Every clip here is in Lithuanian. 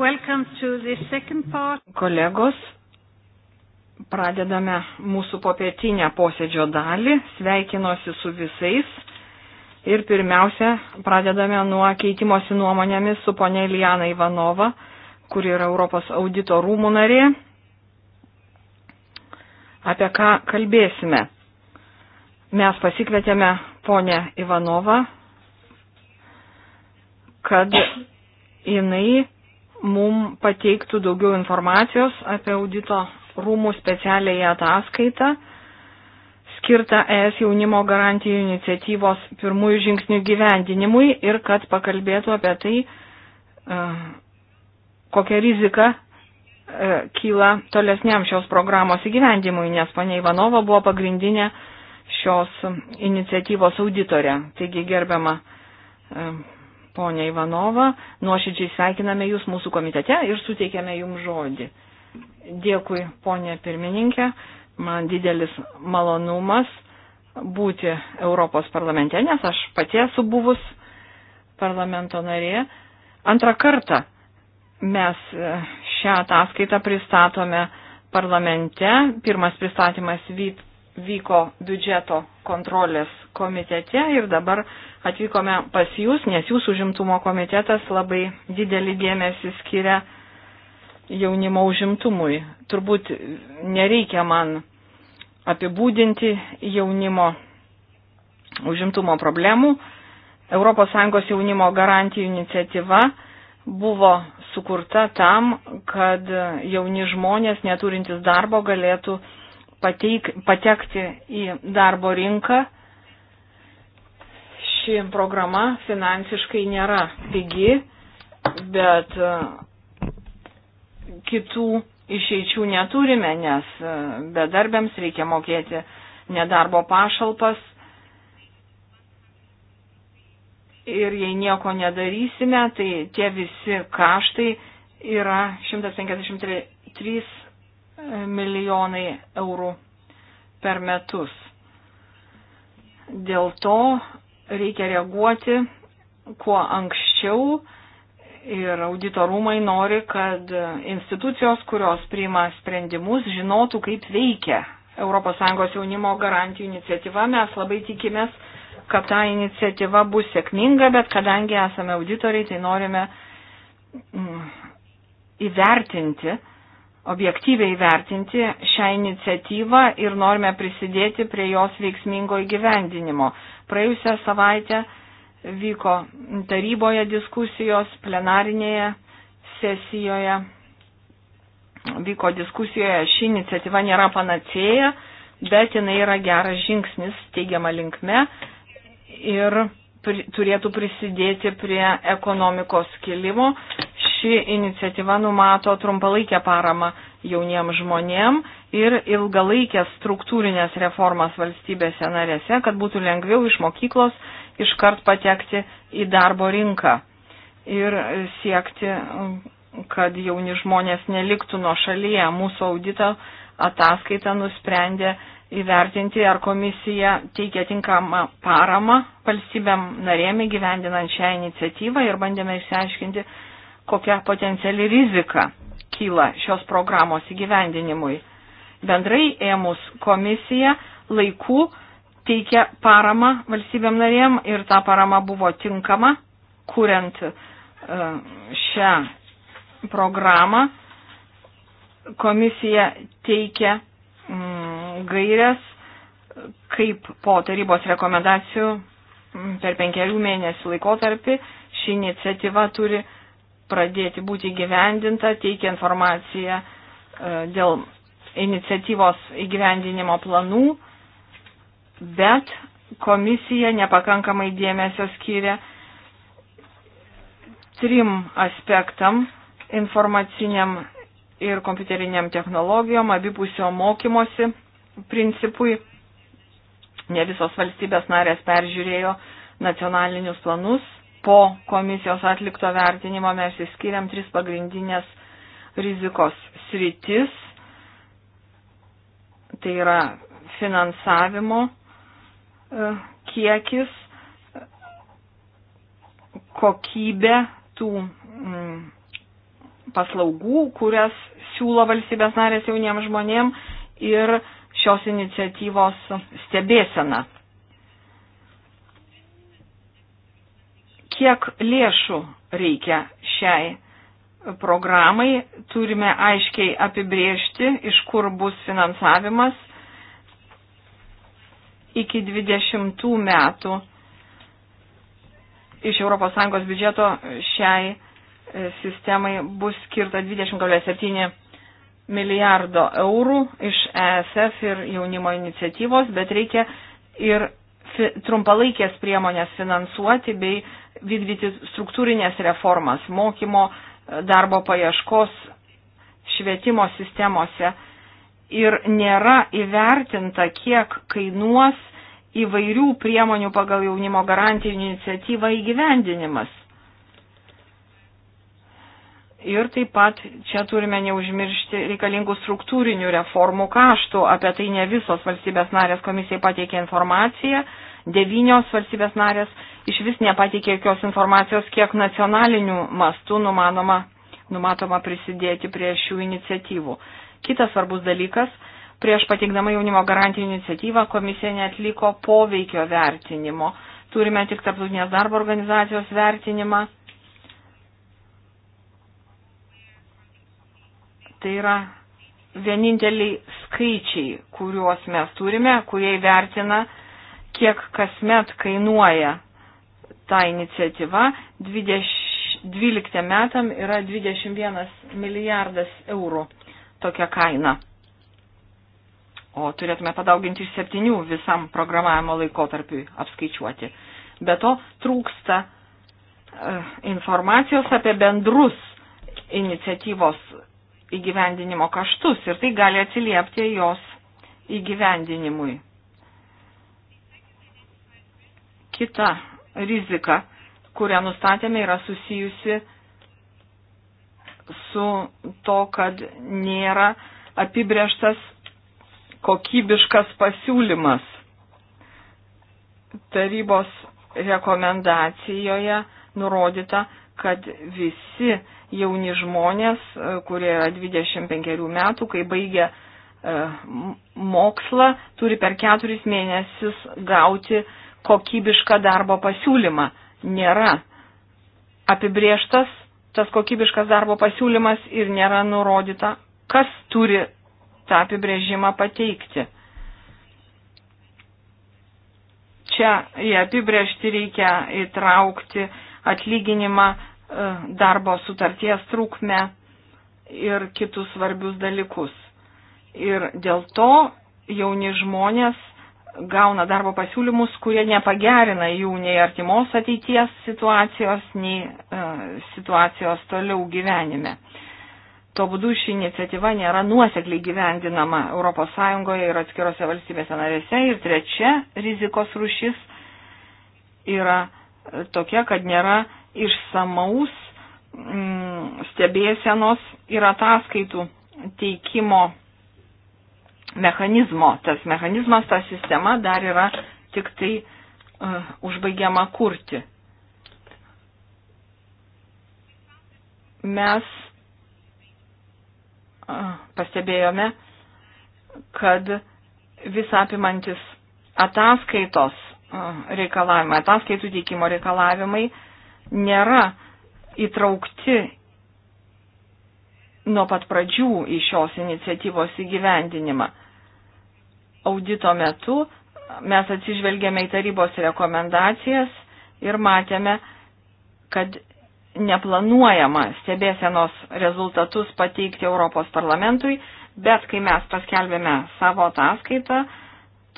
Welcome to the second part. Kolegos, pradedame mūsų popietinę posėdžio dalį. Sveikinuosi su visais. Ir pirmiausia, pradedame nuo keitimosi nuomonėmis su ponė Iliana Ivanova, kuri yra Europos audito rūmų narė. Apie ką kalbėsime? Mes pasikvietėme ponę Ivanovą, kad jinai mum pateiktų daugiau informacijos apie audito rūmų specialiąją ataskaitą skirtą ES jaunimo garantijų iniciatyvos pirmųjų žingsnių gyvendinimui ir kad pakalbėtų apie tai, e, kokia rizika e, kyla tolesniam šios programos įgyvendimui, nes ponia Ivanova buvo pagrindinė šios iniciatyvos auditorė. Taigi gerbiama e, Pone Ivanova, nuoširdžiai sveikiname Jūs mūsų komitete ir suteikiame Jums žodį. Dėkui, ponė pirmininkė, man didelis malonumas būti Europos parlamente, nes aš pati esu buvus parlamento narė. Antrą kartą mes e, šią ataskaitą pristatome parlamente. Pirmas pristatymas vyk, vyko biudžeto kontrolės komitete ir dabar atvykome pas jūs, nes jūsų užimtumo komitetas labai didelį dėmesį skiria jaunimo užimtumui. Turbūt nereikia man apibūdinti jaunimo užimtumo problemų. ES jaunimo garantijų iniciatyva buvo sukurta tam, kad jauni žmonės neturintys darbo galėtų pateik, patekti į darbo rinką. Ši programa finansiškai nėra pigi, bet e, kitų išeičių neturime, nes e, bedarbiams reikia mokėti nedarbo pašalpas. Ir jei nieko nedarysime, tai tie visi kaštai yra 153 milijonai eurų per metus. Dėl to reikia reaguoti kuo anksčiau ir auditorumai nori, kad institucijos, kurios priima sprendimus, žinotų, kaip veikia ES jaunimo garantijų iniciatyva. Mes labai tikimės, kad ta iniciatyva bus sėkminga, bet kadangi esame auditoriai, tai norime mm, įvertinti, mm, objektyviai vertinti šią iniciatyvą ir norime prisidėti prie jos veiksmingo įgyvendinimo. Praėjusią savaitę vyko taryboje diskusijos, plenarinėje sesijoje vyko diskusijoje. Ši iniciatyva nėra panacėja, bet jinai yra geras žingsnis teigiama linkme ir pri, turėtų prisidėti prie ekonomikos kilimo ši iniciatyva numato trumpalaikę paramą jauniem žmonėm ir ilgalaikės struktūrinės reformas valstybėse narėse, kad būtų lengviau iš mokyklos iškart patekti į darbo rinką ir siekti, kad jauni žmonės neliktų nuo šalyje. Mūsų audito ataskaita nusprendė įvertinti, ar komisija teikia tinkamą paramą valstybėm narėmi gyvendinant šią iniciatyvą ir bandėme išsiaiškinti, kokia potenciali rizika kyla šios programos įgyvendinimui. Bendrai ėmus komisija laiku teikia paramą valstybėm narėm ir ta parama buvo tinkama, kuriant e, šią programą. Komisija teikia mm, gairias, kaip po tarybos rekomendacijų mm, per penkerių mėnesių laikotarpį ši iniciatyva turi pradėti būti gyvendinta, teikia informaciją e, dėl iniciatyvos įgyvendinimo planų, bet komisija nepakankamai dėmesio skiria trim aspektam - informaciniam ir kompiuteriniam technologijom, abipusio mokymosi principui. Ne visos valstybės narės peržiūrėjo nacionalinius planus po komisijos atlikto vertinimo mes įskiriam tris pagrindinės rizikos sritis. Tai yra finansavimo e, kiekis, kokybė tų mm, paslaugų, kurias siūlo valstybės narės jauniems žmonėm ir šios iniciatyvos stebėsena. kiek lėšų reikia šiai programai. Turime aiškiai apibriežti, iš kur bus finansavimas iki 20 metų iš ES biudžeto šiai e, sistemai bus skirta 20,7 milijardo eurų iš ESF ir jaunimo iniciatyvos, bet reikia ir trumpalaikės priemonės finansuoti bei vykdyti struktūrinės reformas mokymo, darbo paieškos, švietimo sistemose ir nėra įvertinta, kiek kainuos įvairių priemonių pagal jaunimo garantijų iniciatyvą įgyvendinimas. Ir taip pat čia turime neužmiršti reikalingų struktūrinių reformų kaštų, apie tai ne visos valstybės narės komisijai pateikė informaciją devynios valstybės narės iš vis nepateikė jokios informacijos, kiek nacionalinių mastų numanoma, numatoma prisidėti prie šių iniciatyvų. Kitas svarbus dalykas - prieš pateikdama jaunimo garantijų iniciatyvą komisija netliko poveikio vertinimo. Turime tik tarptautinės darbo organizacijos vertinimą. Tai yra vieninteliai skaičiai, kuriuos mes turime, kurie įvertina kiek kasmet kainuoja ta iniciatyva. 12 metam yra 21 milijardas eurų tokia kaina. O turėtume padauginti iš septynių visam programavimo laikotarpiui apskaičiuoti. Be to trūksta e, informacijos apie bendrus iniciatyvos įgyvendinimo kaštus ir tai gali atsiliepti jos įgyvendinimui. Kita rizika, kurią nustatėme, yra susijusi su to, kad nėra apibrieštas kokybiškas pasiūlymas. Tarybos rekomendacijoje nurodyta, kad visi jauni žmonės, e, kurie yra 25 metų, kai baigia e, mokslą, turi per keturis mėnesius gauti kokybišką darbo pasiūlymą. Nėra apibrieštas tas kokybiškas darbo pasiūlymas ir nėra nurodyta, kas turi tą apibrėžimą pateikti. Čia į apibrėžti reikia įtraukti atlyginimą, e, darbo sutarties trukmę ir kitus svarbius dalykus. Ir dėl to jauni žmonės gauna darbo pasiūlymus, kurie nepagerina jų nei artimos ateities situacijos, nei e, situacijos toliau gyvenime. Tuo būdu ši iniciatyva nėra nuosekliai gyvendinama ES ir atskirose valstybėse narėse. Ir trečia rizikos rušis yra e, tokia, kad nėra išsamaus mm, stebėsenos ir ataskaitų teikimo mechanizmo. Tas mechanizmas, ta sistema dar yra tik tai uh, užbaigiama kurti. Mes uh, pastebėjome, kad visapimantis ataskaitos uh, reikalavimai, ataskaitų teikimo reikalavimai nėra įtraukti nuo pat pradžių į šios iniciatyvos įgyvendinimą audito metu mes atsižvelgėme į tarybos rekomendacijas ir matėme, kad neplanuojama stebėsenos rezultatus pateikti Europos parlamentui, bet kai mes paskelbėme savo ataskaitą,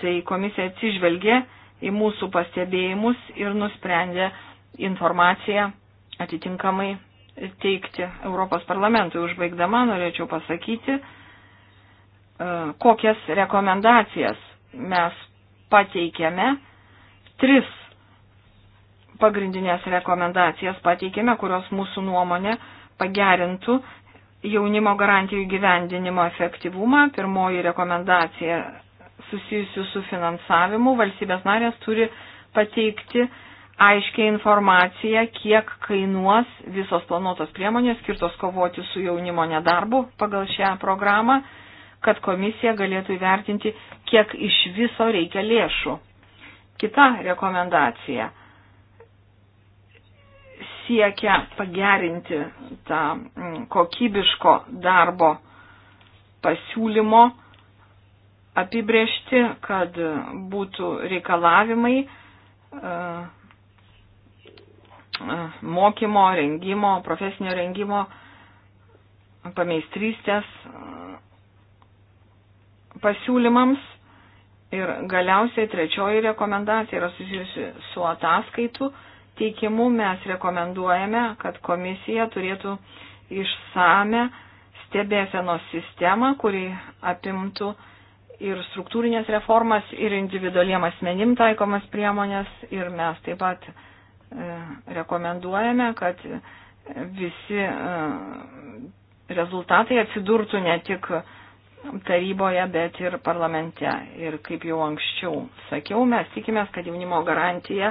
tai komisija atsižvelgė į mūsų pastebėjimus ir nusprendė informaciją atitinkamai teikti Europos parlamentui. Užbaigdama norėčiau pasakyti, E, kokias rekomendacijas mes pateikėme. Tris pagrindinės rekomendacijas pateikėme, kurios mūsų nuomonė pagerintų jaunimo garantijų gyvendinimo efektyvumą. Pirmoji rekomendacija susijusių su finansavimu. Valstybės narės turi pateikti aiškiai informaciją, kiek kainuos visos planuotos priemonės skirtos kovoti su jaunimo nedarbu pagal šią programą kad komisija galėtų įvertinti, kiek iš viso reikia lėšų. Kita rekomendacija siekia pagerinti tą mm, kokybiško darbo pasiūlymo apibriešti, kad būtų reikalavimai e, e, mokymo, rengimo, profesinio rengimo, pameistrystės pasiūlymams. Ir galiausiai trečioji rekomendacija yra susijusi su ataskaitų teikimu. Mes rekomenduojame, kad komisija turėtų išsame stebėsenos sistemą, kuri apimtų ir struktūrinės reformas, ir individualiem asmenim taikomas priemonės. Ir mes taip pat e, rekomenduojame, kad visi e, rezultatai atsidurtų ne tik e, taryboje, bet ir parlamente. Ir kaip jau anksčiau sakiau, mes tikimės, kad jaunimo garantija,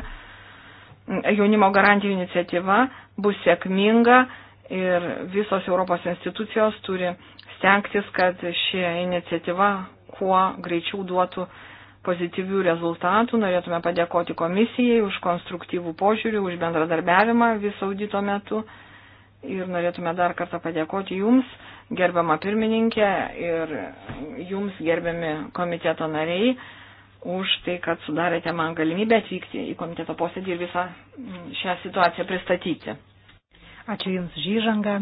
jaunimo garantijų iniciatyva bus sėkminga ir visos Europos institucijos turi stengtis, kad ši iniciatyva kuo greičiau duotų pozityvių rezultatų. Norėtume padėkoti komisijai už konstruktyvų požiūrį, už bendradarbiavimą viso audito metu ir norėtume dar kartą padėkoti Jums, gerbama pirmininkė ir Jums, gerbiami komiteto nariai, už tai, kad sudarėte man galimybę atvykti į komiteto posėdį ir visą mm, šią situaciją pristatyti. Ačiū Jums žyžanga.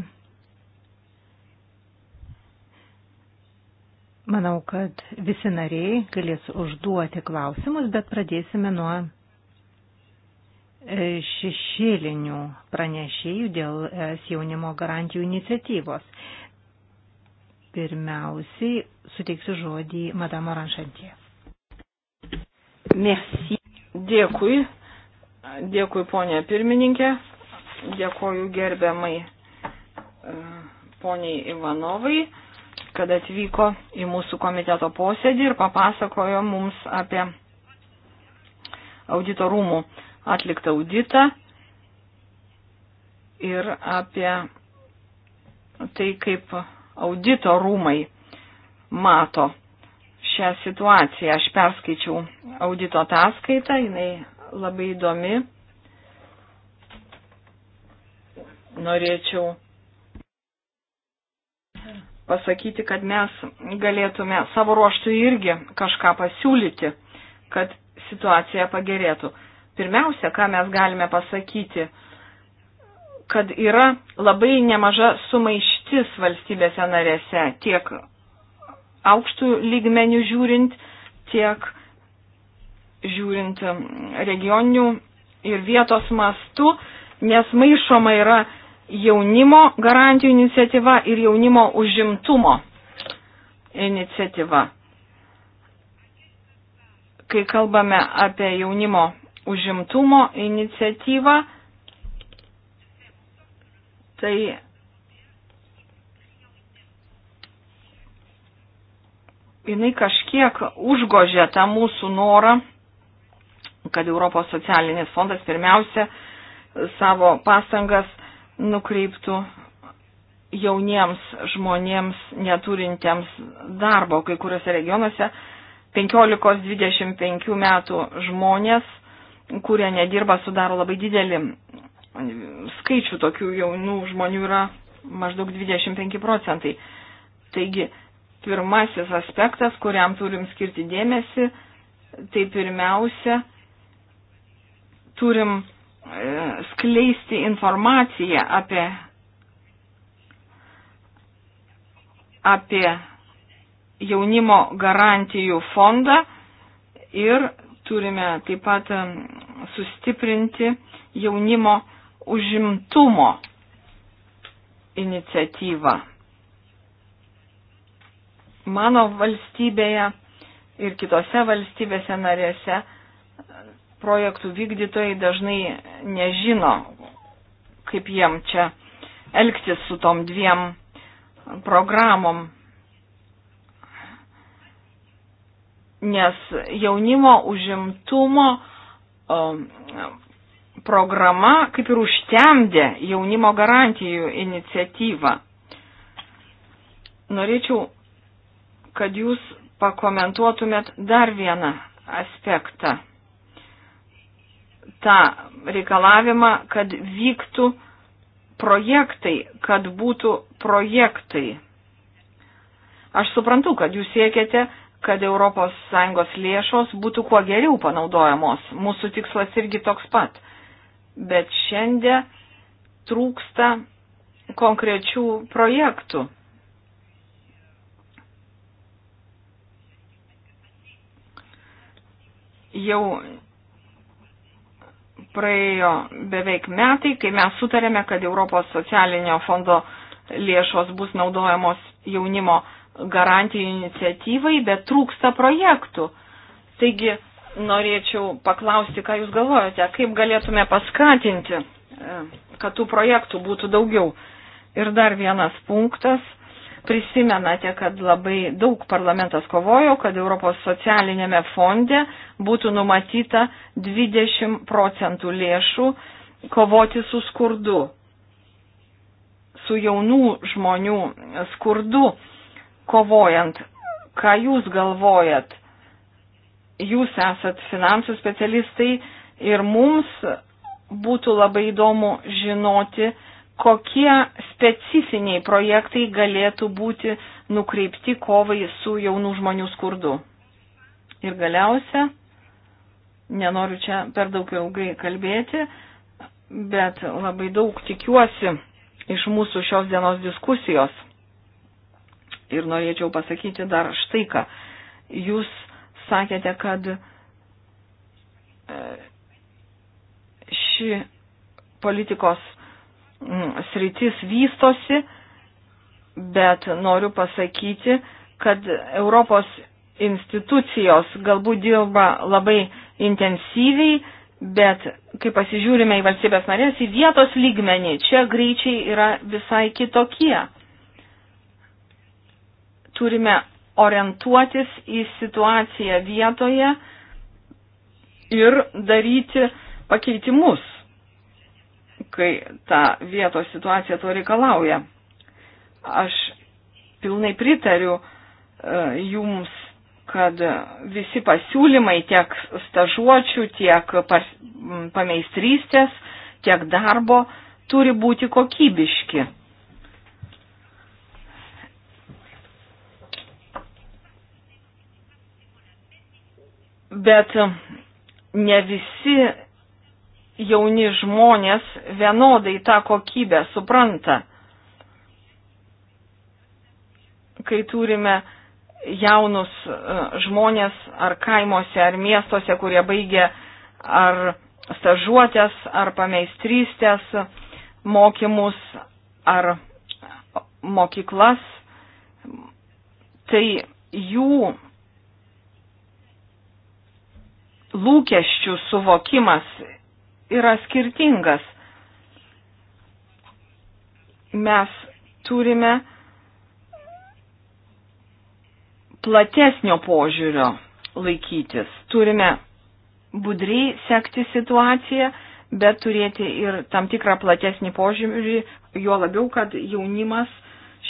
Manau, kad visi nariai galės užduoti klausimus, bet pradėsime nuo E, šešėlinių pranešėjų dėl es jaunimo garantijų iniciatyvos. Pirmiausiai suteiksiu žodį Madamo Ranšantie. Merci. Dėkui. Dėkui, ponė pirmininkė. Dėkoju gerbiamai e, poniai Ivanovai, kad atvyko į mūsų komiteto posėdį ir papasakojo mums apie auditorumų rūmų atliktą auditą ir apie tai, kaip audito rūmai mato šią situaciją. Aš perskaičiau audito ataskaitą, jinai labai įdomi. Norėčiau pasakyti, kad mes galėtume savo ruoštų irgi kažką pasiūlyti, kad situacija pagerėtų. Pirmiausia, ką mes galime pasakyti, kad yra labai nemaža sumaištis valstybėse narėse, tiek aukštų lygmenių žiūrint, tiek žiūrint regioninių ir vietos mastu, nes maišoma yra jaunimo garantijų iniciatyva ir jaunimo užimtumo iniciatyva. Kai kalbame apie jaunimo užimtumo iniciatyvą. Tai jinai kažkiek užgožė tą mūsų norą, kad Europos socialinis fondas pirmiausia savo pastangas nukreiptų jauniems žmonėms neturintiems darbo. Kai kuriuose regionuose 15-25 metų žmonės kurie nedirba, sudaro labai didelį skaičių tokių jaunų žmonių yra maždaug 25 procentai. Taigi, pirmasis aspektas, kuriam turim skirti dėmesį, tai pirmiausia, turim e, skleisti informaciją apie, apie jaunimo garantijų fondą ir Turime taip pat sustiprinti jaunimo užimtumo iniciatyvą. Mano valstybėje ir kitose valstybėse narėse e, projektų vykdytojai dažnai nežino, kaip jiem čia elgtis su tom dviem programom. nes jaunimo užimtumo um, programa kaip ir užtemdė jaunimo garantijų iniciatyvą. Norėčiau, kad jūs pakomentuotumėt dar vieną aspektą. Ta reikalavimą, kad vyktų projektai, kad būtų projektai. Aš suprantu, kad jūs siekiate kad ES lėšos būtų kuo geriau panaudojamos. Mūsų tikslas irgi toks pat. Bet šiandien trūksta konkrečių projektų. Jau praėjo beveik metai, kai mes sutarėme, kad Europos socialinio fondo lėšos bus naudojamos jaunimo garantijų iniciatyvai, bet trūksta projektų. Taigi norėčiau paklausti, ką Jūs galvojate, kaip galėtume paskatinti, e, kad tų projektų būtų daugiau. Ir dar vienas punktas. Prisimenate, kad labai daug parlamentas kovojo, kad Europos socialinėme fonde būtų numatyta 20 procentų lėšų kovoti su skurdu, su jaunų žmonių skurdu kovojant. Ką jūs galvojat? Jūs esat finansų specialistai ir mums būtų labai įdomu žinoti, kokie specifiniai projektai galėtų būti nukreipti kovai su jaunų žmonių skurdu. Ir galiausia, nenoriu čia per daug ilgai kalbėti, bet labai daug tikiuosi iš mūsų šios dienos diskusijos ir norėčiau pasakyti dar štai ką. Jūs sakėte, kad e, ši politikos sritis vystosi, bet noriu pasakyti, kad Europos institucijos galbūt dirba labai intensyviai, bet kai pasižiūrime į valstybės narės, į vietos lygmenį, čia greičiai yra visai kitokie turime orientuotis į situaciją vietoje ir daryti pakeitimus, kai ta vietos situacija to reikalauja. Aš pilnai pritariu e, jums, kad visi pasiūlymai tiek stažuočių, tiek pas, pameistrystės, tiek darbo turi būti kokybiški bet ne visi jauni žmonės vienodai tą kokybę supranta. Kai turime jaunus e, žmonės ar kaimuose, ar miestuose, kurie baigia ar stažuotės, ar pameistrystės mokymus, ar mokyklas, tai jų lūkesčių suvokimas yra skirtingas. Mes turime platesnio požiūrio laikytis. Turime budriai sekti situaciją, bet turėti ir tam tikrą platesnį požiūrį, juo labiau, kad jaunimas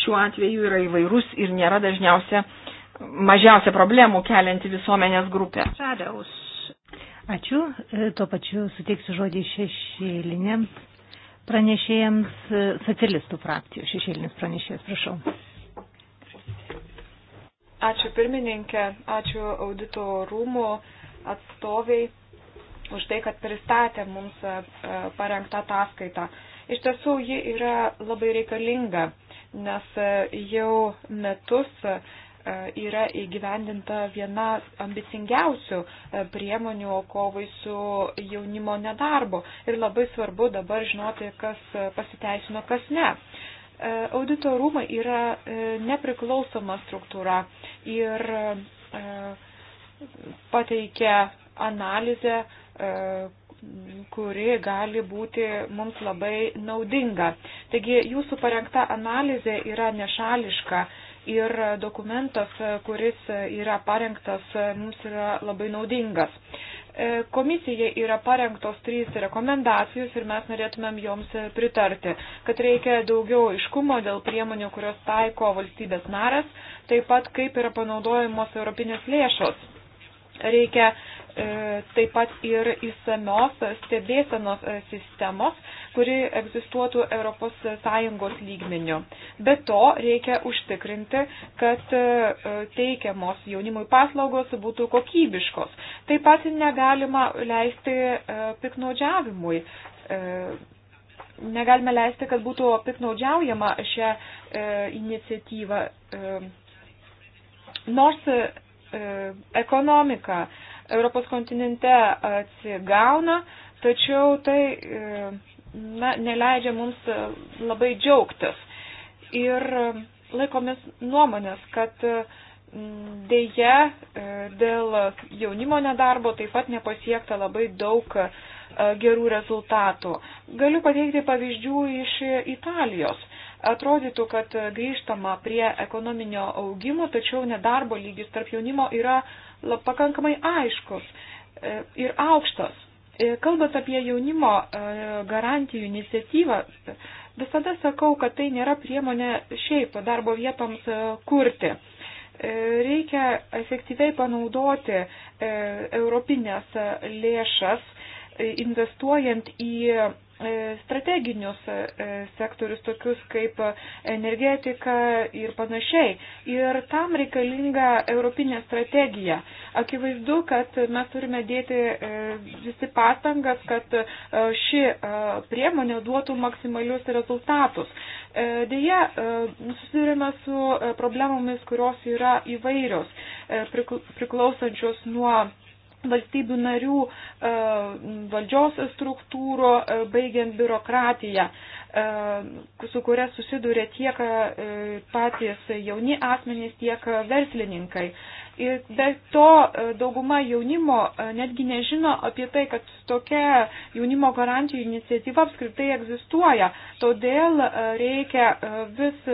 šiuo atveju yra įvairus ir nėra dažniausia mažiausia problemų kelianti visuomenės grupė. Shadows. Ačiū. E, tuo pačiu suteiksiu žodį šešėliniams pranešėjams, e, socialistų frakcijų šešėlinis pranešėjas, prašau. Ačiū pirmininkė, ačiū audito rūmų atstoviai už tai, kad pristatė mums e, parengtą ataskaitą. Iš tiesų, ji yra labai reikalinga, nes jau metus E, yra įgyvendinta viena ambicingiausių e, priemonių kovai su jaunimo nedarbu. Ir labai svarbu dabar žinoti, kas e, pasiteisino, kas ne. Audito rūmai yra nepriklausoma struktūra ir pateikia analizę, kuri gali būti mums labai naudinga. Taigi jūsų parengta analizė yra nešališka ir dokumentas, kuris yra parengtas, mums yra labai naudingas. E, komisijai yra parengtos trys rekomendacijos ir mes norėtumėm joms pritarti, kad reikia daugiau iškumo dėl priemonių, kurios taiko valstybės naras, taip pat kaip yra panaudojamos europinės lėšos Reikia e, taip pat ir įsamios stebėsenos e, sistemos, kuri egzistuotų ES lygmeniu. Be to reikia užtikrinti, kad e, teikiamos jaunimui paslaugos būtų kokybiškos. Taip pat negalima leisti piknaudžiavimui. Negalime leisti, kad būtų piknaudžiaujama šią e, iniciatyvą. E, nors E, ekonomika Europos kontinente atsigauna, tačiau tai e, na, neleidžia mums labai džiaugtis. Ir laikomės nuomonės, kad e, dėje dėl jaunimo nedarbo taip pat nepasiekta labai daug gerų rezultatų. Galiu pateikti pavyzdžių iš Italijos. Atrodytų, kad grįžtama prie ekonominio augimo, tačiau nedarbo lygis tarp jaunimo yra pakankamai aiškus e, ir aukštas. E, kalbant apie jaunimo e, garantijų iniciatyvą, visada sakau, kad tai nėra priemonė šiaip darbo vietoms kurti. Reikia efektyviai panaudoti europinės lėšas, investuojant į E, strateginius e, e, sektorius, tokius kaip energetika ir panašiai. Ir tam reikalinga europinė strategija. Akivaizdu, kad mes turime dėti visi pastangas, kad ši priemonė duotų maksimalius rezultatus. Deja, susidurime su problemomis, kurios yra įvairios, priklausančios nuo valstybių narių e, valdžios struktūro, e, baigiant biurokratiją, e, su kuria susiduria tiek patys jauni asmenys, tiek verslininkai. Ir be to e, dauguma jaunimo e, netgi nežino apie tai, kad tokia jaunimo garantijų iniciatyva apskritai egzistuoja. Todėl e, reikia vis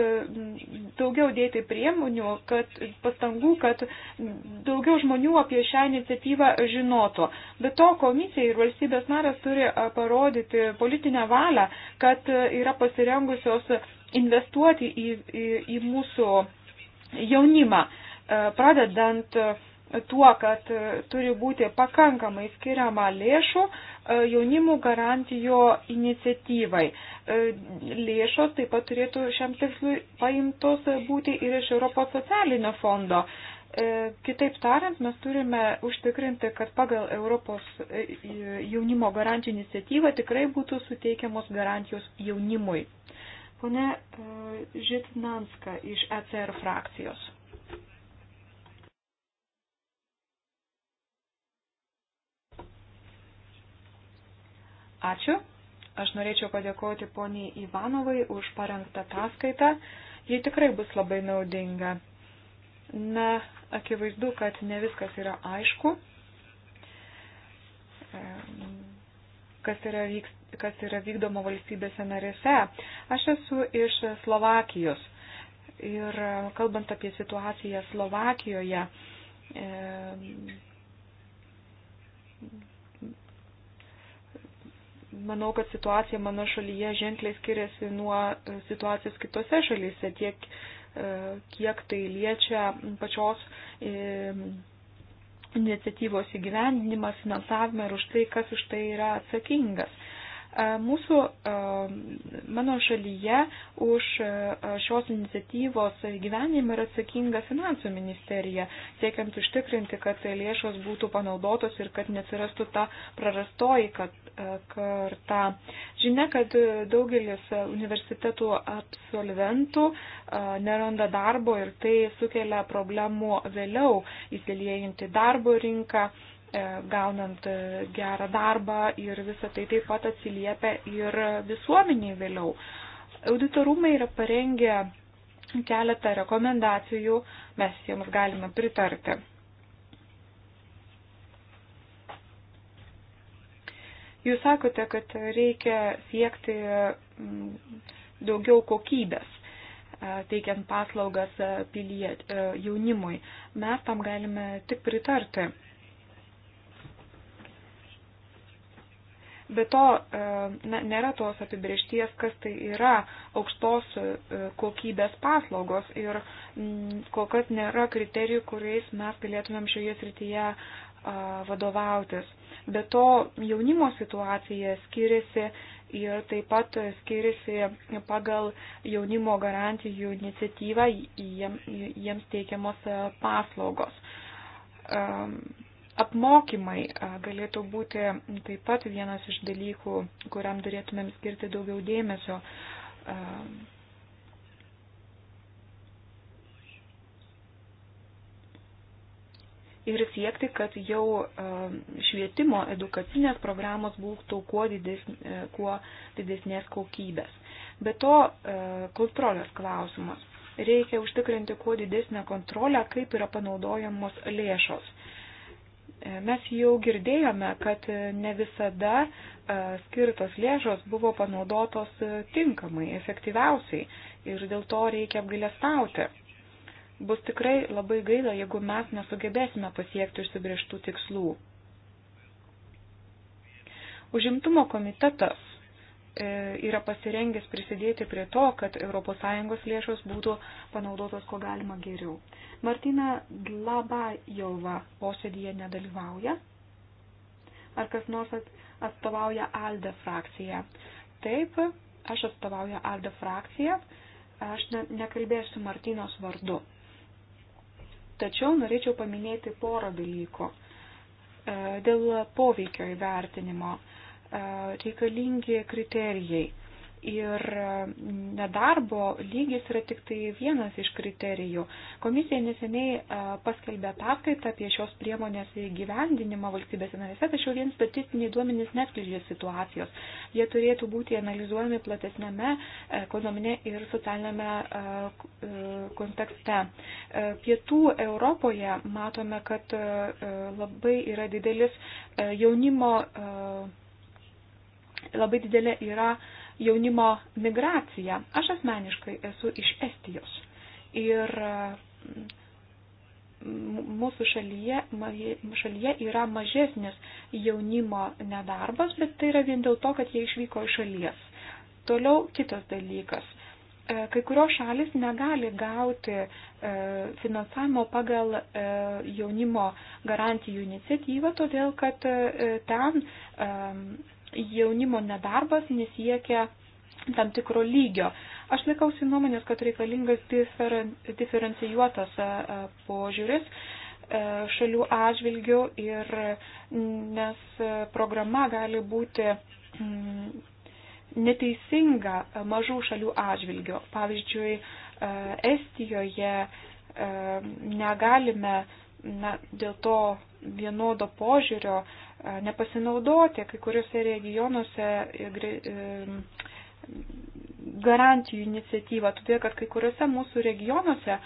daugiau dėti priemonių, kad pastangų, kad daugiau žmonių apie šią iniciatyvą žinotų. Be to komisija ir valstybės narės turi parodyti politinę valią, kad yra pasirengusios investuoti į, į, į mūsų jaunimą. E, pradedant e, tuo, kad e, turi būti pakankamai skiriama lėšų jaunimų garantijų iniciatyvai. Lėšos taip pat turėtų šiam tikslui paimtos būti ir iš Europos socialinio fondo. Kitaip tariant, mes turime užtikrinti, kad pagal Europos jaunimo garantijų iniciatyvą tikrai būtų suteikiamos garantijos jaunimui. Pone Žitnanska iš ECR frakcijos. Ačiū. Aš norėčiau padėkoti poniai Ivanovai už parengtą ataskaitą. Ji tikrai bus labai naudinga. Na, akivaizdu, kad ne viskas yra aišku, kas yra, vyks, kas yra vykdoma valstybėse narėse. Aš esu iš Slovakijos ir kalbant apie situaciją Slovakijoje, e, manau, kad situacija mano šalyje ženkliai skiriasi nuo e, situacijos kitose šalyse, tiek e, kiek tai liečia pačios e, iniciatyvos įgyvendinimą, finansavimą ir už tai, kas už tai yra atsakingas. Mūsų, mano šalyje už šios iniciatyvos gyvenimą yra atsakinga finansų ministerija, siekiant užtikrinti, kad lėšos būtų panaudotos ir kad nesirastų ta prarastoji karta. Žinia, kad daugelis universitetų absolventų neranda darbo ir tai sukelia problemų vėliau įsiliejant į darbo rinką E, gaunant e, gerą darbą ir visą tai taip pat atsiliepia ir visuomeniai vėliau. Auditorumai yra parengę keletą rekomendacijų, mes jiems galime pritarti. Jūs sakote, kad reikia siekti mm, daugiau kokybės, e, teikiant paslaugas piliet, jaunimui. Mes tam galime tik pritarti. Be to, e, na, nėra tos apibriešties, kas tai yra aukštos e, kokybės paslaugos ir kol kas nėra kriterijų, kuriais mes galėtumėm šioje srityje vadovautis. Be to, jaunimo situacija skiriasi ir taip pat skiriasi pagal jaunimo garantijų iniciatyvą jiems teikiamos e, paslaugos. Um, Apmokymai galėtų būti taip pat vienas iš dalykų, kuriam turėtumėm skirti daugiau dėmesio. ir siekti, kad jau švietimo edukacinės programos būtų kuo, didesnė, kuo didesnės kokybės. Be to, kontrolės klausimas. Reikia užtikrinti kuo didesnę kontrolę, kaip yra panaudojamos lėšos. Mes jau girdėjome, kad ne visada e, skirtos lėšos buvo panaudotos e, tinkamai, efektyviausiai ir dėl to reikia apgailestauti. Bus tikrai labai gaila, jeigu mes nesugebėsime pasiekti užsibrieštų tikslų. Užimtumo komitetas E, yra pasirengęs prisidėti prie to, kad ES lėšos būtų panaudotos ko galima geriau. Martina Dlabajova posėdėje nedalyvauja. Ar kas nors atstovauja ALDE frakciją? Taip, aš atstovauju ALDE frakciją. Aš ne, nekalbėsiu Martinos vardu. Tačiau norėčiau paminėti porą dalykų. E, dėl poveikio įvertinimo E, reikalingi kriterijai. Ir e, nedarbo lygis yra tik tai vienas iš kriterijų. Komisija neseniai e, paskelbė ataskaitą apie šios priemonės įgyvendinimą valstybėse narėse, tačiau vien statistiniai duomenys neskleidžia situacijos. Jie turėtų būti analizuojami platesnėme ekonominė ir socialinėme kontekste. Pietų Europoje matome, kad labai yra didelis jaunimo labai didelė yra jaunimo migracija. Aš asmeniškai esu iš Estijos. Ir mūsų šalyje, šalyje yra mažesnis jaunimo nedarbas, bet tai yra vien dėl to, kad jie išvyko iš šalies. Toliau kitas dalykas. E, kai kurios šalis negali gauti e, finansavimo pagal e, jaunimo garantijų iniciatyvą, todėl kad ten jaunimo nedarbas nesiekia tam tikro lygio. Aš laikausi nuomonės, kad reikalingas diferen, diferencijuotas požiūris šalių atžvilgių ir nes programa gali būti neteisinga mažų šalių atžvilgių. Pavyzdžiui, Estijoje negalime na, dėl to vienodo požiūrio uh, nepasinaudoti kai kuriuose regionuose e, e, garantijų iniciatyvą, todėl kad kai kuriuose mūsų regionuose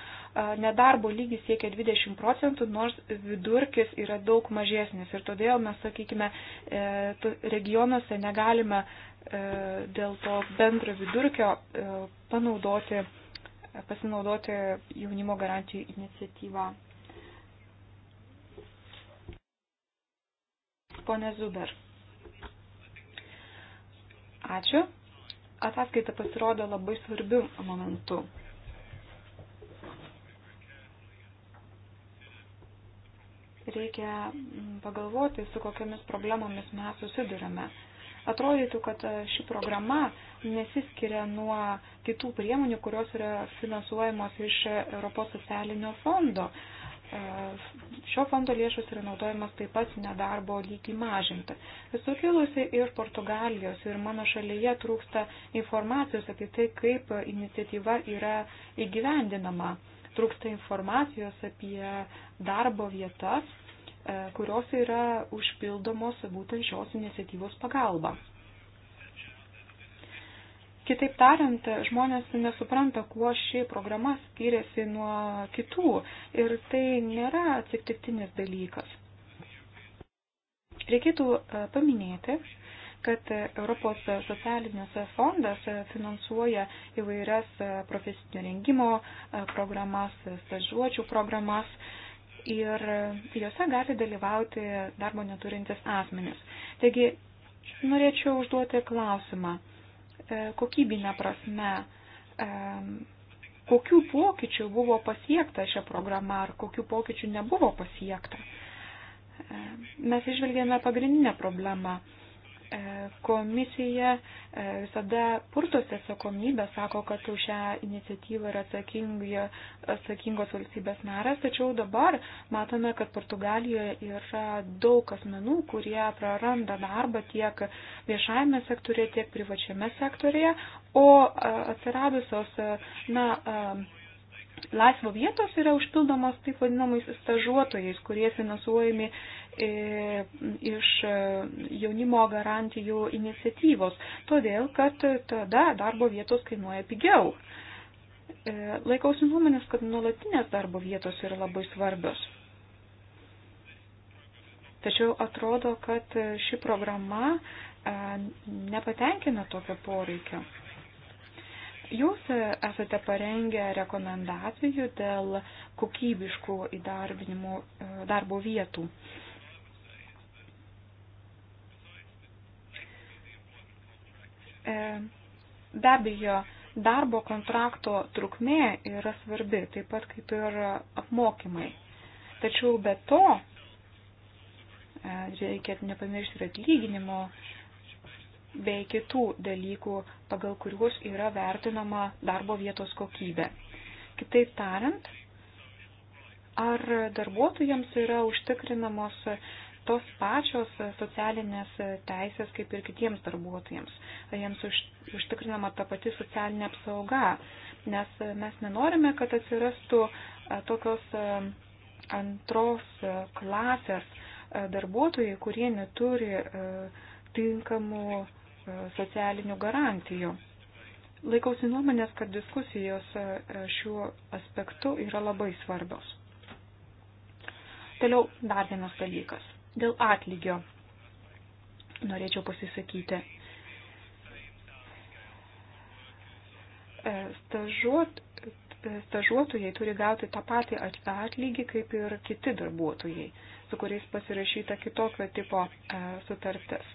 nedarbo lygis siekia 20 procentų, nors vidurkis yra daug mažesnis ir todėl mes, sakykime, e, regionuose negalime dėl to bendro vidurkio panaudoti, pasinaudoti jaunimo garantijų iniciatyvą. ponė Zuber. Ačiū. Ataskaita pasirodo labai svarbiu momentu. Reikia mm, pagalvoti, su kokiamis problemomis mes susidurime. Atrodytų, kad e, ši programa nesiskiria nuo kitų priemonių, kurios yra finansuojamos iš e, Europos socialinio fondo. Šio fondo lėšos yra naudojamas taip pat nedarbo lygiai mažinti. Esu kilusi ir Portugalijos ir mano šalyje trūksta informacijos apie tai, kaip iniciatyva yra įgyvendinama. Trūksta informacijos apie darbo vietas, e, kurios yra užpildomos būtent šios iniciatyvos pagalba. Kitaip tariant, žmonės nesupranta, kuo ši programa skiriasi nuo kitų ir tai nėra atsitiktinis dalykas. Reikėtų e, paminėti, kad Europos socialinis fondas finansuoja įvairias e, profesinio rengimo e, programas, stažuočių programas ir juose gali dalyvauti darbo neturintis asmenis. Taigi, norėčiau užduoti klausimą. E, kokybinę prasme, e, kokių pokyčių buvo pasiekta šią programą ar kokių pokyčių nebuvo pasiekta. E, mes išvelgėme pagrindinę problemą E, komisija e, visada purtosi atsakomybę, sako, kad už šią iniciatyvą yra atsakingos valstybės narės, tačiau dabar matome, kad Portugalijoje yra daug asmenų, kurie praranda darbą tiek viešajame sektorėje, tiek privačiame sektorėje, o e, atsiradusios, na, laisvo vietos yra užpildomos taip vadinamais stažuotojais, kurie finansuojami iš e, jaunimo garantijų iniciatyvos, todėl kad tada darbo vietos kainuoja pigiau. E, laikausi nuomonės, kad nuolatinės darbo vietos yra labai svarbios. Tačiau atrodo, kad ši programa e, nepatenkina tokio poreikio. Jūs esate parengę rekomendacijų dėl kokybiškų įdarbinimų darbo vietų. E, be abejo, darbo kontrakto trukmė yra svarbi, taip pat kaip ir apmokymai. Tačiau be to, e, reikėtų nepamiršti ir atlyginimo bei kitų dalykų, pagal kuriuos yra vertinama darbo vietos kokybė. Kitaip tariant, ar darbuotojams yra užtikrinamos tos pačios socialinės teisės kaip ir kitiems darbuotojams. Jiems užtikrinama ta pati socialinė apsauga, nes mes nenorime, kad atsirastų e, tokios e, antros klasės e, darbuotojai, kurie neturi tinkamų socialinių garantijų. Laikausi nuomonės, kad diskusijos šiuo aspektu yra labai svarbios. Toliau dar vienas dalykas. Dėl atlygio norėčiau pasisakyti. E, stažuot, e, stažuotojai turi gauti tą patį atlygį kaip ir kiti darbuotojai, su kuriais pasirašyta kitokio tipo e, sutartis.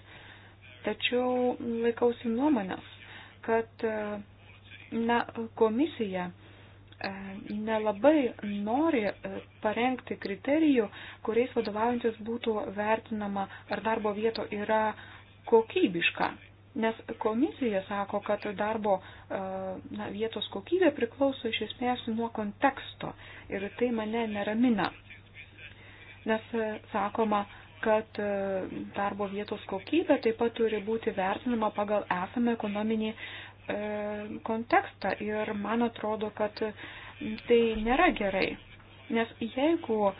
Tačiau laikausi nuomonės, kad na, komisija E, nelabai nori e, parengti kriterijų, kuriais vadovaujantis būtų vertinama, ar darbo vieto yra kokybiška. Nes komisija sako, kad darbo e, na, vietos kokybė priklauso iš esmės nuo konteksto ir tai mane neramina. Nes sakoma, kad darbo vietos kokybė taip pat turi būti vertinama pagal esamą ekonominį E, kontekstą ir man atrodo, kad tai nėra gerai. Nes jeigu e,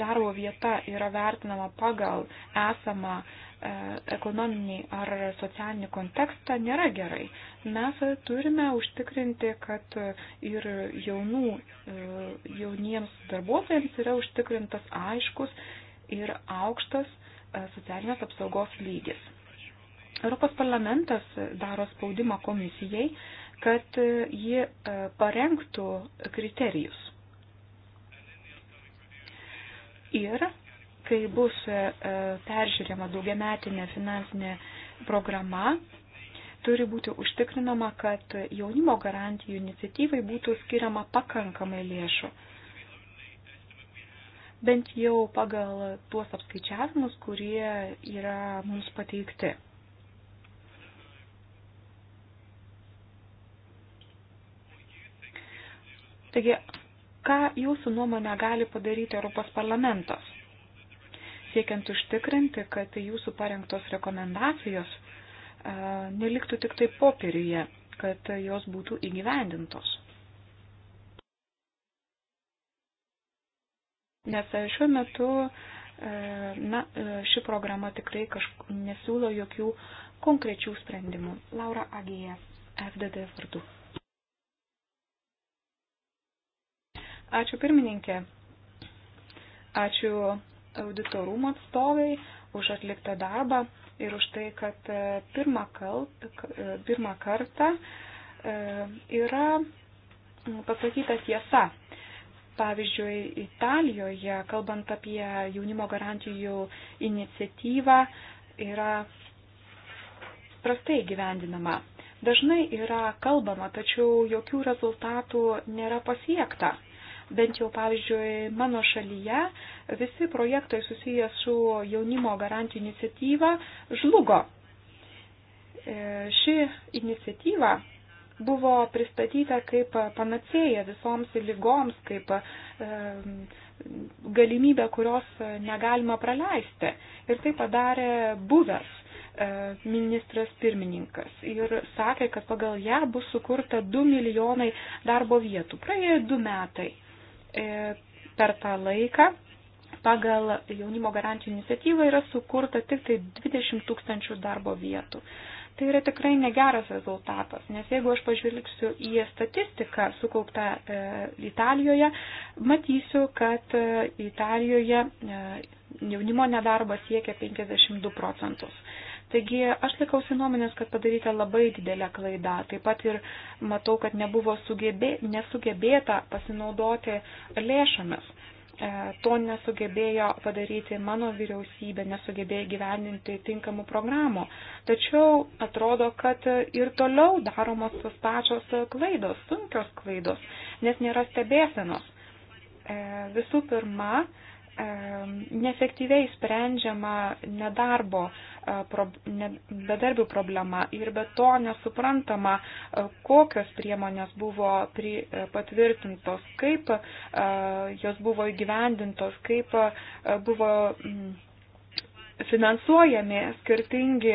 darbo vieta yra vertinama pagal esamą e, ekonominį ar socialinį kontekstą, nėra gerai. Mes turime užtikrinti, kad ir jaunų, jauniems darbuotojams yra užtikrintas aiškus ir aukštas socialinės apsaugos lygis. Europos parlamentas daro spaudimą komisijai, kad ji e, parengtų kriterijus. Ir kai bus e, e, peržiūrėma daugiametinė finansinė programa, turi būti užtikrinama, kad jaunimo garantijų iniciatyvai būtų skiriama pakankamai lėšų. Bent jau pagal tuos apskaičiavimus, kurie yra mums pateikti. Taigi, ką jūsų nuomonė gali padaryti Europos parlamentas, siekiant užtikrinti, kad jūsų parengtos rekomendacijos e, neliktų tik tai popieriuje, kad jos būtų įgyvendintos. Nes e, šiuo metu e, na, e, ši programa tikrai kažk... nesiūlo jokių konkrečių sprendimų. Laura Agija, FDD vardu. Ačiū pirmininkė. Ačiū auditorumo atstovai už atliktą darbą ir už tai, kad e, pirmą, kal, e, pirmą kartą e, yra pasakyta tiesa. Pavyzdžiui, Italijoje, kalbant apie jaunimo garantijų iniciatyvą, yra prastai gyvendinama. Dažnai yra kalbama, tačiau jokių rezultatų nėra pasiekta. Bent jau, pavyzdžiui, mano šalyje visi projektai susiję su jaunimo garantijų iniciatyva žlugo. E, ši iniciatyva buvo pristatyta kaip panacėja visoms lygoms, kaip e, galimybė, kurios negalima praleisti. Ir tai padarė buvęs e, ministras pirmininkas ir sakė, kad pagal ją bus sukurta 2 milijonai darbo vietų. Praėjo 2 metai per tą laiką pagal jaunimo garantijų iniciatyvą yra sukurta tik tai 20 tūkstančių darbo vietų. Tai yra tikrai negeras rezultatas, nes jeigu aš pažvelgsiu į statistiką sukauptą e, Italijoje, matysiu, kad e, Italijoje e, jaunimo nedarbas siekia 52 procentus. Taigi aš laikausi nuomonės, kad padaryta labai didelė klaida. Taip pat ir matau, kad nebuvo sugebė, nesugebėta pasinaudoti lėšomis. E, to nesugebėjo padaryti mano vyriausybė, nesugebėjo gyveninti tinkamų programų. Tačiau atrodo, kad ir toliau daromos tos pačios klaidos, sunkios klaidos, nes nėra stebėsenos. E, visų pirma, e, neefektyviai sprendžiama nedarbo, e, bedarbių problema ir be to nesuprantama, e, kokios priemonės buvo e, patvirtintos, kaip jos buvo įgyvendintos, kaip buvo finansuojami skirtingi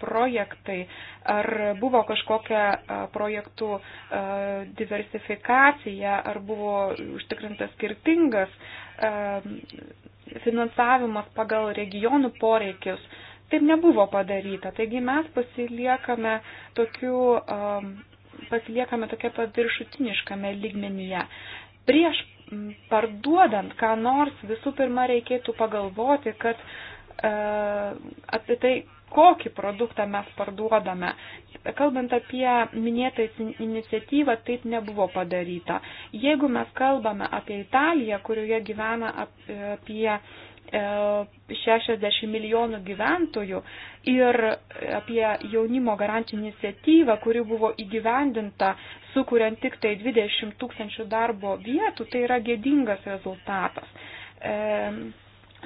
projektai, ar buvo kažkokia projektų diversifikacija, ar buvo užtikrintas skirtingas finansavimas pagal regionų poreikius. Taip nebuvo padaryta. Taigi mes pasiliekame tokiu, pasiliekame tokia paviršutiniškame lygmenyje. Prieš parduodant ką nors, visų pirma reikėtų pagalvoti, kad apie tai, kokį produktą mes parduodame. Kalbant apie minėtą iniciatyvą, taip nebuvo padaryta. Jeigu mes kalbame apie Italiją, kurioje gyvena apie 60 e, milijonų gyventojų ir apie jaunimo garantijų iniciatyvą, kuri buvo įgyvendinta, sukuriant tik tai 20 tūkstančių darbo vietų, tai yra gėdingas rezultatas. E,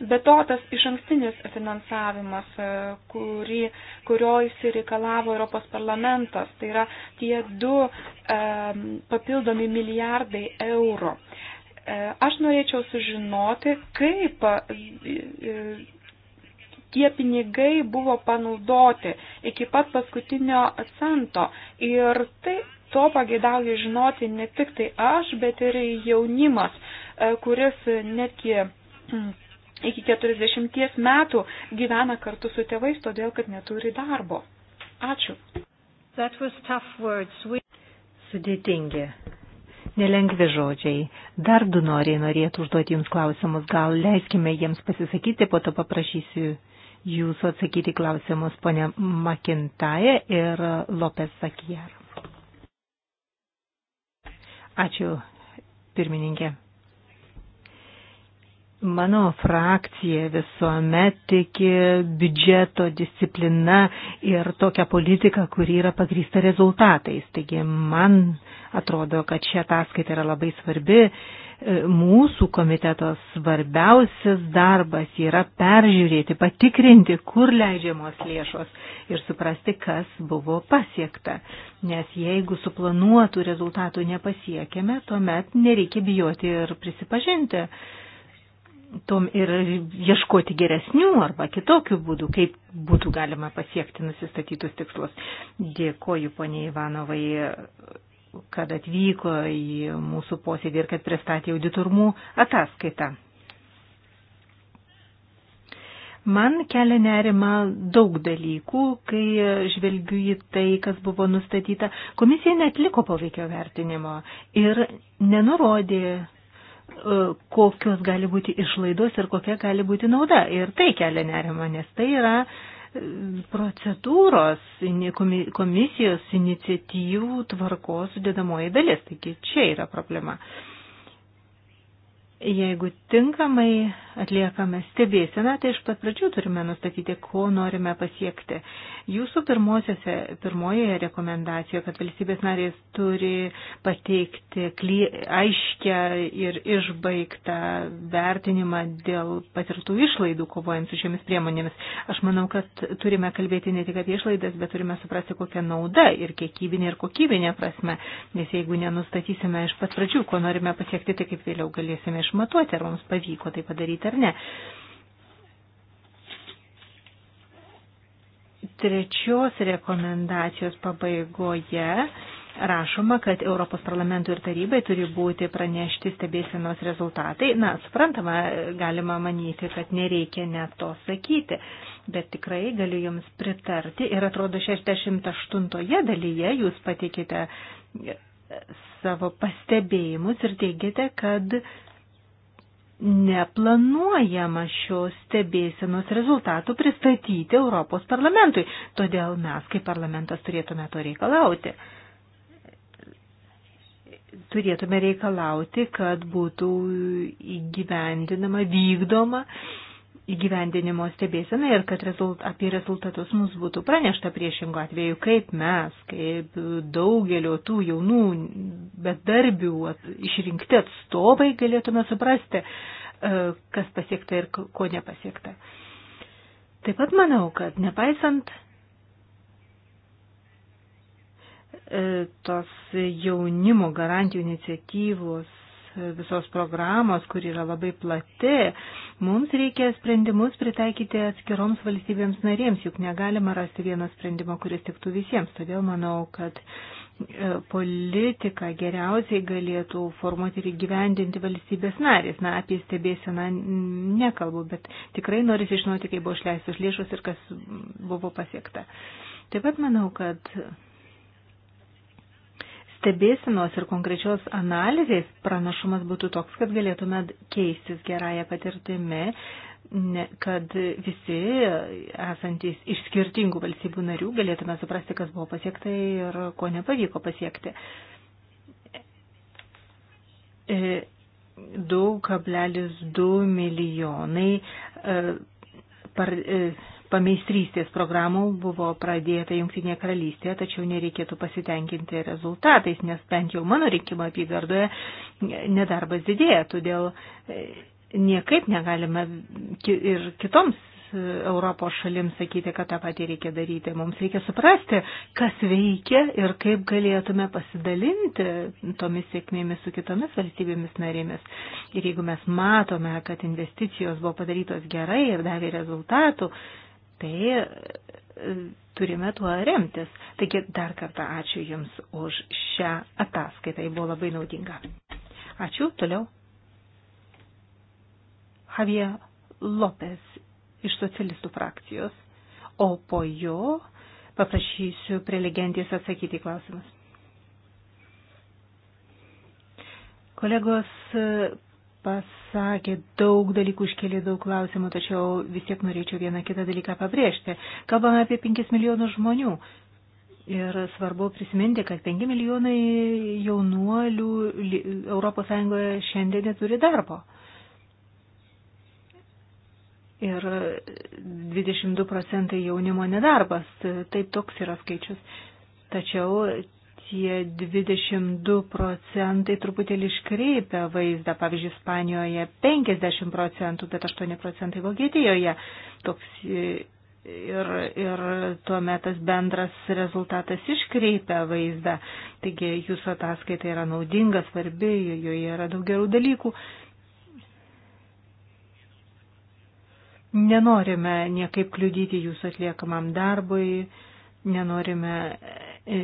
Be to, tas iš ankstinis finansavimas, e, kuri, kurio įsireikalavo Europos parlamentas, tai yra tie du e, papildomi milijardai eurų. E, aš norėčiau sužinoti, kaip e, e, tie pinigai buvo panaudoti iki pat paskutinio cento. Ir tai to pageidauju žinoti ne tik tai aš, bet ir jaunimas, e, kuris netgi mm, iki 40 metų gyvena kartu su tėvais, todėl kad neturi darbo. Ačiū. We... Sudėtingi. Nelengvi žodžiai. Dar du noriai norėtų užduoti Jums klausimus. Gal leiskime jiems pasisakyti, po to paprašysiu Jūsų atsakyti klausimus, ponė Makintaja ir Lopes Sakijar. Ačiū, pirmininkė. Mano frakcija visuomet tiki biudžeto disciplina ir tokia politika, kuri yra pagrįsta rezultatais. Taigi man atrodo, kad ši ataskaita yra labai svarbi. E, mūsų komiteto svarbiausias darbas yra peržiūrėti, patikrinti, kur leidžiamos lėšos ir suprasti, kas buvo pasiekta. Nes jeigu suplanuotų rezultatų nepasiekėme, tuomet nereikia bijoti ir prisipažinti tom ir ieškoti geresnių arba kitokių būdų, kaip būtų galima pasiekti nusistatytus tikslus. Dėkoju poniai Ivanovai, kad atvyko į mūsų posėdį ir kad pristatė auditormų ataskaitą. Man kelia nerima daug dalykų, kai žvelgiu į tai, kas buvo nustatyta. Komisija netliko poveikio vertinimo ir nenurodė E, kokios gali būti išlaidos ir kokia gali būti nauda. Ir tai kelia nerimą, nes tai yra e, procedūros komisijos iniciatyvų tvarkos sudėdamoji dalis. Taigi čia yra problema. Uh, Jeigu tinkamai atliekame stebėseną, tai iš pat pradžių turime nustatyti, ko norime pasiekti. Jūsų pirmojoje rekomendacijoje, kad valstybės narės turi pateikti aiškę ir išbaigtą vertinimą dėl patirtų išlaidų kovojant su šiomis priemonėmis, aš manau, kad turime kalbėti ne tik apie išlaidas, bet turime suprasti, kokia nauda ir kiekybinė, ir kokybinė prasme, nes jeigu nenustatysime iš pat pradžių, ko norime pasiekti, tai kaip vėliau galėsime iš išmatuoti, ar mums pavyko tai padaryti ar ne. Trečios rekomendacijos pabaigoje rašoma, kad Europos parlamentui ir tarybai turi būti pranešti stebėsienos rezultatai. Na, suprantama, galima manyti, kad nereikia net to sakyti, bet tikrai galiu Jums pritarti ir atrodo 68 dalyje Jūs pateikite savo pastebėjimus ir teigiate, kad neplanuojama šios stebėsenos rezultatų pristatyti Europos parlamentui. Todėl mes, kaip parlamentas, turėtume to reikalauti. Turėtume reikalauti, kad būtų įgyvendinama, vykdoma įgyvendinimo stebėsena ir kad rezult, apie rezultatus mums būtų pranešta priešingo atveju, kaip mes, kaip daugelio tų jaunų bedarbių at, išrinkti atstovai galėtume suprasti, e, kas pasiekta ir ko nepasiekta. Taip pat manau, kad nepaisant e, tos jaunimo garantijų iniciatyvos visos programos, kur yra labai plati, mums reikia sprendimus pritaikyti atskiroms valstybėms narėms, juk negalima rasti vieno sprendimo, kuris tiktų visiems. Todėl manau, kad e, politiką geriausiai galėtų formuoti ir įgyvendinti valstybės narės. Na, apie stebėseną nekalbu, bet tikrai noriu žinoti, kaip buvo išleistos lėšos ir kas buvo pasiekta. Taip pat manau, kad stebėsinos ir konkrečios analizės pranašumas būtų toks, kad galėtume keistis gerąją patirtimi, kad visi esantys iš skirtingų valstybių narių galėtume suprasti, kas buvo pasiekta ir ko nepavyko pasiekti. 2,2 e, milijonai e, par, e, pameistrystės programų buvo pradėta Junktinėje karalystėje, tačiau nereikėtų pasitenkinti rezultatais, nes bent jau mano rinkimo apygardoje nedarbas didėja, todėl e, niekaip negalime ir kitoms e, Europos šalims sakyti, kad tą patį reikia daryti. Mums reikia suprasti, kas veikia ir kaip galėtume pasidalinti tomis sėkmėmis su kitomis valstybėmis narėmis. Ir jeigu mes matome, kad investicijos buvo padarytos gerai ir davė rezultatų, tai e, turime tuo remtis. Taigi dar kartą ačiū Jums už šią ataskaitą, ji buvo labai naudinga. Ačiū, toliau. Javier Lopez iš socialistų frakcijos, o po jo paprašysiu prelegentės atsakyti klausimus. Kolegos pasakė daug dalykų, iškėlė daug klausimų, tačiau vis tiek norėčiau vieną kitą dalyką pabrėžti. Kalbame apie 5 milijonus žmonių. Ir svarbu prisiminti, kad 5 milijonai jaunuolių ES šiandien neturi darbo. Ir 22 procentai jaunimo nedarbas, taip toks yra skaičius. Tačiau tie 22 procentai truputėlį iškreipia vaizdą. Pavyzdžiui, Ispanijoje 50 procentų, bet 8 procentai Vokietijoje. Toks ir, ir tuomet tas bendras rezultatas iškreipia vaizdą. Taigi jūsų ataskaita yra naudinga, svarbi, joje yra daug gerų dalykų. Nenorime niekaip kliudyti jūsų atliekamam darbui, nenorime E,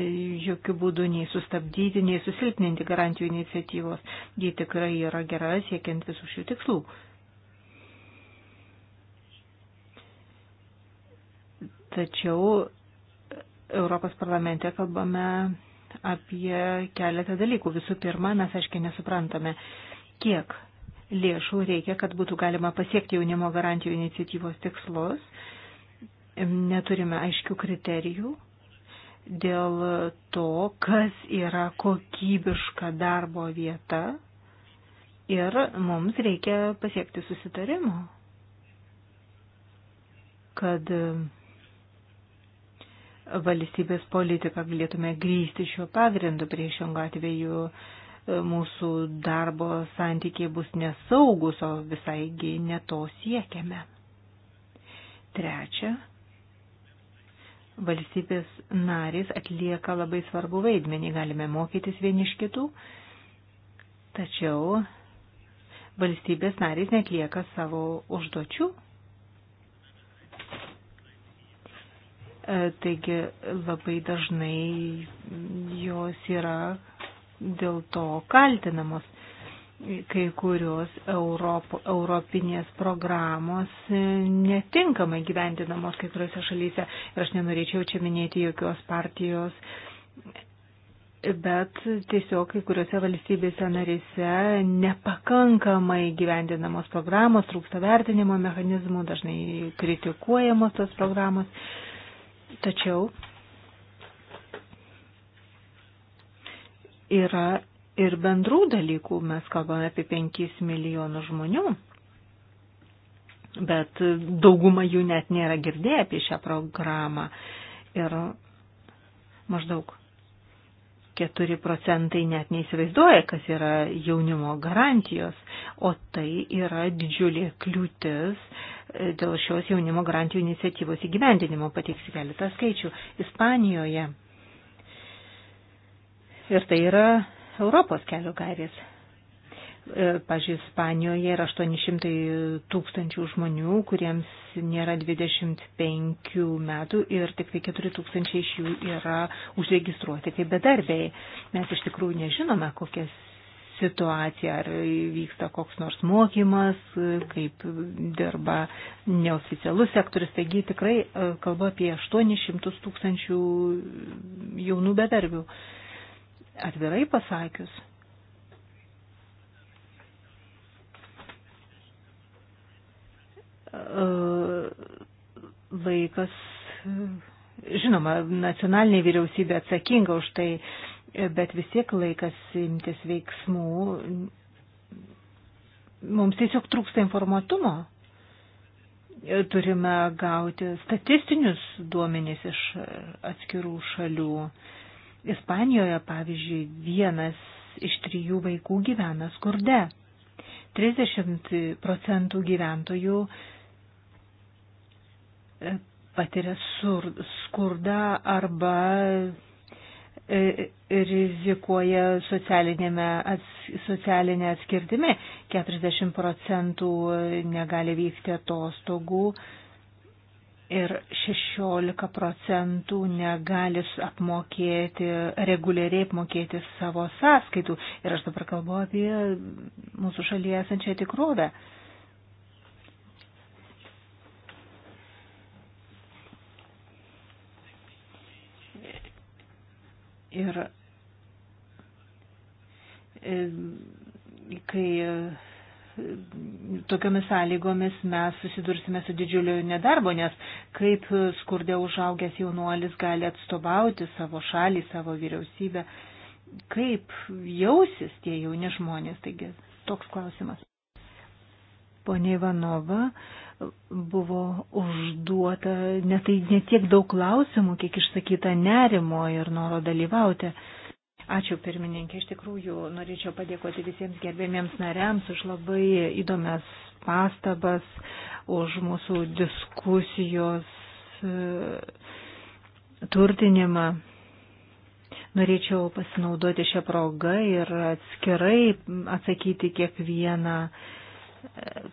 jokių būdų nei sustabdyti, nei susilpninti garantijų iniciatyvos. Ji tikrai yra gera siekiant visų šių tikslų. Tačiau Europos parlamente kalbame apie keletą dalykų. Visų pirma, mes aiškiai nesuprantame, kiek lėšų reikia, kad būtų galima pasiekti jaunimo garantijų iniciatyvos tikslus. Neturime aiškių kriterijų dėl to, kas yra kokybiška darbo vieta ir mums reikia pasiekti susitarimo, kad valstybės politiką galėtume grįsti šiuo pagrindu priešingą atveju e, mūsų darbo santykiai bus nesaugus, o visaigi neto siekiame. Trečia, valstybės narys atlieka labai svarbu vaidmenį, galime mokytis vieni iš kitų, tačiau valstybės narys netlieka savo užduočių. E, taigi labai dažnai jos yra dėl to kaltinamos kai kurios Europ, europinės programos e, netinkamai gyvendinamos kai kuriuose šalyse. Ir aš nenorėčiau čia minėti jokios partijos, bet tiesiog kai kuriuose valstybėse narėse nepakankamai gyvendinamos programos, trūksta vertinimo mechanizmų, dažnai kritikuojamos tos programos. Tačiau yra ir bendrų dalykų. Mes kalbame apie 5 milijonų žmonių, bet dauguma jų net nėra girdėję apie šią programą. Ir maždaug 4 procentai net neįsivaizduoja, kas yra jaunimo garantijos, o tai yra didžiulė kliūtis e, dėl šios jaunimo garantijų iniciatyvos įgyvendinimo. Pateiksiu keletą skaičių. Ispanijoje. Ir tai yra Europos kelio gairės. E, pavyzdžiui, Ispanijoje yra 800 tūkstančių žmonių, kuriems nėra 25 metų ir tik tai 4 tūkstančiai iš jų yra užregistruoti kaip bedarbiai. Mes iš tikrųjų nežinome, kokia situacija, ar vyksta koks nors mokymas, kaip dirba neoficialus sektorius. Taigi tikrai e, kalba apie 800 tūkstančių jaunų bedarbių. Atvirai pasakius, e, laikas, žinoma, nacionalinė vyriausybė atsakinga už tai, bet vis tiek laikas imtis veiksmų. Mums tiesiog trūksta informatumo. Turime gauti statistinius duomenys iš atskirų šalių. Ispanijoje, pavyzdžiui, vienas iš trijų vaikų gyvena skurde. 30 procentų gyventojų e, patiria skurdą arba e, rizikuoja socialinė atskirtimi. 40 procentų e, negali vykti atostogų, ir 16 procentų negali apmokėti, reguliariai apmokėti savo sąskaitų. Ir aš dabar kalbu apie mūsų šalyje esančią tikrovę. Ir e, kai tokiomis sąlygomis mes susidursime su didžiuliu nedarbo, nes kaip skurdė užaugęs jaunuolis gali atstovauti savo šalį, savo vyriausybę, kaip jausis tie jauni žmonės, taigi toks klausimas. Pone Ivanova, buvo užduota netai netiek daug klausimų, kiek išsakyta nerimo ir noro dalyvauti. Uh, Ačiū pirmininkė, iš tikrųjų norėčiau padėkoti visiems gerbėmiems nariams už labai įdomias pastabas, už mūsų diskusijos e, turtinimą. Norėčiau pasinaudoti šią progą ir atskirai atsakyti kiekvieną e,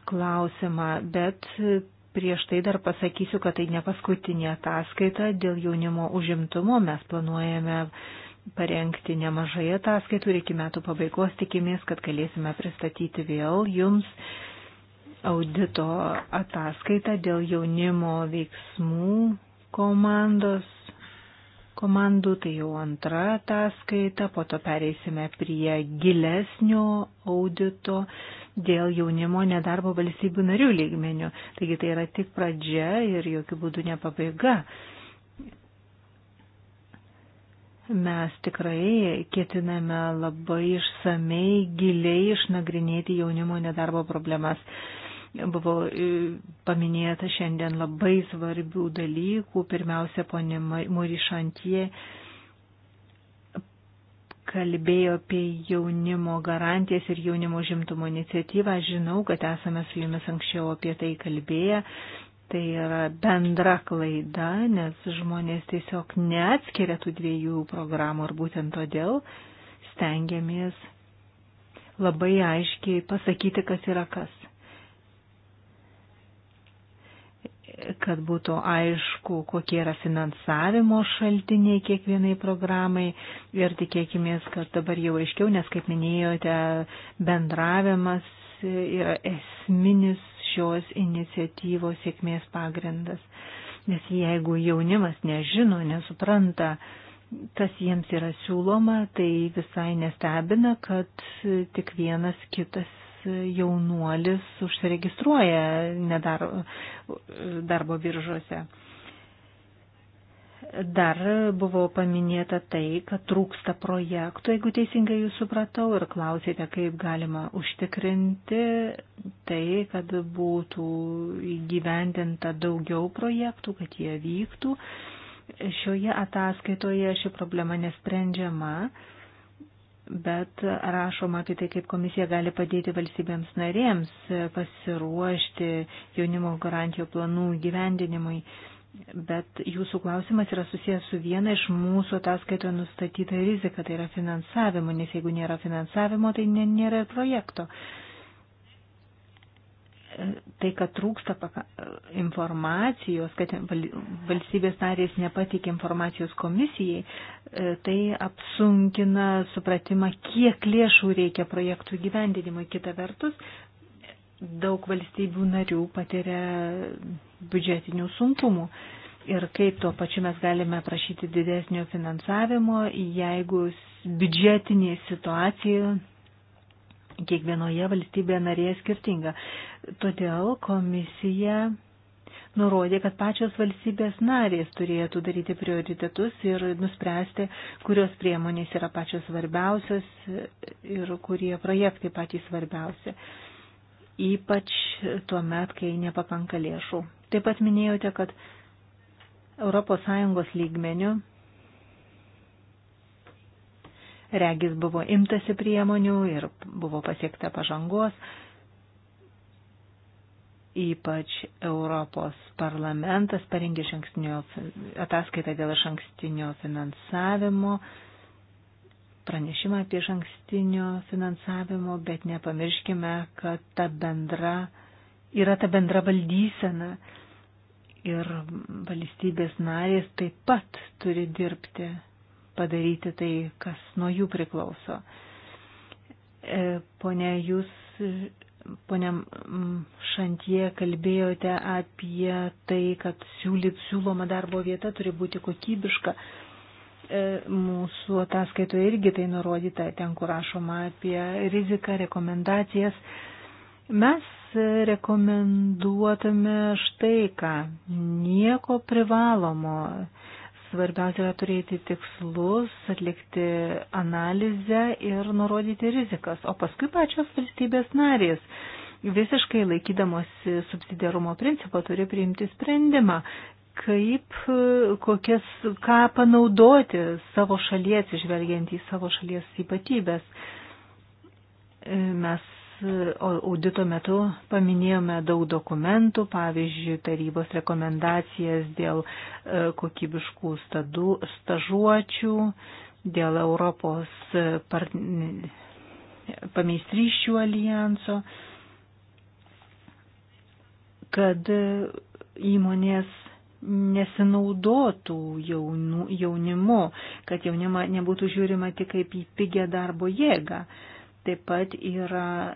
klausimą, bet prieš tai dar pasakysiu, kad tai ne paskutinė ataskaita dėl jaunimo užimtumo. Mes planuojame parengti nemažai ataskaitų ir iki metų pabaigos tikimės, kad galėsime pristatyti vėl jums audito ataskaitą dėl jaunimo veiksmų komandos. Komandų tai jau antra ataskaita, po to pereisime prie gilesnio audito dėl jaunimo nedarbo valstybių narių lygmenių. Taigi tai yra tik pradžia ir jokių būdų ne pabaiga. Uh, Mes tikrai ketiname labai išsamei, giliai išnagrinėti jaunimo nedarbo problemas. Buvo e, paminėta šiandien labai svarbių dalykų. Pirmiausia, ponė Murišantie kalbėjo apie jaunimo garantijas ir jaunimo žimtumo iniciatyvą. Žinau, kad esame su jumis anksčiau apie tai kalbėję. Tai yra bendra klaida, nes žmonės tiesiog neatskiria tų dviejų programų ir būtent todėl stengiamės labai aiškiai pasakyti, kas yra kas. Kad būtų aišku, kokie yra finansavimo šaltiniai kiekvienai programai ir tikėkimės, kad dabar jau aiškiau, nes kaip minėjote, bendravimas yra esminis šios iniciatyvos sėkmės pagrindas. Nes jeigu jaunimas nežino, nesupranta, kas jiems yra siūloma, tai visai nestebina, kad tik vienas kitas jaunuolis užsiregistruoja nedar, darbo biržose. Dar buvo paminėta tai, kad trūksta projektų, jeigu teisingai jūs supratau, ir klausėte, kaip galima užtikrinti tai, kad būtų įgyvendinta daugiau projektų, kad jie vyktų. Šioje ataskaitoje ši problema nesprendžiama, bet rašoma apie tai, kaip komisija gali padėti valstybėms narėms pasiruošti jaunimo garantijų planų gyvendinimui Bet jūsų klausimas yra susijęs su viena iš mūsų ataskaitoje nustatyta rizika, tai yra finansavimo, nes jeigu nėra finansavimo, tai nėra ir projekto. Tai, kad trūksta informacijos, kad valstybės narės nepatikė informacijos komisijai, e, tai apsunkina supratimą, kiek lėšų reikia projektų gyvendinimui. Kita vertus, daug valstybių narių patiria biudžetinių sunkumų. Ir kaip tuo pačiu mes galime prašyti didesnio finansavimo, jeigu biudžetinė situacija kiekvienoje valstybėje narėje skirtinga. Todėl komisija nurodė, kad pačios valstybės narės turėtų daryti prioritetus ir nuspręsti, kurios priemonės yra pačios svarbiausios ir kurie projektai patys svarbiausi ypač tuo met, kai nepakanka lėšų. Taip pat minėjote, kad ES lygmenių regis buvo imtasi priemonių ir buvo pasiekta pažangos, ypač Europos parlamentas parengė ataskaitą dėl šankstinio finansavimo, pranešimą apie žankstinio finansavimo, bet nepamirškime, kad ta bendra, yra ta bendra valdysena ir valstybės narės taip pat turi dirbti, padaryti tai, kas nuo jų priklauso. E, pone, jūs, pone Šantie, kalbėjote apie tai, kad siūlyt siūloma darbo vieta turi būti kokybiška E, mūsų ataskaitoje irgi tai nurodyta, ten kur rašoma apie riziką, rekomendacijas. Mes rekomenduotume štai ką, nieko privalomo. Svarbiausia yra turėti tikslus, atlikti analizę ir nurodyti rizikas, o paskui pačios valstybės narės visiškai laikydamosi subsidiarumo principo turi priimti sprendimą, kaip, kokias, ką panaudoti savo šalies, išvelgiant į savo šalies ypatybės. Mes audito metu paminėjome daug dokumentų, pavyzdžiui, tarybos rekomendacijas dėl e, kokybiškų stadų, stažuočių, dėl Europos e, part... pameistryščių alijanso, kad e, įmonės nesinaudotų jaunu, jaunimu, kad jaunimą nebūtų žiūrima tik kaip į pigę darbo jėgą. Taip pat yra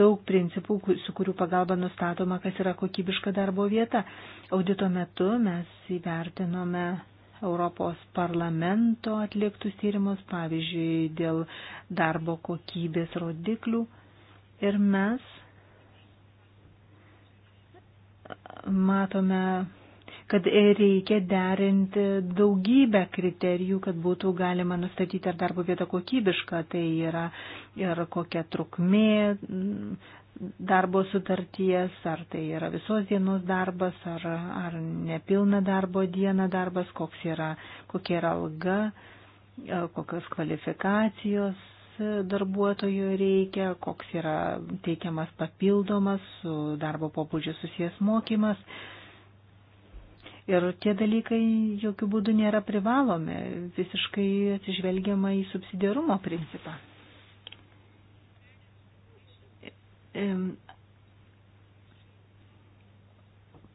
daug principų, su kurių pagalba nustatoma, kas yra kokybiška darbo vieta. Audito metu mes įvertinome Europos parlamento atliktus tyrimus, pavyzdžiui, dėl darbo kokybės rodiklių. Ir mes matome, kad reikia derinti daugybę kriterijų, kad būtų galima nustatyti, ar darbo vieta kokybiška, tai yra ir kokia trukmė mm, darbo sutarties, ar tai yra visos dienos darbas, ar, ar nepilna darbo diena darbas, koks yra, kokia yra alga, e, kokios kvalifikacijos darbuotojų reikia, koks yra teikiamas papildomas su darbo pobūdžiu susijęs mokymas. Ir tie dalykai jokių būdų nėra privalomi, visiškai atsižvelgiama į subsidiarumo principą.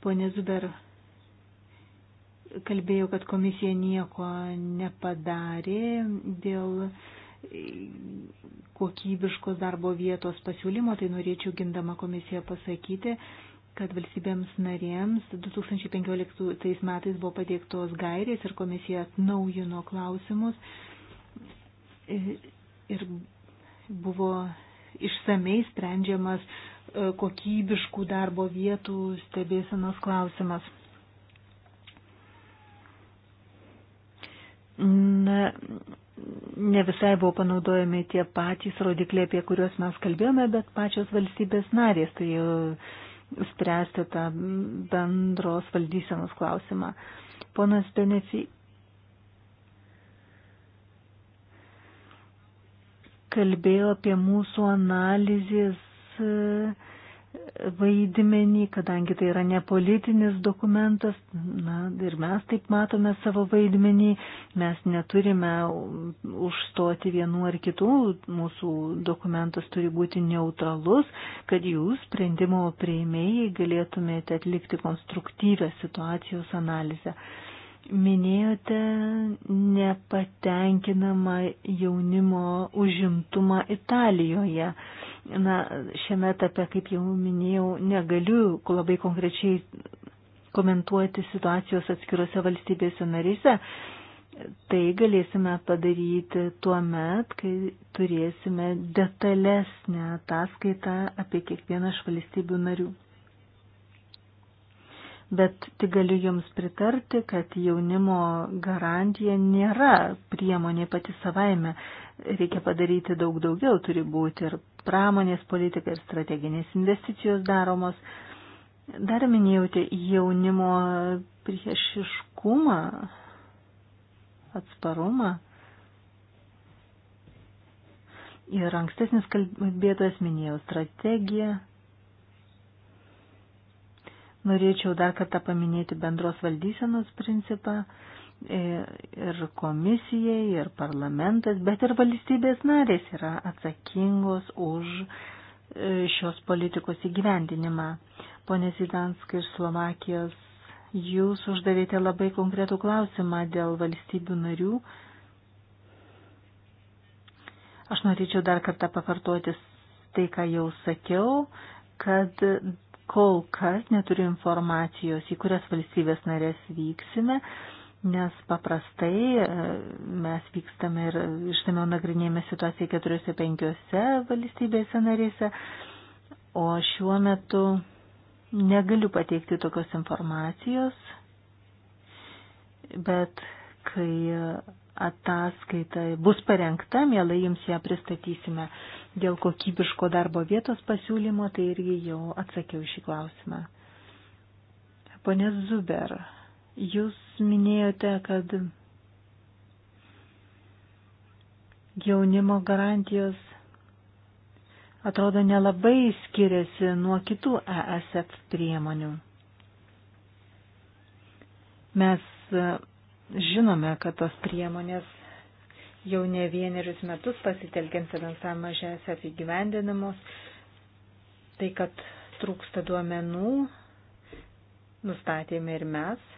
Pone Zuber kalbėjo, kad komisija nieko nepadarė dėl kokybiškos darbo vietos pasiūlymo, tai norėčiau gindama komisiją pasakyti, kad valstybėms narėms 2015 metais buvo pateiktos gairės ir komisija atnaujino klausimus ir buvo išsamei sprendžiamas e, kokybiškų darbo vietų stebėsenos klausimas. Na, ne visai buvo panaudojami tie patys rodikliai, apie kuriuos mes kalbėjome, bet pačios valstybės narės turėjo spręsti tą bendros valdysenos klausimą. Ponas Benefi kalbėjo apie mūsų analizės vaidmenį, kadangi tai yra nepolitinis dokumentas, na ir mes taip matome savo vaidmenį, mes neturime užstoti vienu ar kitų, mūsų dokumentas turi būti neutralus, kad jūs sprendimo prieimėjai galėtumėte atlikti konstruktyvę situacijos analizę. Minėjote nepatenkinamą jaunimo užimtumą Italijoje. Na, šiame etape, kaip jau minėjau, negaliu labai konkrečiai komentuoti situacijos atskirose valstybėse narėse. Tai galėsime padaryti tuo met, kai turėsime detalesnę ataskaitą apie kiekvieną iš valstybių narių. Bet tik galiu Jums pritarti, kad jaunimo garantija nėra priemonė pati savaime. Reikia padaryti daug daugiau, turi būti ir pramonės politika ir strateginės investicijos daromos. Dar minėjote jaunimo priešiškumą, atsparumą. Ir ankstesnis kalbėtojas minėjo strategiją. Norėčiau dar kartą paminėti bendros valdysenos principą E, ir komisijai, ir parlamentas, bet ir valstybės narės yra atsakingos už e, šios politikos įgyvendinimą. Pone Zidanskai iš Slovakijos, jūs uždavėte labai konkretų klausimą dėl valstybių narių. Aš norėčiau dar kartą pakartoti tai, ką jau sakiau, kad kol kas neturiu informacijos, į kurias valstybės narės vyksime, Nes paprastai e, mes vykstame ir ištamiau nagrinėjame situaciją keturiose penkiose valstybėse narėse, o šiuo metu negaliu pateikti tokios informacijos, bet kai ataskaita bus parengta, mielai jums ją pristatysime. Dėl kokybiško darbo vietos pasiūlymo, tai irgi jau atsakiau šį klausimą. Pone Zuber, jūs minėjote, kad jaunimo garantijos atrodo nelabai skiriasi nuo kitų ESF priemonių. Mes e, žinome, kad tos priemonės jau ne vienerius metus pasitelkiant finansavimą ŽSF e įgyvendinamos. Tai, kad trūksta duomenų, nustatėme ir mes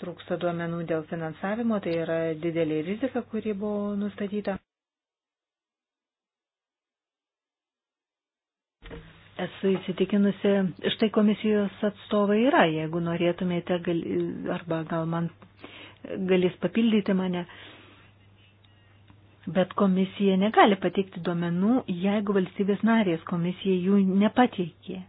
trūksta duomenų dėl finansavimo, tai yra didelė rizika, kuri buvo nustatyta. Esu įsitikinusi, štai komisijos atstovai yra, jeigu norėtumėte, gal, arba gal man galės papildyti mane, bet komisija negali pateikti duomenų, jeigu valstybės narės komisija jų nepateikė.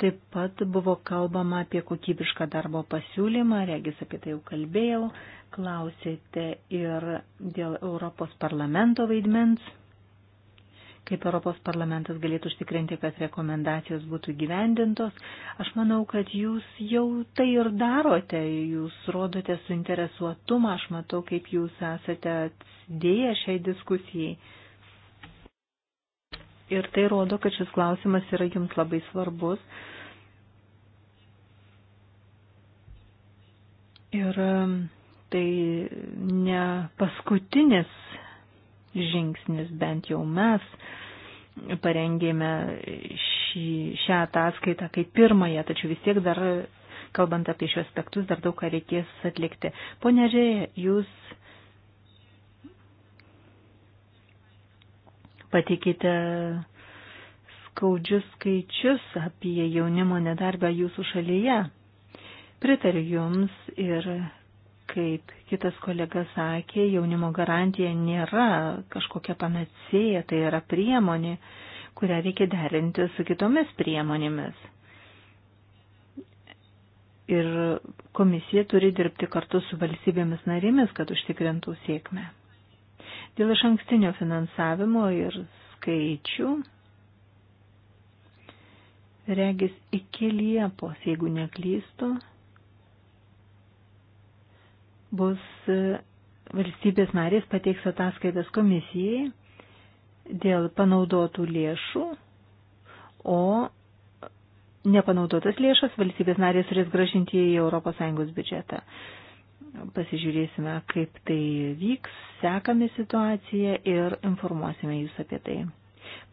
Taip pat buvo kalbama apie kokybišką darbo pasiūlymą, regis apie tai jau kalbėjau, klausėte ir dėl Europos parlamento vaidmens, kaip Europos parlamentas galėtų užtikrinti, kad rekomendacijos būtų gyvendintos. Aš manau, kad jūs jau tai ir darote, jūs rodote suinteresuotumą, aš matau, kaip jūs esate atsidėję šiai diskusijai. Ir tai rodo, kad šis klausimas yra jums labai svarbus. Ir um, tai ne paskutinis žingsnis, bent jau mes parengėme šį, šią ataskaitą kaip pirmąją, tačiau vis tiek dar, kalbant apie šios aspektus, dar daug ką reikės atlikti. Pone Žėja, jūs patikite skaudžius skaičius apie jaunimo nedarbę jūsų šalyje. Pritariu Jums ir, kaip kitas kolega sakė, jaunimo garantija nėra kažkokia panacėja, tai yra priemonė, kurią reikia derinti su kitomis priemonėmis. Ir komisija turi dirbti kartu su valstybėmis narėmis, kad užtikrintų sėkmę. Dėl iš ankstinio finansavimo ir skaičių, regis iki Liepos, jeigu neklystu, bus e, valstybės narės pateiks ataskaitas komisijai dėl panaudotų lėšų, o nepanaudotas lėšas valstybės narės turės gražinti į ES biudžetą pasižiūrėsime, kaip tai vyks, sekame situaciją ir informuosime jūs apie tai.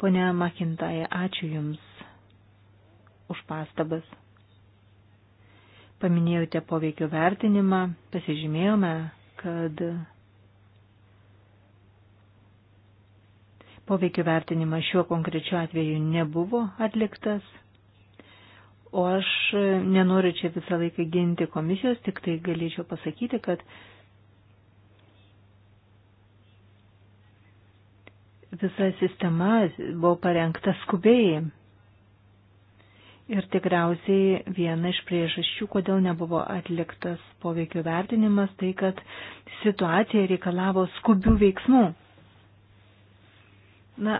Pone Makintaja, ačiū Jums už pastabas. Paminėjote poveikio vertinimą, pasižymėjome, kad poveikio vertinimas šiuo konkrečiu atveju nebuvo atliktas O aš e, nenoriu čia visą laiką ginti komisijos, tik tai galėčiau pasakyti, kad visa sistema buvo parengta skubiai. Ir tikriausiai viena iš priežasčių, kodėl nebuvo atliktas poveikio vertinimas, tai kad situacija reikalavo skubių veiksmų. Na,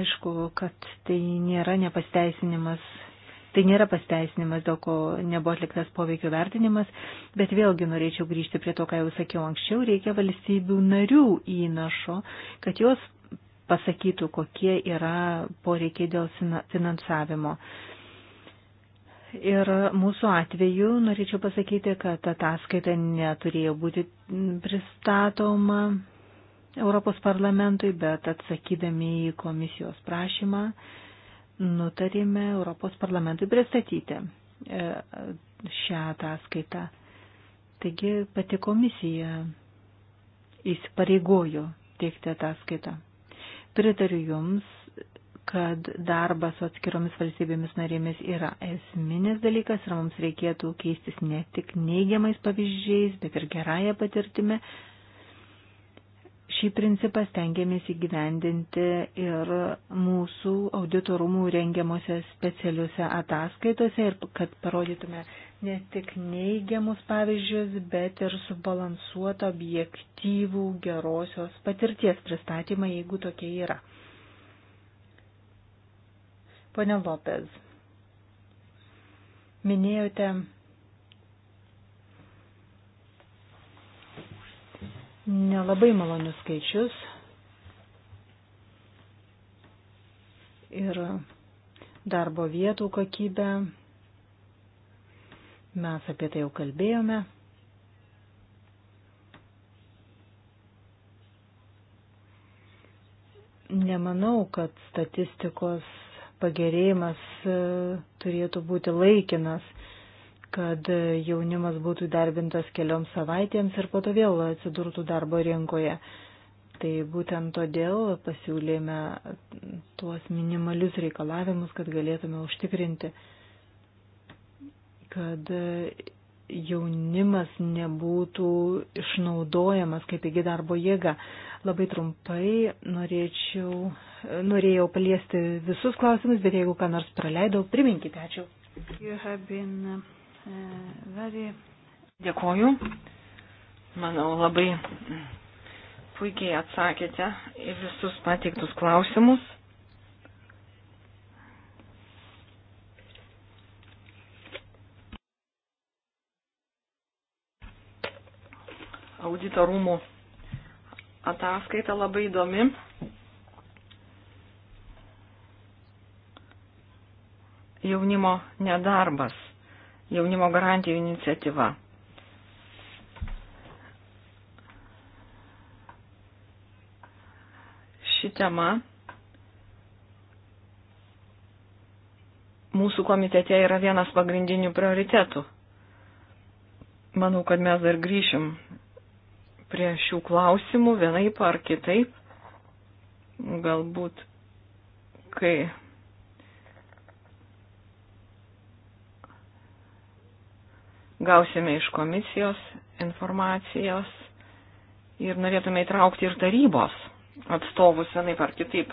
aišku, kad tai nėra nepasteisinimas Tai nėra pasteisinimas, dėl ko nebuvo atliktas poveikio vertinimas, bet vėlgi norėčiau grįžti prie to, ką jau sakiau anksčiau, reikia valstybių narių įnašo, kad jos pasakytų, kokie yra poreikiai dėl finansavimo. Ir mūsų atveju norėčiau pasakyti, kad ataskaita neturėjo būti pristatoma Europos parlamentui, bet atsakydami į komisijos prašymą, nutarėme Europos parlamentui pristatyti e, šią ataskaitą. Taigi pati komisija įsipareigojo teikti ataskaitą. Pritariu Jums, kad darbas su atskiromis valstybėmis narėmis yra esminis dalykas ir mums reikėtų keistis ne tik neigiamais pavyzdžiais, bet ir gerąją patirtimę Šį principą stengiamės įgyvendinti ir mūsų auditorumų rengiamuose specialiuose ataskaitose ir kad parodytume ne tik neigiamus pavyzdžius, bet ir subalansuotą objektyvų gerosios patirties pristatymą, jeigu tokie yra. Pone Lopez, minėjote nelabai malonius skaičius. Ir darbo vietų kokybę. Mes apie tai jau kalbėjome. Nemanau, kad statistikos pagerėjimas e, turėtų būti laikinas kad jaunimas būtų darbintas kelioms savaitėms ir po to vėl atsidurtų darbo rinkoje. Tai būtent todėl pasiūlėme tuos minimalius reikalavimus, kad galėtume užtikrinti, kad jaunimas nebūtų išnaudojamas kaip įgy darbo jėga. Labai trumpai norėčiau, norėjau paliesti visus klausimus, bet jeigu ką nors praleidau, priminkite, ačiū. You have been Very... Dėkoju. Manau, labai puikiai atsakėte į visus pateiktus klausimus. Audito rūmų ataskaita labai įdomi. Jaunimo nedarbas jaunimo garantijų iniciatyva. Ši tema mūsų komitete yra vienas pagrindinių prioritetų. Manau, kad mes dar grįšim prie šių klausimų vienaip ar kitaip. Galbūt, kai gausime iš komisijos informacijos ir norėtume įtraukti ir tarybos atstovus vienaip ar kitaip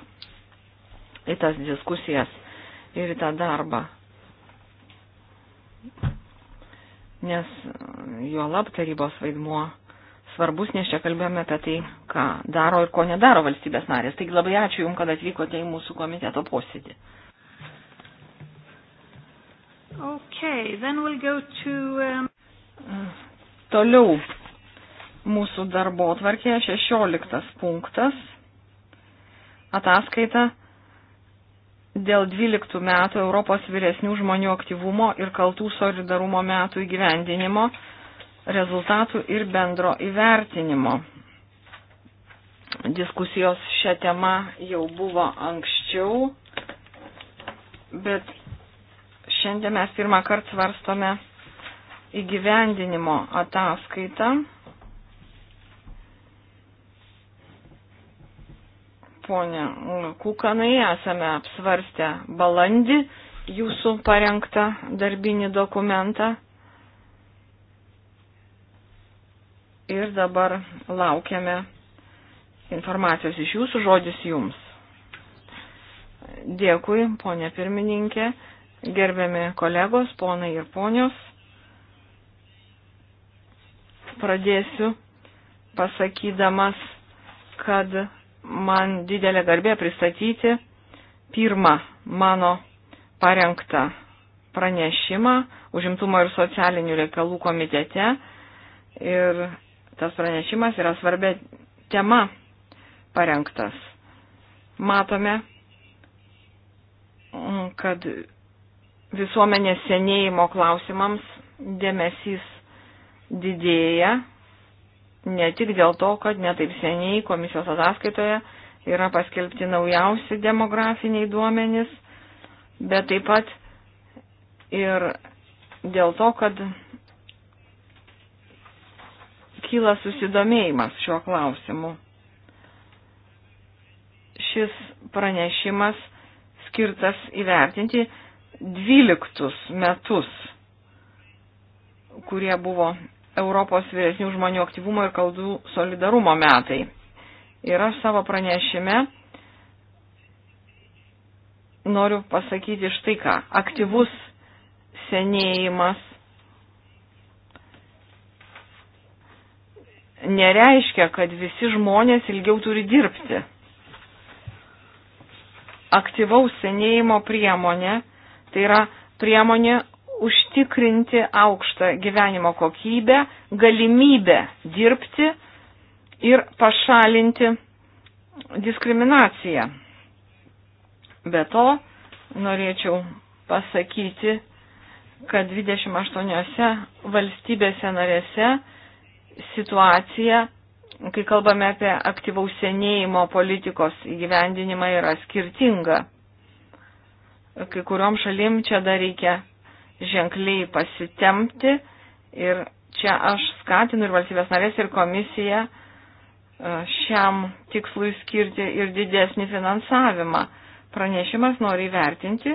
į tas diskusijas ir į tą darbą. Nes jo lab tarybos vaidmuo svarbus, nes čia kalbėjome apie tai, ką daro ir ko nedaro valstybės narės. Taigi labai ačiū Jums, kad atvykote į mūsų komiteto posėdį. Okay, then we'll go to, um... Toliau mūsų darbo atvarkėje 16 punktas. Ataskaita dėl 12 metų Europos vyresnių žmonių aktyvumo ir kaltų solidarumo metų įgyvendinimo rezultatų ir bendro įvertinimo. Diskusijos šią temą jau buvo anksčiau, bet Šiandien mes pirmą kartą svarstome įgyvendinimo ataskaitą. Pone Kukanai, esame apsvarstę balandį jūsų parengtą darbinį dokumentą. Ir dabar laukiame informacijos iš jūsų žodis jums. Dėkui, ponė pirmininkė gerbiami kolegos, ponai ir ponios. Pradėsiu pasakydamas, kad man didelė garbė pristatyti pirmą mano parengtą pranešimą užimtumo ir socialinių reikalų komitete. Ir tas pranešimas yra svarbia tema parengtas. Matome, kad visuomenės senėjimo klausimams dėmesys didėja, ne tik dėl to, kad netaip seniai komisijos ataskaitoje yra paskelbti naujausi demografiniai duomenys, bet taip pat ir dėl to, kad kyla susidomėjimas šiuo klausimu. Šis pranešimas skirtas įvertinti 12 metus, kurie buvo Europos vyresnių žmonių aktyvumo ir kaldų solidarumo metai. Ir aš savo pranešime noriu pasakyti štai ką. Aktyvus senėjimas nereiškia, kad visi žmonės ilgiau turi dirbti. Aktyvaus senėjimo priemonė Tai yra priemonė užtikrinti aukštą gyvenimo kokybę, galimybę dirbti ir pašalinti diskriminaciją. Be to, norėčiau pasakyti, kad 28 valstybėse narėse situacija, kai kalbame apie aktyvaus senėjimo politikos įgyvendinimą, yra skirtinga kai kuriuom šalim čia dar reikia ženkliai pasitemti ir čia aš skatinu ir valstybės narės ir komisiją e, šiam tikslui skirti ir didesnį finansavimą. Pranešimas nori įvertinti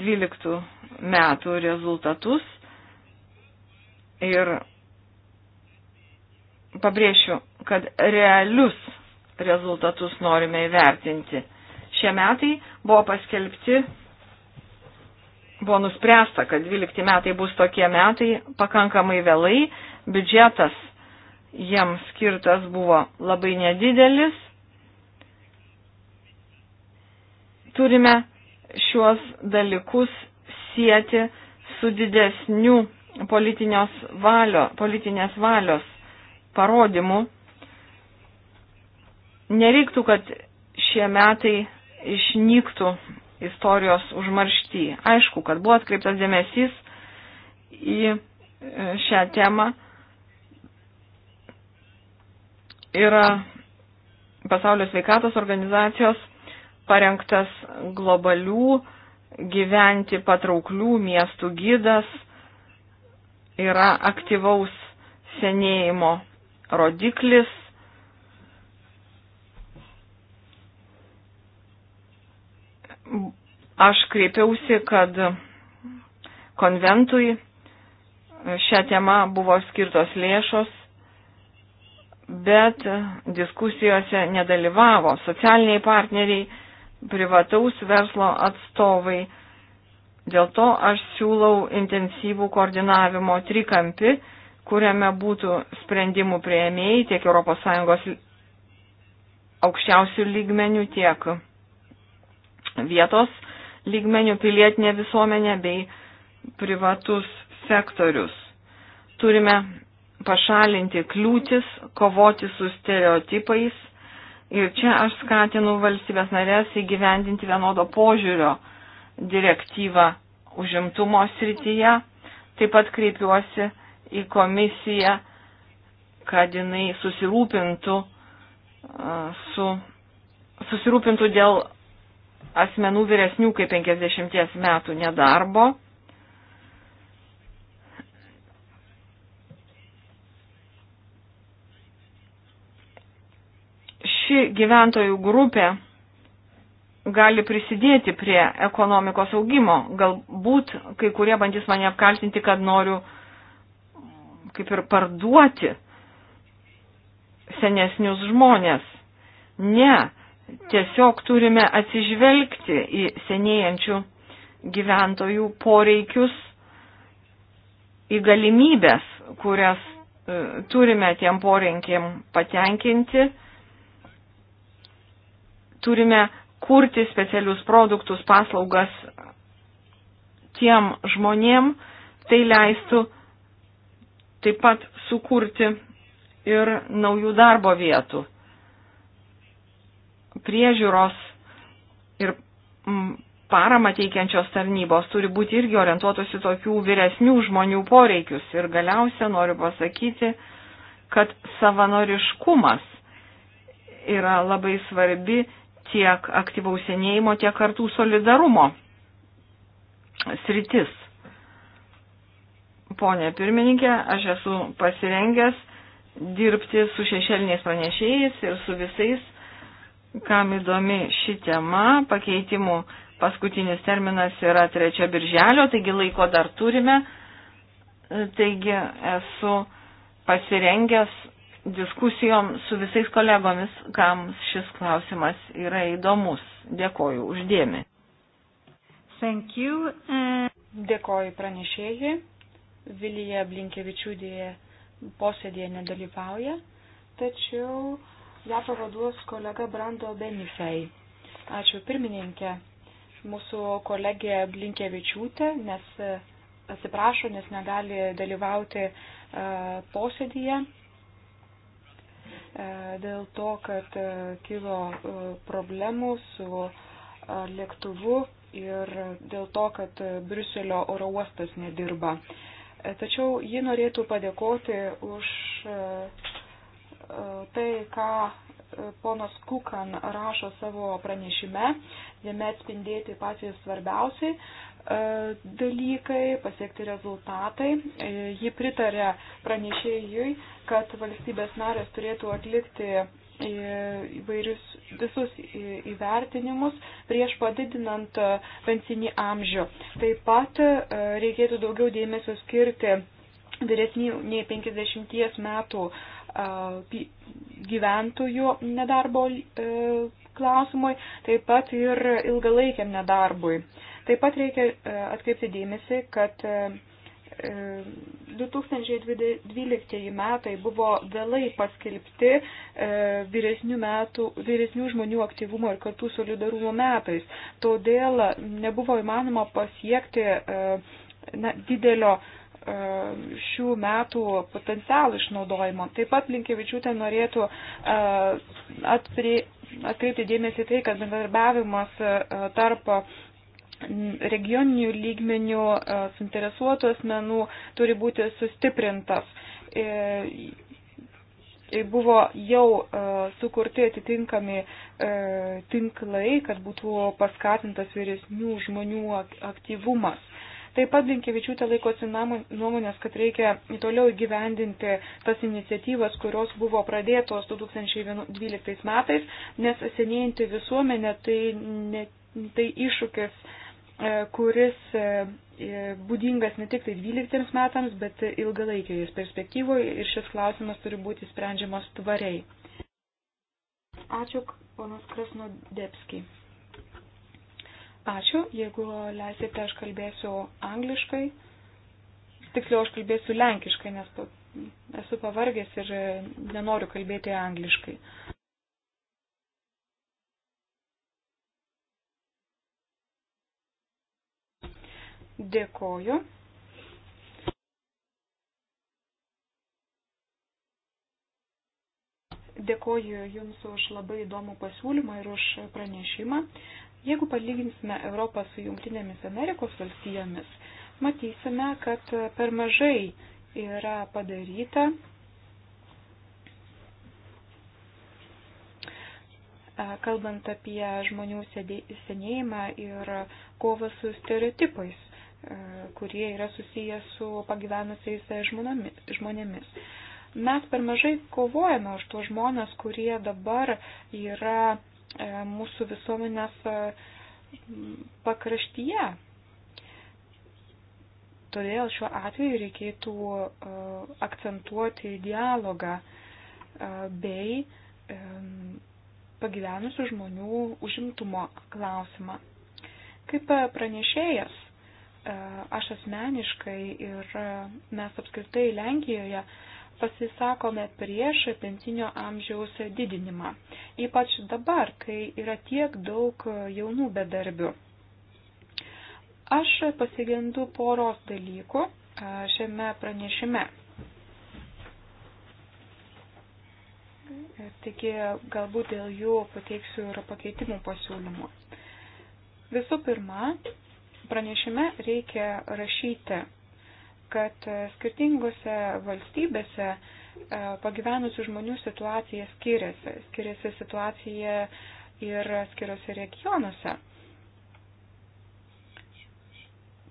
12 metų rezultatus ir pabrėšiu, kad realius rezultatus norime įvertinti. Šie metai buvo paskelbti buvo nuspręsta, kad 12 metai bus tokie metai, pakankamai vėlai, biudžetas jiem skirtas buvo labai nedidelis. Turime šiuos dalykus sieti su didesniu valio, politinės valios parodymu. Nereiktų, kad šie metai išnyktų istorijos užmaršty. Aišku, kad buvo atkreiptas dėmesys į e, šią temą. Yra pasaulio sveikatos organizacijos parengtas globalių gyventi patrauklių miestų gydas, yra aktyvaus senėjimo rodiklis, aš kreipiausi, kad konventui šią temą buvo skirtos lėšos, bet diskusijose nedalyvavo socialiniai partneriai, privataus verslo atstovai. Dėl to aš siūlau intensyvų koordinavimo trikampį, kuriame būtų sprendimų prieėmėjai tiek ES aukščiausių lygmenių, tiek vietos lygmenių pilietinė visuomenė bei privatus sektorius. Turime pašalinti kliūtis, kovoti su stereotipais ir čia aš skatinu valstybės narės įgyvendinti vienodo požiūrio direktyvą užimtumo srityje. Taip pat kreipiuosi į komisiją, kad jinai susirūpintų, su, susirūpintų dėl asmenų vyresnių kaip 50 metų nedarbo. Ši gyventojų grupė gali prisidėti prie ekonomikos augimo. Galbūt kai kurie bandys mane apkaltinti, kad noriu kaip ir parduoti senesnius žmonės. Ne, Tiesiog turime atsižvelgti į senėjančių gyventojų poreikius, į galimybės, kurias e, turime tiem poreikiam patenkinti. Turime kurti specialius produktus, paslaugas tiem žmonėm, tai leistų taip pat sukurti ir naujų darbo vietų priežiūros ir mm, paramą teikiančios tarnybos turi būti irgi orientuotos į tokių vyresnių žmonių poreikius. Ir galiausia noriu pasakyti, kad savanoriškumas yra labai svarbi tiek aktyvaus senėjimo, tiek kartų solidarumo sritis. Pone pirmininkė, aš esu pasirengęs dirbti su šešėliniais pranešėjais ir su visais kam įdomi ši tema, pakeitimų paskutinis terminas yra 3 birželio, taigi laiko dar turime. Taigi esu pasirengęs diskusijom su visais kolegomis, kam šis klausimas yra įdomus. Dėkoju uždėmi. Thank you. Uh, Dėkoju pranešėjai. Vilija Blinkevičiūdėje posėdėje nedalyvauja, tačiau ją pavaduos kolega Brando Benifei. Ačiū pirmininkė, mūsų kolegė Blinkevičiūtė, nes e, atsiprašo, nes negali dalyvauti e, posėdyje e, dėl to, kad kilo problemų su lėktuvu ir dėl to, kad Briuselio oro uostas nedirba. Tačiau ji norėtų padėkoti už tai, ką e, ponas Kukan rašo savo pranešime, jame atspindėti patys svarbiausiai e, dalykai, pasiekti rezultatai. E, ji pritarė pranešėjui, kad valstybės narės turėtų atlikti įvairius visus įvertinimus prieš padidinant pensinį amžių. Taip pat reikėtų daugiau dėmesio skirti vyresnių nei 50 metų uh, gyventojų nedarbo e, klausimui, taip pat ir ilgalaikiam nedarbui. Taip pat reikia e, atkreipti dėmesį, kad 2012 e, metai buvo vėlai paskelbti vyresnių, metų, vyresnių žmonių aktyvumo ir kartų solidarumo metais. Todėl nebuvo įmanoma pasiekti na, didelio uh, E, šių metų potencialų išnaudojimo. Taip pat Linkevičiūtė norėtų e, atkreipti dėmesį tai, kad bendarbiavimas e, tarp regioninių lygmenių suinteresuotų asmenų turi būti sustiprintas. Buvo jau sukurti atitinkami tinklai, kad būtų paskatintas vyresnių žmonių aktyvumas Taip pat Blinkevičiūtė laikosi nuomonės, kad reikia toliau įgyvendinti tas iniciatyvas, kurios buvo pradėtos 2012 metais, nes senėjanti visuomenė tai, ne, tai iššūkis, e, kuris e, e, būdingas ne tik tai 12 metams, bet ilgalaikėje perspektyvoje ir šis klausimas turi būti sprendžiamas tvariai. Ačiū, ponas Krasnodepski. Ačiū. Jeigu leisite, aš kalbėsiu angliškai. Tiksliau, aš kalbėsiu lenkiškai, nes esu pavargęs ir nenoriu kalbėti angliškai. Dėkoju. Dėkoju Jums už labai įdomų pasiūlymą ir už pranešimą. Jeigu palyginsime Europą su Junktinėmis Amerikos valstijomis, matysime, kad per mažai yra padaryta kalbant apie žmonių senėjimą ir kovą su stereotipais, kurie yra susiję su pagyvenusiais e, žmonėmis. Mes per mažai kovojame už tuos žmonės, kurie dabar yra E, mūsų visuomenės e, pakraštyje. Todėl šiuo atveju reikėtų e, akcentuoti dialogą bei pagyvenusių žmonių užimtumo klausimą. Kaip pranešėjas, aš asmeniškai ir mes apskritai Lenkijoje pasisakome prieš pensinio amžiaus didinimą, ypač dabar, kai yra tiek daug jaunų bedarbių. Aš pasigendu poros dalykų šiame pranešime. Taigi galbūt dėl jų pateiksiu ir pakeitimų pasiūlymų. Visų pirma, pranešime reikia rašyti kad e, skirtingose valstybėse e, pagyvenusių žmonių situacija skiriasi. Skiriasi situacija ir skiriuose regionuose.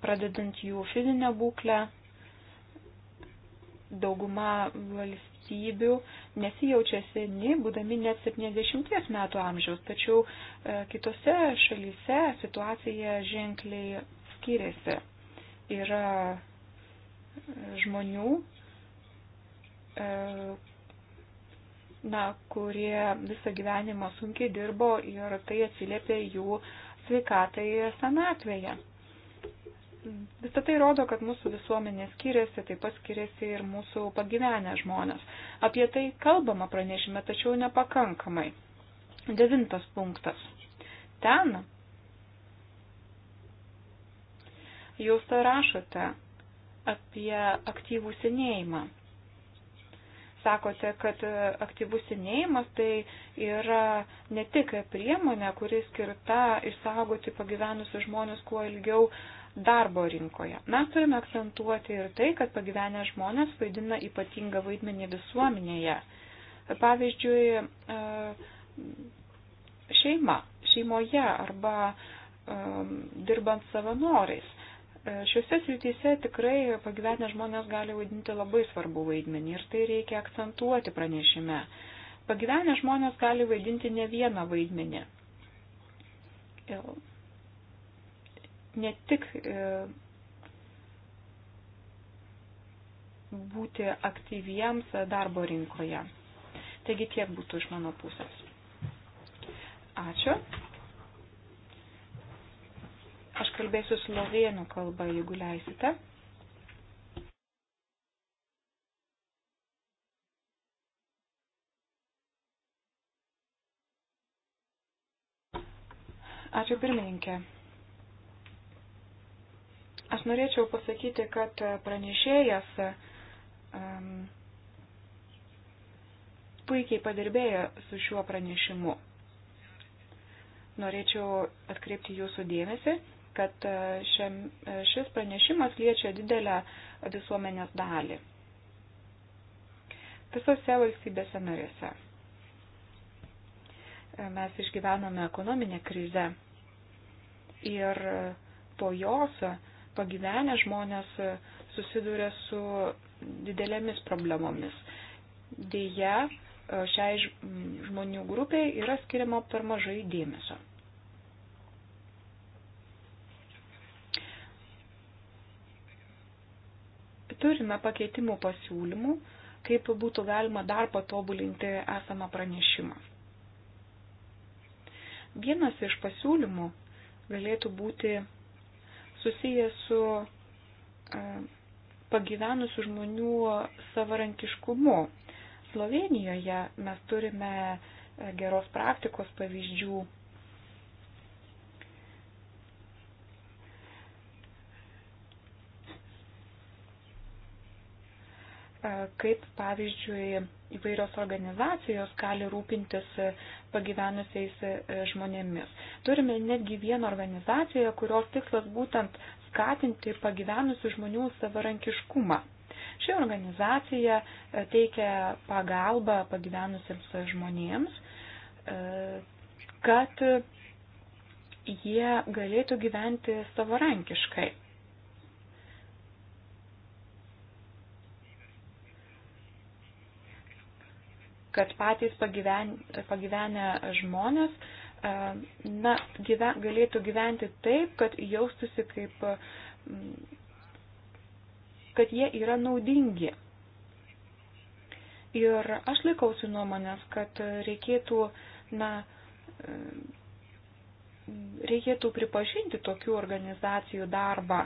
Pradedant jų fizinę būklę, dauguma valstybių nesijaučia seni, būdami net 70 metų amžiaus, tačiau e, kitose šalyse situacija ženkliai skiriasi. Yra žmonių, e, na, kurie visą gyvenimą sunkiai dirbo ir tai atsiliepė jų sveikatai senatvėje. Visą tai rodo, kad mūsų visuomenė skiriasi, taip pat skiriasi ir mūsų pagyvenę žmonės. Apie tai kalbama pranešime, tačiau nepakankamai. Devintas punktas. Ten jūs rašote, apie aktyvų senėjimą. Sakote, kad aktyvus senėjimas tai yra ne tik priemonė, kuri skirta išsaugoti pagyvenusius žmonės kuo ilgiau darbo rinkoje. Mes turime akcentuoti ir tai, kad pagyvenę žmonės vaidina ypatingą vaidmenį visuomenėje. Pavyzdžiui, e, šeima, šeimoje arba e, dirbant savanoriais Šiuose srityse tikrai pagyvenę žmonės gali vaidinti labai svarbu vaidmenį ir tai reikia akcentuoti pranešime. Pagyvenę žmonės gali vaidinti ne vieną vaidmenį. Ne tik e, būti aktyviems darbo rinkoje. Taigi tiek būtų iš mano pusės. Ačiū. Aš kalbėsiu slovėnų kalbą, jeigu leisite. Ačiū pirmininkė. Aš norėčiau pasakyti, kad pranešėjas um, puikiai padirbėjo su šiuo pranešimu. Norėčiau atkreipti jūsų dėmesį kad e, šiam, e, šis pranešimas liečia didelę visuomenės dalį visose valstybėse narėse. E, mes išgyvename ekonominę krizę ir po jos pagyvenę žmonės susiduria su didelėmis problemomis. Deja, šiai žmonių grupiai yra skiriama per mažai dėmesio. turime pakeitimų pasiūlymų, kaip būtų galima dar patobulinti esamą pranešimą. Vienas iš pasiūlymų galėtų būti susijęs su e, pagyvenusių žmonių savarankiškumu. Slovenijoje mes turime e, geros praktikos pavyzdžių kaip pavyzdžiui įvairios organizacijos gali rūpintis pagyvenusiais e, žmonėmis. Turime netgi vieną organizaciją, kurios tikslas būtent skatinti pagyvenusių žmonių savarankiškumą. Ši organizacija e, teikia pagalbą pagyvenusiems žmonėms, e, kad jie galėtų gyventi savarankiškai. kad patys pagyven, pagyvenę žmonės e, na, gyven, galėtų gyventi taip, kad jaustusi kaip, mm, kad jie yra naudingi. Ir aš laikausi nuomonės, kad reikėtų, na, e, reikėtų pripažinti tokių organizacijų darbą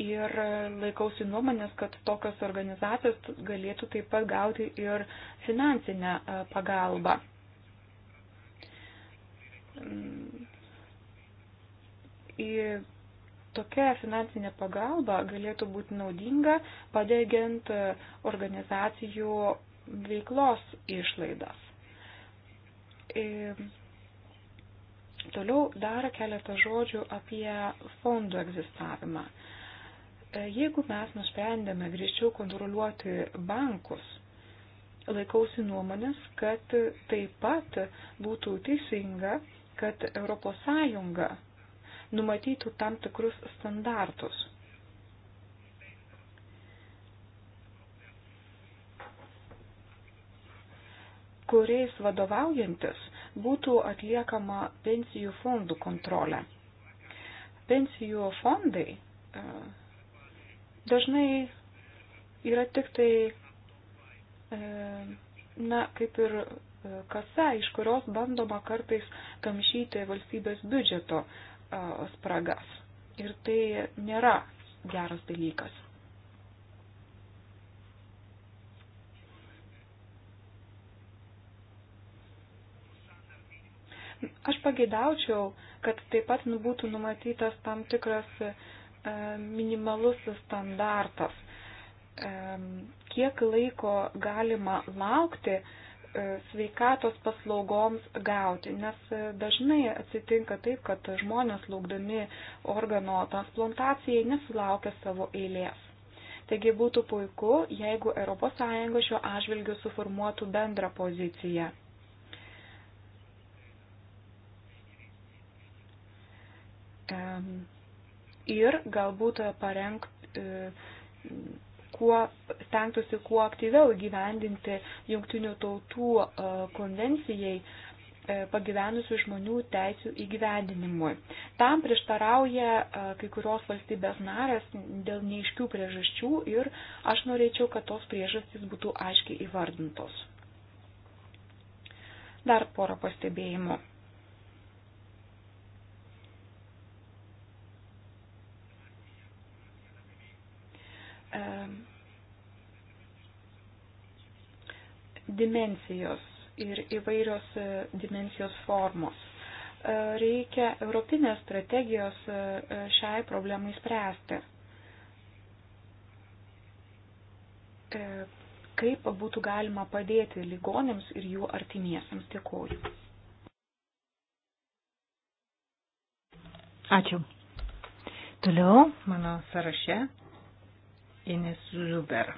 ir laikausi nuomonės, kad tokios organizacijos galėtų taip pat gauti ir finansinę e, pagalbą. Mm. Į tokia finansinė pagalba galėtų būti naudinga padengiant e, organizacijų veiklos išlaidas. Ir e, Toliau dar keletą žodžių apie fondų egzistavimą. E, jeigu mes nusprendėme grįžčiau kontroliuoti bankus, laikausi nuomonės, kad taip pat būtų teisinga, kad ES numatytų tam tikrus standartus. kuriais vadovaujantis būtų atliekama pensijų fondų kontrolė. Pensijų fondai e, dažnai yra tik tai, e, na, kaip ir e, kasa, iš kurios bandoma kartais kamšyti valstybės biudžeto e, spragas. Ir tai nėra geras dalykas. Aš pageidaučiau, kad taip pat nu būtų numatytas tam tikras E, minimalus standartas. E, kiek laiko galima laukti e, sveikatos paslaugoms gauti, nes dažnai atsitinka taip, kad žmonės laukdami organo transplantacijai nesulaukia savo eilės. Taigi būtų puiku, jeigu ES šiuo atžvilgiu suformuotų bendrą poziciją. Um, ir galbūt e, parenk, e, kuo, stengtųsi kuo aktyviau gyvendinti jungtinių tautų e, konvencijai pagyvenusių žmonių teisių įgyvendinimui. Tam prieštarauja kai kurios valstybės narės dėl neiškių priežasčių ir aš norėčiau, kad tos priežastys būtų aiškiai įvardintos. Dar porą pastebėjimų. dimensijos ir įvairios e, dimensijos formos. E, reikia europinės strategijos e, šiai problemai spręsti. Kaip būtų galima padėti ligonėms ir jų artimiesiams. Dėkuoju. Ačiū. Toliau mano sąraše Ines Zuber.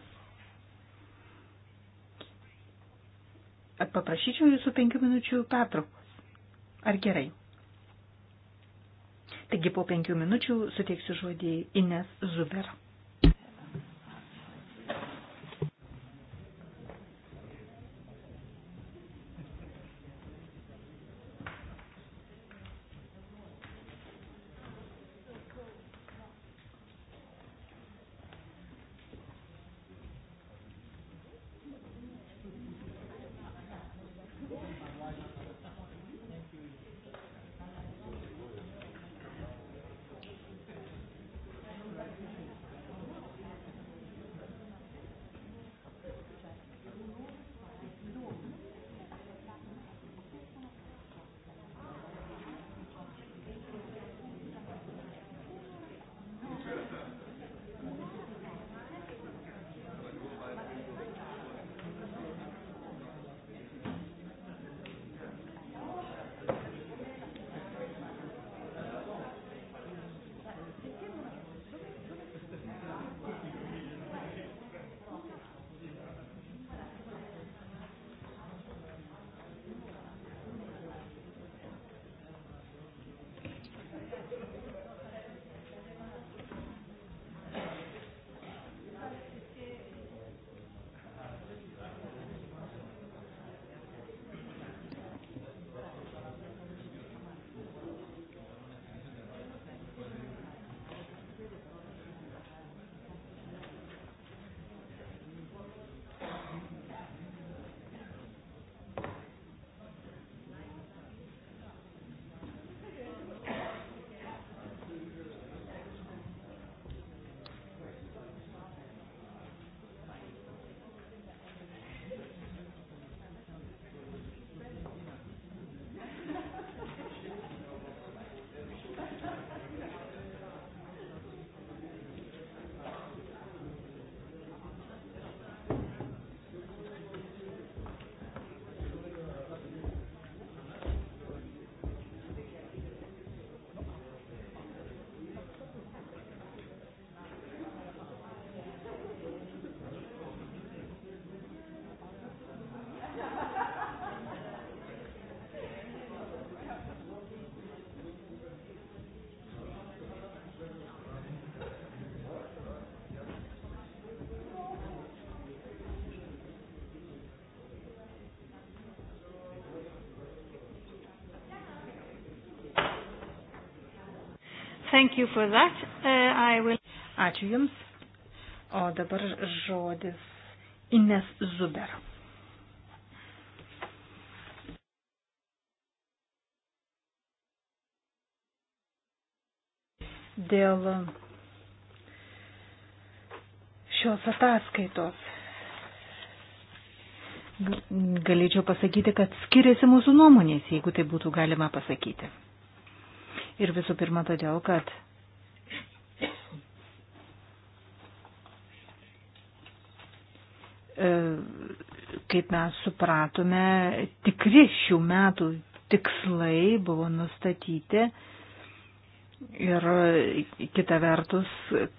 Paprašyčiau jūsų penkių minučių pertraukos. Ar gerai? Taigi po penkių minučių suteiksiu žodį Ines Zuber. Thank you for that. Uh, I will... Ačiū Jums. O dabar žodis Ines Zuber. Dėl šios ataskaitos galėčiau pasakyti, kad skiriasi mūsų nuomonės, jeigu tai būtų galima pasakyti. Ir visų pirma todėl, kad e, kaip mes supratome, tikri šių metų tikslai buvo nustatyti ir kita vertus,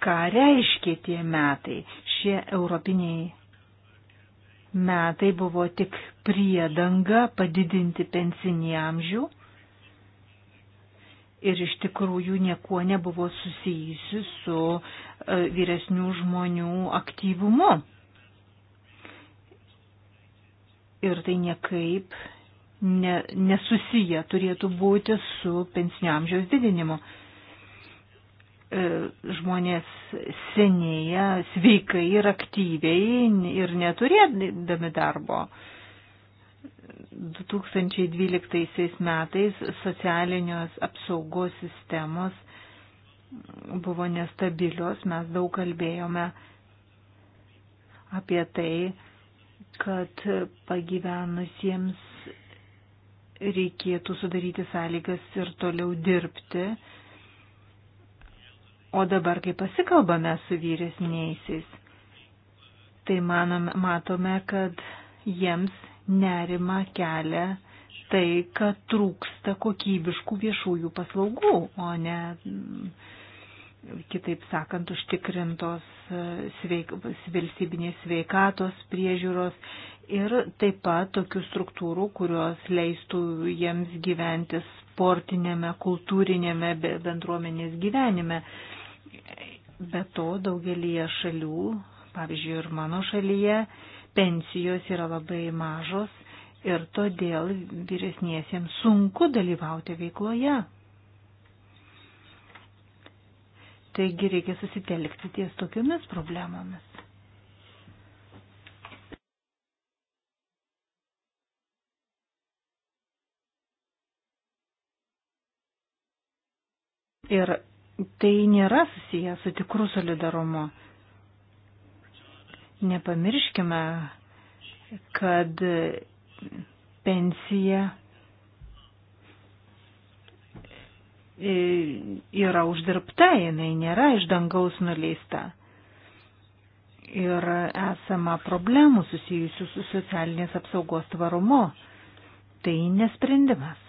ką reiškia tie metai. Šie europiniai metai buvo tik priedanga padidinti pensinį amžių ir iš tikrųjų niekuo nebuvo susijusi su e, vyresnių žmonių aktyvumu. Ir tai niekaip ne, nesusiję turėtų būti su pensinio amžiaus didinimu. E, žmonės senėja sveikai ir aktyviai ir neturėdami darbo. 2012 metais socialinios apsaugos sistemos buvo nestabilios, mes daug kalbėjome apie tai, kad pagyvenusiems reikėtų sudaryti sąlygas ir toliau dirbti. O dabar, kai pasikalbame su vyresniaisiais, tai manom, matome, kad jiems nerima kelia tai, kad trūksta kokybiškų viešųjų paslaugų, o ne, mm, kitaip sakant, užtikrintos e, sveik, valstybinės sveikatos priežiūros ir taip pat tokių struktūrų, kurios leistų jiems gyventi sportinėme, kultūrinėme bendruomenės gyvenime. Be to daugelie šalių, pavyzdžiui ir mano šalyje, pensijos yra labai mažos ir todėl vyresniesiems sunku dalyvauti veikloje. Taigi reikia susitelkti ties tokiomis problemomis. Ir tai nėra susiję su tikrų solidarumu. Nepamirškime, kad pensija yra uždirbta, jinai nėra iš dangaus nuleista. Ir esama problemų susijusių su socialinės apsaugos tvarumu. Tai nesprendimas.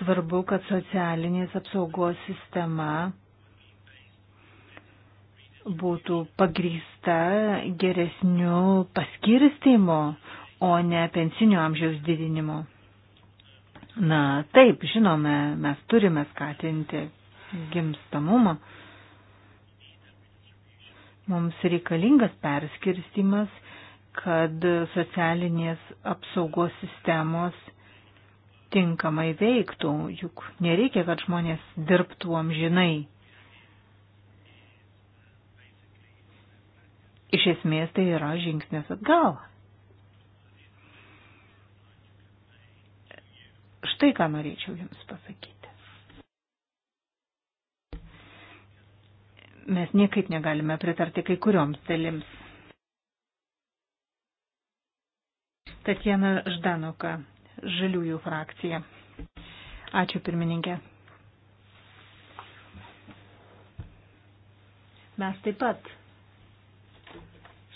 Svarbu, kad socialinės apsaugos sistema būtų pagrįsta geresniu paskirstimu, o ne pensinio amžiaus didinimu. Na, taip, žinome, mes turime skatinti gimstamumą. Mums reikalingas perskirstimas, kad socialinės apsaugos sistemos tinkamai veiktų, juk nereikia, kad žmonės dirbtų amžinai. Iš esmės tai yra žingsnis atgal. Štai ką norėčiau Jums pasakyti. Mes niekaip negalime pritarti kai kurioms dalims. Tatjana Ždanoka, žaliųjų frakcija. Ačiū pirmininkė. Mes taip pat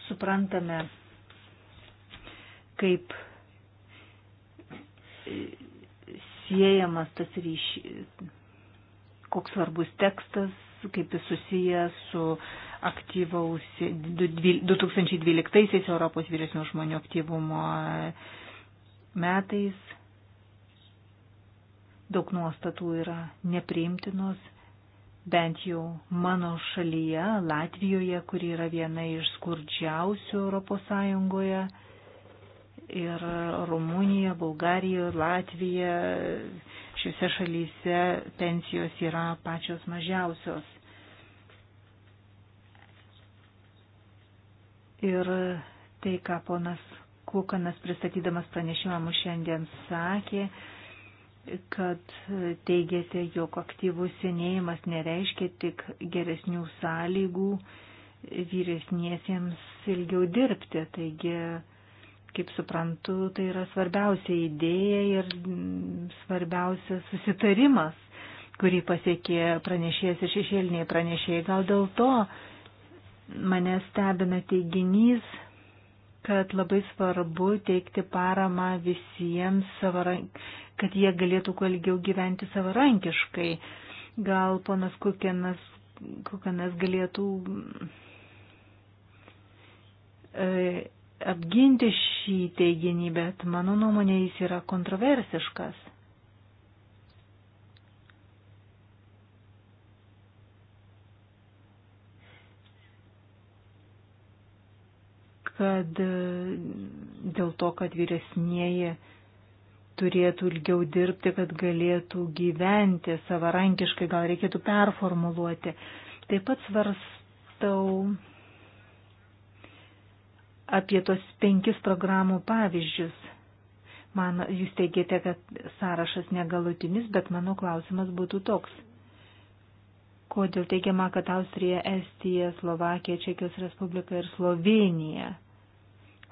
suprantame, kaip siejamas tas ryšys, koks svarbus tekstas, kaip jis susijęs su aktyvaus 2012 Europos vyresnių žmonių aktyvumo metais daug nuostatų yra nepriimtinos, bent jau mano šalyje, Latvijoje, kuri yra viena iš skurdžiausių Europos Sąjungoje, ir Rumunija, Bulgarija, Latvija, šiuose šalyse pensijos yra pačios mažiausios. Ir tai, ką ponas Kukanas pristatydamas pranešimą mums šiandien sakė, kad teigiate, jog aktyvus senėjimas nereiškia tik geresnių sąlygų vyresniesiems ilgiau dirbti. Taigi, kaip suprantu, tai yra svarbiausia idėja ir svarbiausia susitarimas, kurį pasiekė pranešėjas ir šešėliniai pranešėjai. Gal dėl to mane stebina teiginys, kad labai svarbu teikti paramą visiems, savarank... kad jie galėtų kuo ilgiau gyventi savarankiškai. Gal ponas Kukenas, Kukenas galėtų e, apginti šį teiginį, bet mano nuomonė jis yra kontroversiškas. kad e, dėl to, kad vyresnieji turėtų ilgiau dirbti, kad galėtų gyventi savarankiškai, gal reikėtų performuluoti. Taip pat svarstau apie tos penkis programų pavyzdžius. Man, jūs teigėte, kad sąrašas negalutinis, bet mano klausimas būtų toks. Kodėl teigiama, kad Austrija, Estija, Slovakija, Čekijos Respublika ir Slovenija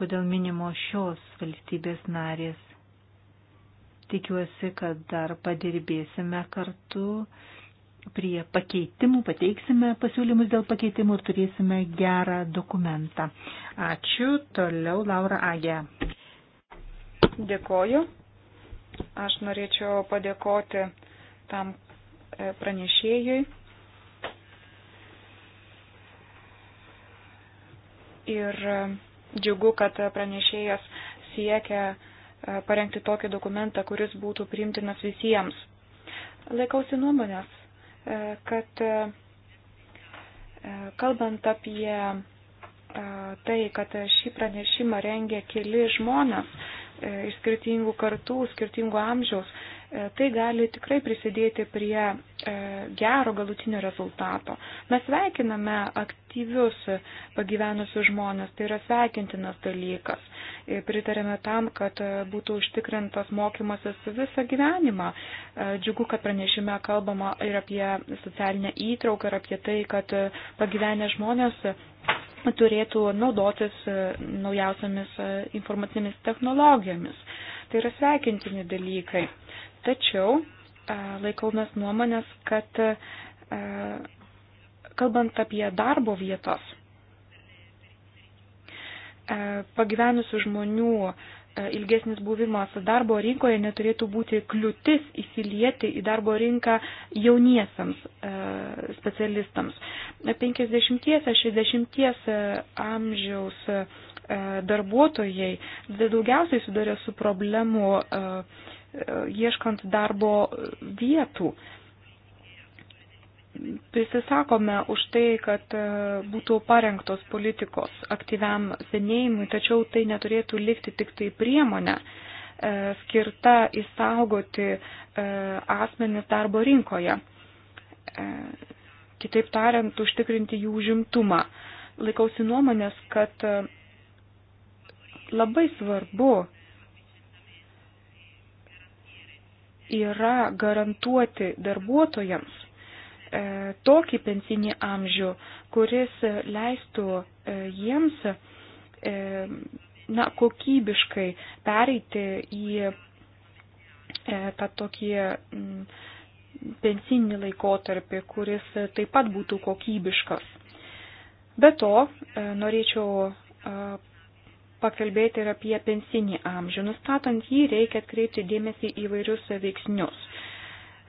kodėl minimo šios valstybės narės. Tikiuosi, kad dar padirbėsime kartu prie pakeitimų, pateiksime pasiūlymus dėl pakeitimų ir turėsime gerą dokumentą. Ačiū. Toliau Laura Agė. Dėkoju. Aš norėčiau padėkoti tam e, pranešėjui. Ir Džiugu, kad pranešėjas siekia e, parengti tokį dokumentą, kuris būtų priimtinas visiems. Laikausi nuomonės, e, kad e, kalbant apie tai, kad šį pranešimą rengė keli žmonės, E, iš skirtingų kartų, skirtingų amžiaus, e, tai gali tikrai prisidėti prie e, gero galutinio rezultato. Mes sveikiname aktyvius pagyvenusius žmonės, tai yra sveikintinas dalykas. Pritarėme tam, kad būtų užtikrintas mokymasis visą gyvenimą. Džiugu, kad pranešime kalbama ir apie socialinę įtrauką, ir apie tai, kad pagyvenę žmonės turėtų naudotis e, naujausiamis e, informacinėmis technologijomis. Tai yra sveikintini dalykai. Tačiau e, laikomės nuomonės, kad kalbant apie darbo vietas, pagyvenusių žmonių E, ilgesnis buvimas darbo rinkoje neturėtų būti kliūtis įsilieti į darbo rinką jauniesiams e, specialistams. 50-60 e, amžiaus darbuotojai daugiausiai sudarė su problemu ieškant darbo vietų. Prisisakome už tai, kad e, būtų parengtos politikos aktyviam senėjimui, tačiau tai neturėtų likti tik tai priemonę e, skirta įsaugoti e, asmenis darbo rinkoje. Kitaip tariant, užtikrinti jų žimtumą. Laikausi nuomonės, kad labai svarbu yra garantuoti darbuotojams E, tokį pensinį amžių, kuris leistų e, jiems e, na, kokybiškai pereiti į tą tokį mm, pensinį laikotarpį, kuris taip pat būtų kokybiškas. Be to, norėčiau pakalbėti ir apie pensinį amžių. Nustatant jį reikia atkreipti dėmesį į vairius veiksnius.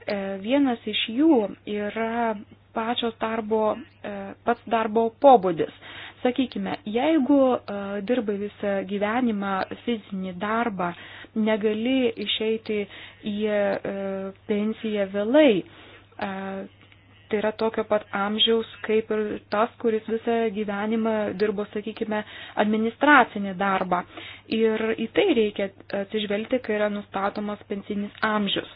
E, vienas iš jų yra pačios darbo, e, pats darbo pobūdis. Sakykime, jeigu e, dirbai visą gyvenimą fizinį darbą, negali išeiti į pensiją vėlai, tai yra tokio pat amžiaus kaip ir tas, kuris visą gyvenimą dirbo, sakykime, administracinį darbą. Ir į tai reikia atsižvelgti, kai yra nustatomas pensinis amžius.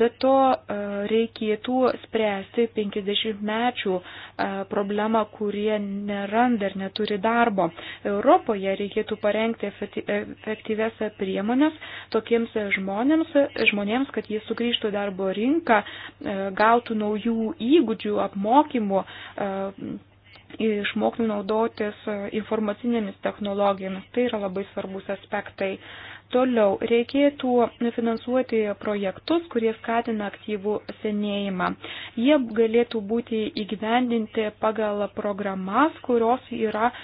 Be to e, reikėtų spręsti 50-mečių e, problemą, kurie neranda ir neturi darbo. Europoje reikėtų parengti efektyves priemonės tokiems žmonėms, žmonėms kad jie sugrįžtų darbo rinką, e, gautų naujų įgūdžių įgūdžių apmokymų e, išmoktų naudotis e, informacinėmis technologijomis. Tai yra labai svarbus aspektai. Toliau reikėtų finansuoti projektus, kurie skatina aktyvų senėjimą. Jie galėtų būti įgyvendinti pagal programas, kurios yra e,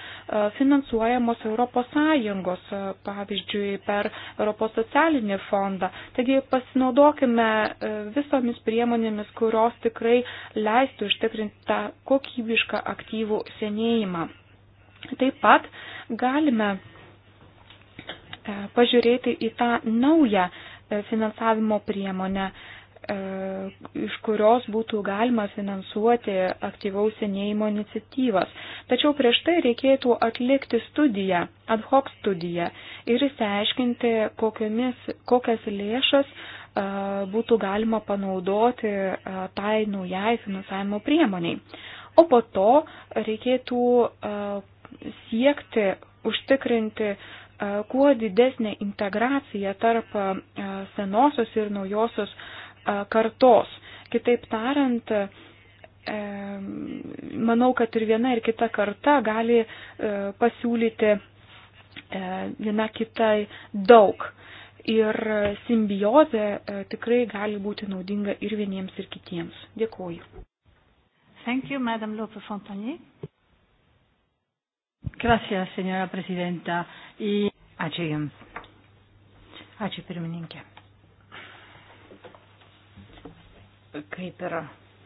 finansuojamos ES, e, pavyzdžiui, per ES fondą. Taigi pasinaudokime e, visomis priemonėmis, kurios tikrai leistų ištikrinti tą kokybišką aktyvų senėjimą. Taip pat galime E, pažiūrėti į tą naują e, finansavimo priemonę, e, iš kurios būtų galima finansuoti aktyvaus senėjimo iniciatyvas. Tačiau prieš tai reikėtų atlikti studiją, ad hoc studiją ir įsiaiškinti, kokiamis, kokias lėšas būtų galima panaudoti tai naujai finansavimo priemoniai. O po to reikėtų siekti užtikrinti uh, kuo didesnė integracija tarp senosios ir naujosios kartos. Kitaip tariant, manau, kad ir viena ir kita karta gali pasiūlyti viena kitai daug. Ir simbiozė tikrai gali būti naudinga ir vieniems, ir kitiems. Dėkuoju. Thank you, Madam López Fontanier. Gracias, señora presidenta į. Ačiū Jums. Ačiū pirmininkė. Kaip ir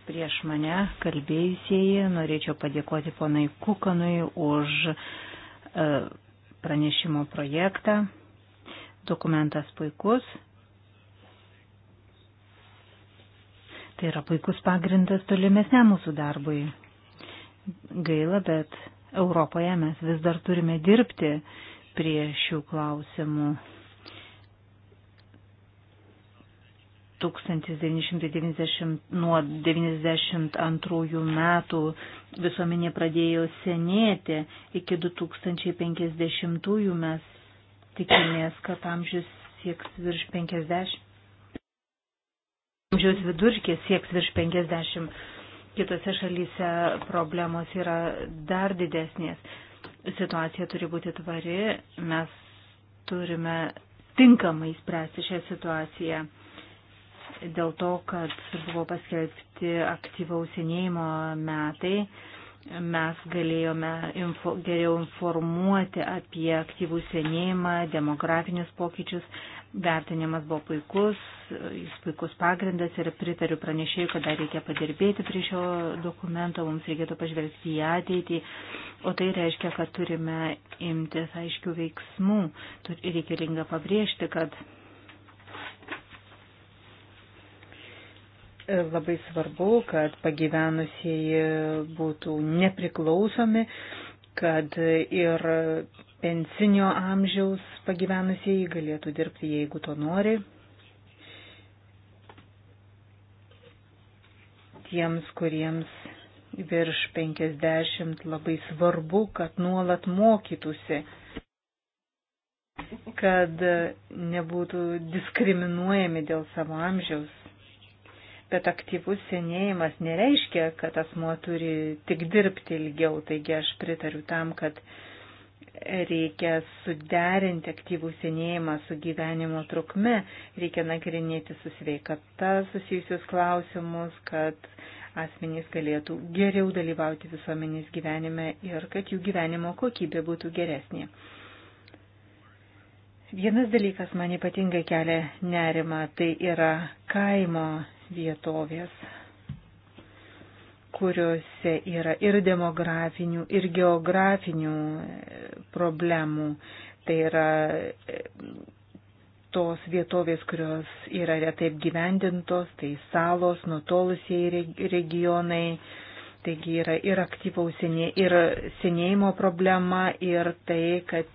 prieš mane kalbėjusieji, norėčiau padėkoti ponai Kukanui už e, pranešimo projektą. Dokumentas puikus. Tai yra puikus pagrindas tolimesnė mūsų darbui. Gaila, bet Europoje mes vis dar turime dirbti prie šių klausimų. 1990, nuo 1992 metų visuomenė pradėjo senėti, iki 2050 mes tikimės, kad amžius sieks virš 50. Amžiaus vidurkis sieks virš 50. Kitose šalyse problemos yra dar didesnės situacija turi būti tvari, mes turime tinkamai spręsti šią situaciją dėl to, kad buvo paskelbti aktyvaus senėjimo metai, mes galėjome info, geriau informuoti apie aktyvų senėjimą, demografinius pokyčius. Vertinimas buvo puikus, jis puikus pagrindas ir pritariu pranešėjui, kad dar reikia padirbėti prie šio dokumento, mums reikėtų pažvelgti į ateitį, o tai reiškia, kad turime imtis aiškių veiksmų. Reikalinga pabrėžti, kad labai svarbu, kad pagyvenusieji būtų nepriklausomi, kad ir pensinio amžiaus pagyvenusieji galėtų dirbti, jeigu to nori. Tiems, kuriems virš 50 labai svarbu, kad nuolat mokytųsi, kad nebūtų diskriminuojami dėl savo amžiaus. Bet aktyvus senėjimas nereiškia, kad asmo turi tik dirbti ilgiau, taigi aš pritariu tam, kad uh, reikia suderinti aktyvų senėjimą su gyvenimo trukme, reikia nagrinėti su sveikata susijusius klausimus, kad asmenys galėtų geriau dalyvauti visuomenės gyvenime ir kad jų gyvenimo kokybė būtų geresnė. Vienas dalykas man ypatingai kelia nerima, tai yra kaimo vietovės kuriuose yra ir demografinių, ir geografinių e, problemų. Tai yra e, tos vietovės, kurios yra retaip gyvendintos, tai salos, nutolusiai regionai, Taigi yra ir aktyvaus senė, ir senėjimo problema, ir tai, kad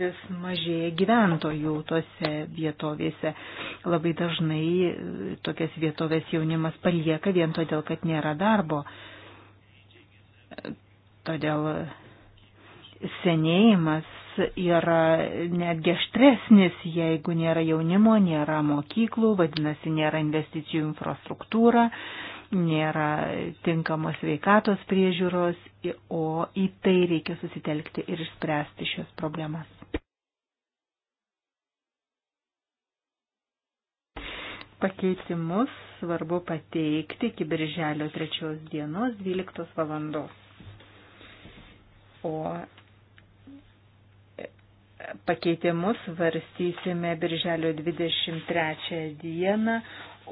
vis mažėja gyventojų tose vietovėse. Labai dažnai tokias vietovės jaunimas palieka vien todėl, kad nėra darbo. Todėl senėjimas yra netgi aštresnis, jeigu nėra jaunimo, nėra mokyklų, vadinasi, nėra investicijų infrastruktūra, nėra tinkamos veikatos priežiūros, o į tai reikia susitelkti ir išspręsti šios problemas. Pakeitimus svarbu pateikti iki birželio 3 dienos 12 valandos. O pakeitimus varstysime birželio 23 dieną,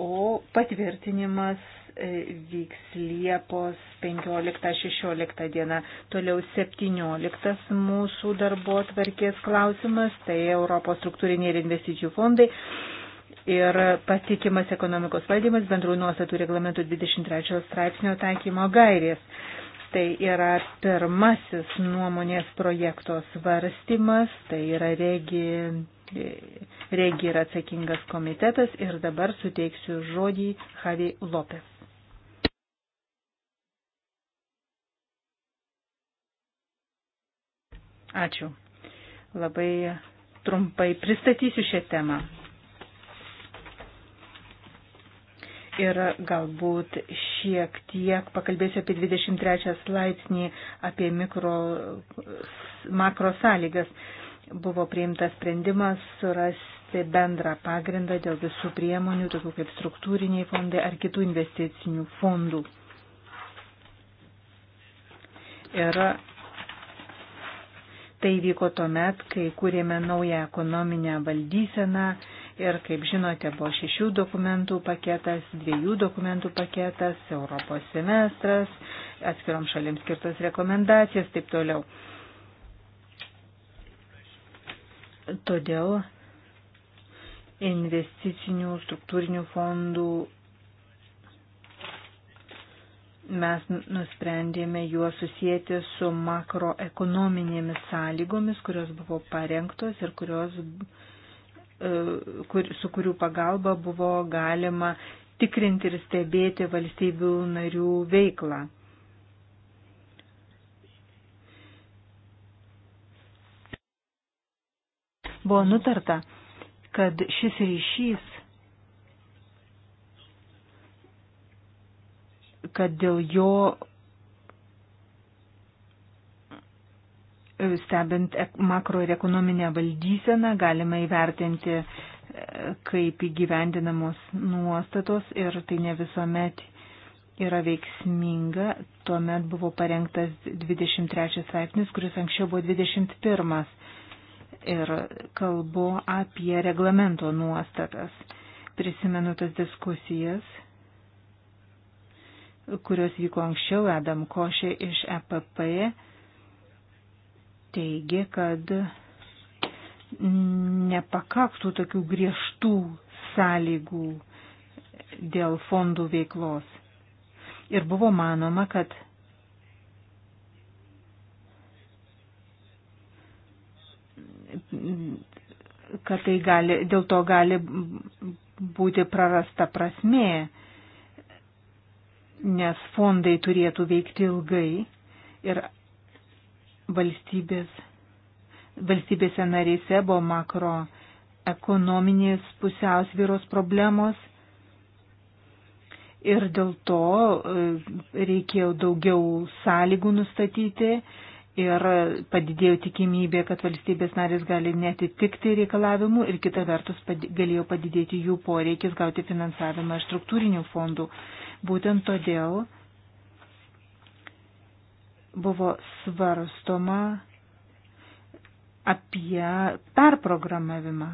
o patvirtinimas E, vyks Liepos 15-16 diena. Toliau 17 mūsų darbo tvarkės klausimas, tai Europos struktūriniai ir investicijų fondai ir patikimas ekonomikos valdymas bendrų nuostatų reglamentų 23 straipsnio taikymo gairės. Tai yra pirmasis nuomonės projektos svarstymas, tai yra regi, regi yra atsakingas komitetas ir dabar suteiksiu žodį Javi Lopes. Ačiū. Labai trumpai pristatysiu šią temą. ir galbūt šiek tiek pakalbėsiu apie 23 laipsnį, apie mikro, makro sąlygas. Buvo priimtas sprendimas surasti bendrą pagrindą dėl visų priemonių, tokių kaip struktūriniai fondai ar kitų investicinių fondų. Ir Tai vyko tuomet, kai kūrėme naują ekonominę valdyseną ir, kaip žinote, buvo šešių dokumentų paketas, dviejų dokumentų paketas, Europos semestras, atskirom šalims skirtos rekomendacijas, taip toliau. Todėl investicinių struktūrinių fondų mes nusprendėme juos susijęti su makroekonominėmis sąlygomis, kurios buvo parengtos ir kurios, e, kur, su kurių pagalba buvo galima tikrinti ir stebėti valstybių narių veiklą. Buvo nutarta, kad šis ryšys kad dėl jo e, stebint makro ir ekonominę valdyseną galima įvertinti, e, kaip įgyvendinamos nuostatos ir tai ne visuomet yra veiksminga. Tuomet buvo parengtas 23 straipsnis, kuris anksčiau buvo 21 ir kalbu apie reglamento nuostatas. Prisimenu tas diskusijas kurios vyko anksčiau, Adam Košė iš EPP teigia, kad nepakaktų tokių griežtų sąlygų dėl fondų veiklos. Ir buvo manoma, kad kad tai gali, dėl to gali būti prarasta prasmė nes fondai turėtų veikti ilgai ir valstybės, valstybėse narėse buvo makroekonominės pusiausvyros problemos ir dėl to e, reikėjo daugiau sąlygų nustatyti ir padidėjo tikimybė, kad valstybės narės gali netitikti reikalavimų ir kita vertus pad, galėjo padidėti jų poreikis gauti finansavimą iš struktūrinių fondų. Būtent todėl buvo svarstoma apie perprogramavimą.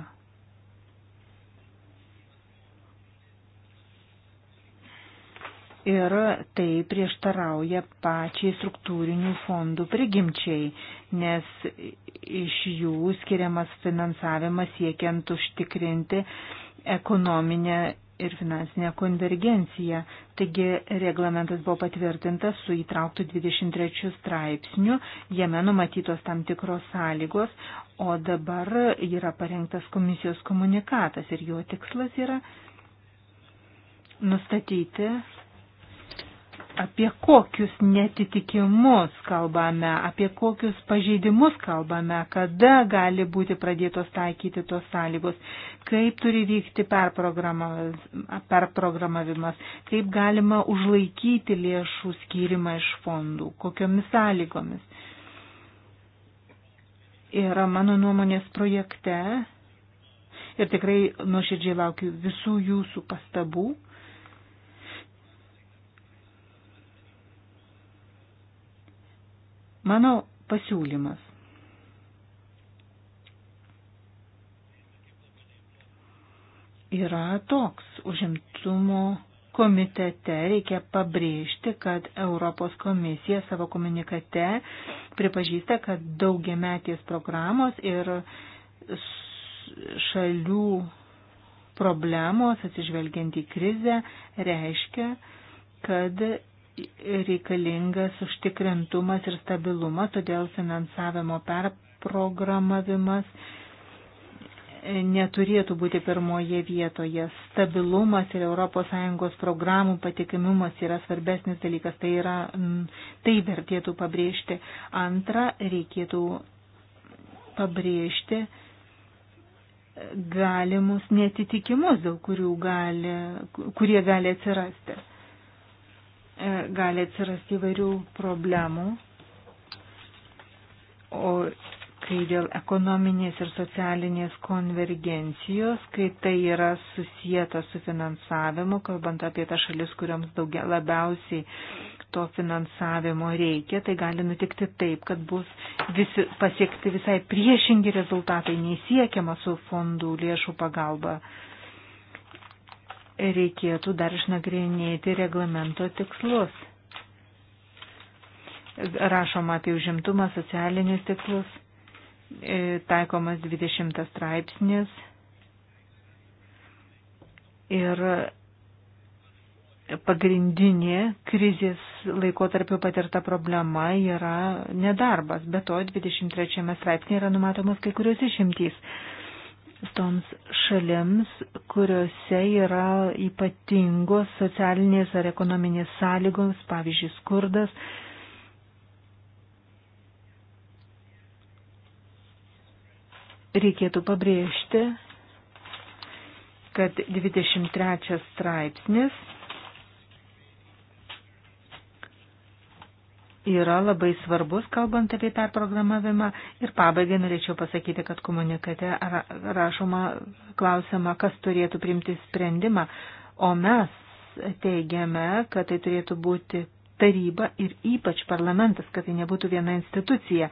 ir tai prieštarauja pačiai struktūrinių fondų prigimčiai, nes iš jų skiriamas finansavimas siekiant užtikrinti ekonominę ir finansinę konvergenciją. Taigi reglamentas buvo patvirtintas su įtrauktų 23 straipsniu, jame numatytos tam tikros sąlygos, o dabar yra parengtas komisijos komunikatas ir jo tikslas yra nustatyti apie kokius netitikimus kalbame, apie kokius pažeidimus kalbame, kada gali būti pradėtos taikyti tos sąlygos, kaip turi vykti perprogramavimas, kaip galima užlaikyti lėšų skyrimą iš fondų, kokiomis sąlygomis. Yra mano nuomonės projekte ir tikrai nuoširdžiai laukiu visų jūsų pastabų Mano pasiūlymas. Yra toks užimtumo komitete reikia pabrėžti, kad Europos komisija savo komunikate pripažįsta, kad daugiametės programos ir šalių problemos atsižvelgiant į krizę reiškia, kad reikalingas užtikrintumas ir stabilumas, todėl finansavimo perprogramavimas neturėtų būti pirmoje vietoje. Stabilumas ir ES programų patikimumas yra svarbesnis dalykas, tai, yra, tai vertėtų pabrėžti. Antra, reikėtų pabrėžti galimus netitikimus, dėl kurių gali, kurie gali atsirasti. E, gali atsirasti įvairių problemų, o kai dėl ekonominės ir socialinės konvergencijos, kai tai yra susijęta su finansavimu, kalbant apie tą šalis, kuriams daugia, labiausiai to finansavimo reikia, tai gali nutikti taip, kad bus visi, pasiekti visai priešingi rezultatai, neįsiekiama su fondų lėšų pagalba. Uh, reikėtų dar išnagrinėti reglamento tikslus. Rašoma apie užimtumą, socialinius tikslus, e, taikomas 20 straipsnis ir pagrindinė krizės laikotarpiu patirta problema yra nedarbas. Be to, 23 straipsnė yra numatomos kai kurios išimtys toms šalims, kuriuose yra ypatingos socialinės ar ekonominės sąlygos, pavyzdžiui, skurdas. Reikėtų pabrėžti, kad 23 straipsnis yra labai svarbus, kalbant apie perprogramavimą. Ir pabaigai norėčiau pasakyti, kad komunikate rašoma klausimą, kas turėtų primti sprendimą, o mes teigiame, kad tai turėtų būti taryba ir ypač parlamentas, kad tai nebūtų viena institucija,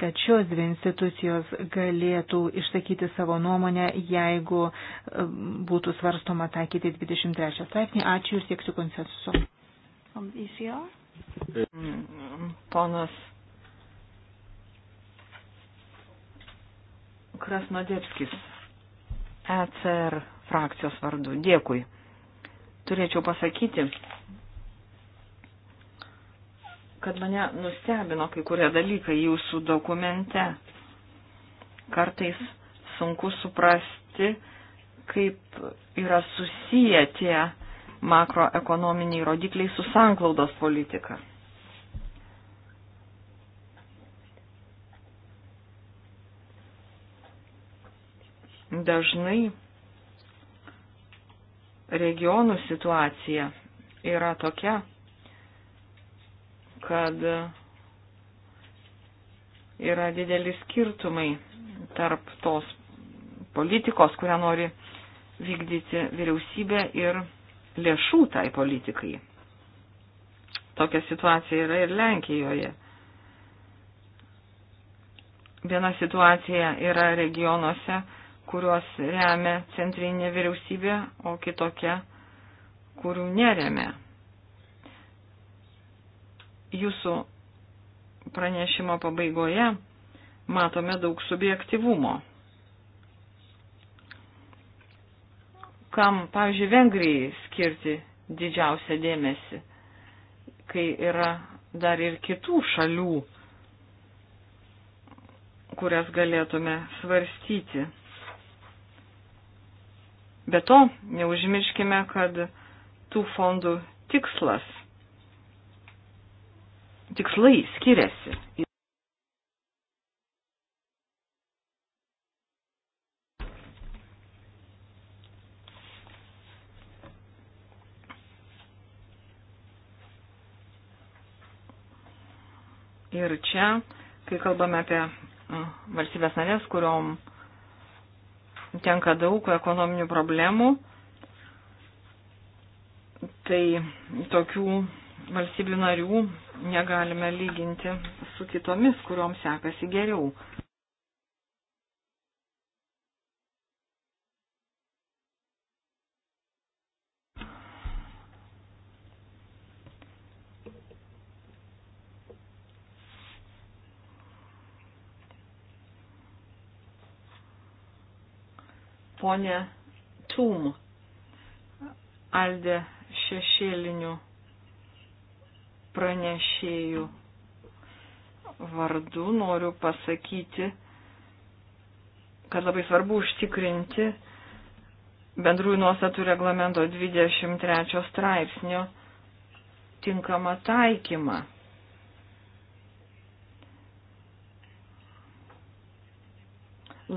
kad šios dvi institucijos galėtų išsakyti savo nuomonę, jeigu e, būtų svarstoma taikyti 23 straipsnį. Ačiū ir sieksiu konsensuso. Mm, ponas Krasnodėpskis, ECR frakcijos vardu. Dėkui. Turėčiau pasakyti, kad mane nustebino kai kurie dalykai jūsų dokumente. Kartais sunku suprasti, kaip yra susiję tie makroekonominiai rodikliai su sanklaudos politika. Dažnai regionų situacija yra tokia, kad yra dideli skirtumai tarp tos politikos, kurią nori vykdyti vyriausybė ir lėšų tai politikai. Tokia situacija yra ir Lenkijoje. Viena situacija yra regionuose, kuriuos remia centrinė vyriausybė, o kitokia, kurių neremia. Jūsų pranešimo pabaigoje matome daug subjektivumo. kam, pavyzdžiui, Vengrijai skirti didžiausią dėmesį, kai yra dar ir kitų šalių, kurias galėtume svarstyti. Be to, neužmirškime, kad tų fondų tikslas, tikslai skiriasi. Ir čia, kai kalbame apie mm, valstybės narės, kuriuom tenka daug ekonominių problemų, tai tokių valstybių narių negalime lyginti su kitomis, kuriuom sekasi geriau. ponė Tum Aldė šešėlinių pranešėjų vardu noriu pasakyti, kad labai svarbu užtikrinti bendrųjų nuostatų reglamento 23 straipsnio tinkamą taikymą.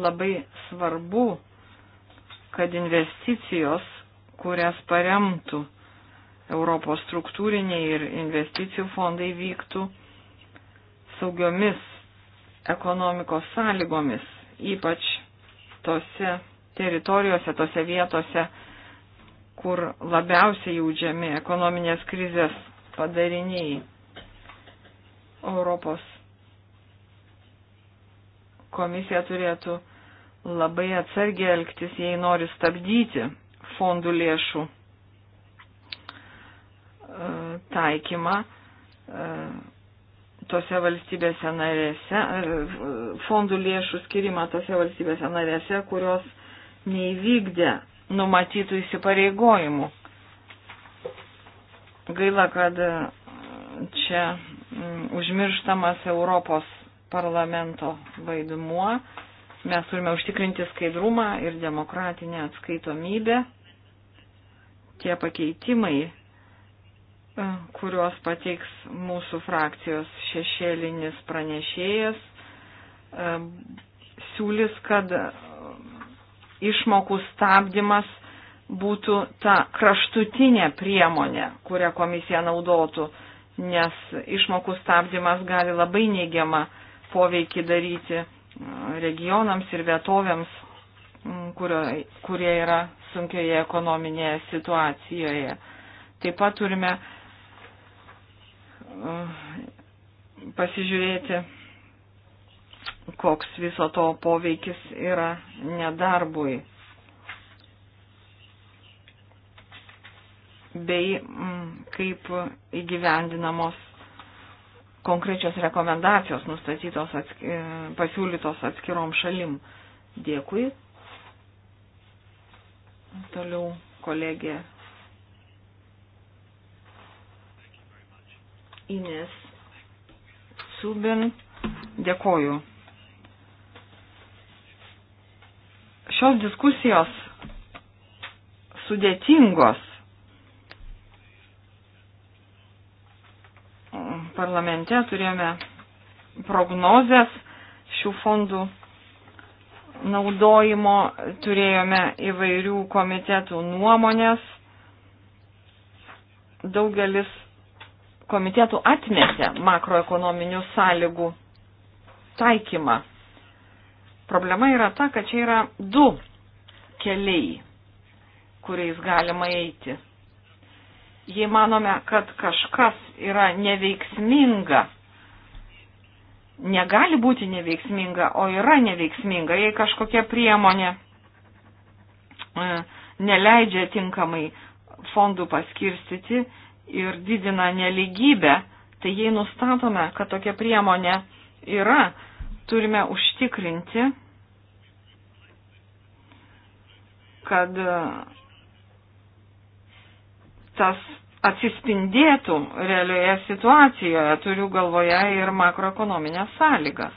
Labai svarbu kad investicijos, kurias paremtų Europos struktūriniai ir investicijų fondai vyktų saugiomis ekonomikos sąlygomis, ypač tose teritorijose, tose vietose, kur labiausiai jaudžiami ekonominės krizės padariniai Europos komisija turėtų labai atsargiai elgtis, jei nori stabdyti fondų lėšų e, taikymą e, tose valstybėse narėse, e, fondų lėšų skirimą tose valstybėse narėse, kurios neįvykdė numatytų įsipareigojimų. Gaila, kad čia užmirštamas Europos parlamento vaidmuo Mes turime užtikrinti skaidrumą ir demokratinę atskaitomybę. Tie pakeitimai, e, kuriuos pateiks mūsų frakcijos šešėlinis pranešėjas, e, siūlis, kad e, išmokų stabdymas būtų ta kraštutinė priemonė, kurią komisija naudotų, nes išmokų stabdymas gali labai neigiamą poveikį daryti regionams ir vietovėms, mm, kurio, kurie yra sunkioje ekonominėje situacijoje. Taip pat turime mm, pasižiūrėti, koks viso to poveikis yra nedarbui. bei mm, kaip įgyvendinamos konkrečios rekomendacijos nustatytos atski, e, pasiūlytos atskirom šalim. Dėkui. Toliau kolegė Ines Subin. Dėkoju. Šios diskusijos sudėtingos parlamente turėjome prognozes šių fondų naudojimo, turėjome įvairių komitetų nuomonės. Daugelis komitetų atmetė makroekonominių sąlygų taikymą. Problema yra ta, kad čia yra du keliai, kuriais galima eiti jei manome, kad kažkas yra neveiksminga, negali būti neveiksminga, o yra neveiksminga, jei kažkokia priemonė e, neleidžia tinkamai fondų paskirstyti ir didina neligybę, tai jei nustatome, kad tokia priemonė yra, turime užtikrinti, kad e, tas atsispindėtų realioje situacijoje, turiu galvoje ir makroekonominės sąlygas.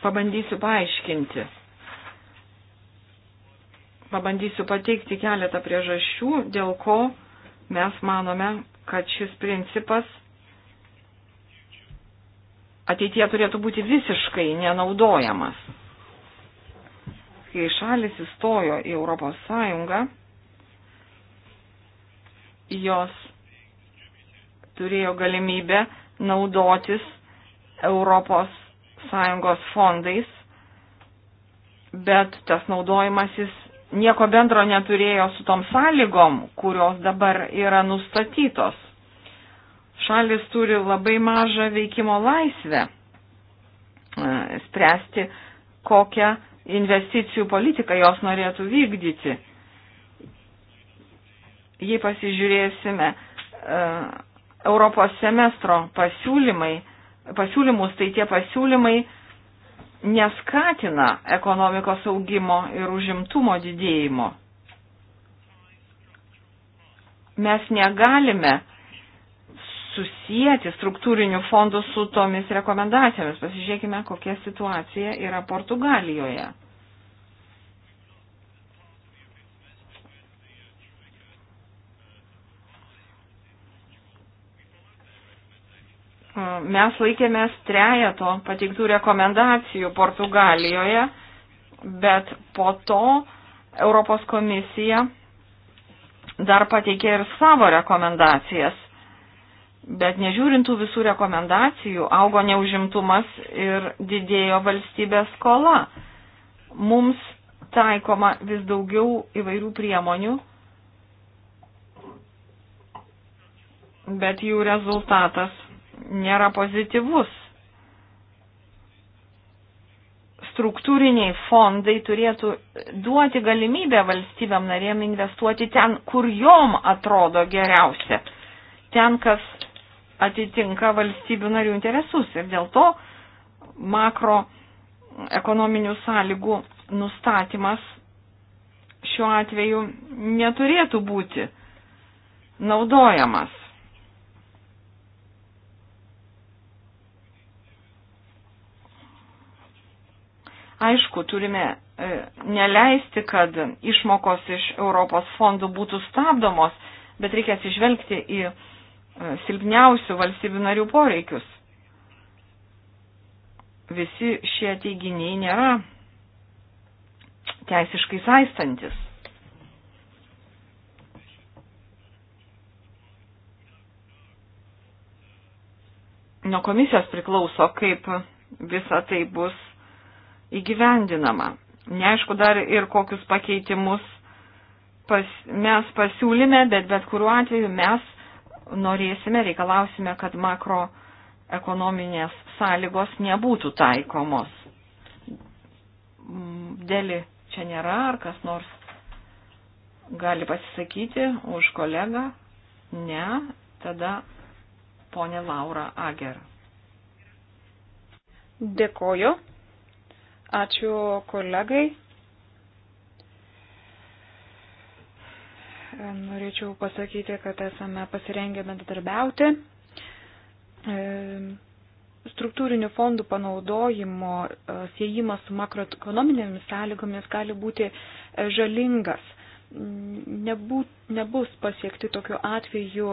Pabandysiu paaiškinti. Pabandysiu pateikti keletą priežasčių, dėl ko mes manome, kad šis principas ateitie turėtų būti visiškai nenaudojamas kai šalis įstojo į Europos Sąjungą, jos turėjo galimybę naudotis Europos Sąjungos fondais, bet tas naudojimasis nieko bendro neturėjo su tom sąlygom, kurios dabar yra nustatytos. Šalis turi labai mažą veikimo laisvę e, spręsti, kokią investicijų politiką jos norėtų vykdyti. Jei pasižiūrėsime e, Europos semestro pasiūlymai, pasiūlymus, tai tie pasiūlymai neskatina ekonomikos augimo ir užimtumo didėjimo. Mes negalime susijęti struktūrinių fondų su tomis rekomendacijomis. Pasižiūrėkime, kokia situacija yra Portugalijoje. mes laikėmės trejato pateiktų rekomendacijų Portugalijoje, bet po to Europos komisija dar pateikė ir savo rekomendacijas. Bet nežiūrintų visų rekomendacijų augo neužimtumas ir didėjo valstybės skola. Mums taikoma vis daugiau įvairių priemonių, bet jų rezultatas nėra pozityvus. Struktūriniai fondai turėtų duoti galimybę valstybėm narėm investuoti ten, kur jom atrodo geriausia. Ten, kas atitinka valstybių narių interesus. Ir dėl to makroekonominių sąlygų nustatymas šiuo atveju neturėtų būti naudojamas. Aišku, turime e, neleisti, kad išmokos iš Europos fondų būtų stabdomos, bet reikia atsižvelgti į e, silpniausių valstybių narių poreikius. Visi šie teiginiai nėra teisiškai saistantis. Nuo komisijos priklauso, kaip visa tai bus įgyvendinama. Neaišku dar ir kokius pakeitimus pas, mes pasiūlyme, bet bet kuriuo atveju mes norėsime, reikalausime, kad makroekonominės sąlygos nebūtų taikomos. Mm, Dėlį čia nėra, ar kas nors gali pasisakyti už kolegą? Ne, tada ponė Laura Ager. Dėkoju. Ačiū kolegai. Norėčiau pasakyti, kad esame pasirengę bendradarbiauti. E, struktūrinių fondų panaudojimo e, siejimas su makroekonominėmis sąlygomis gali būti e, žalingas. Mm, Nebūt, nebus pasiekti tokiu atveju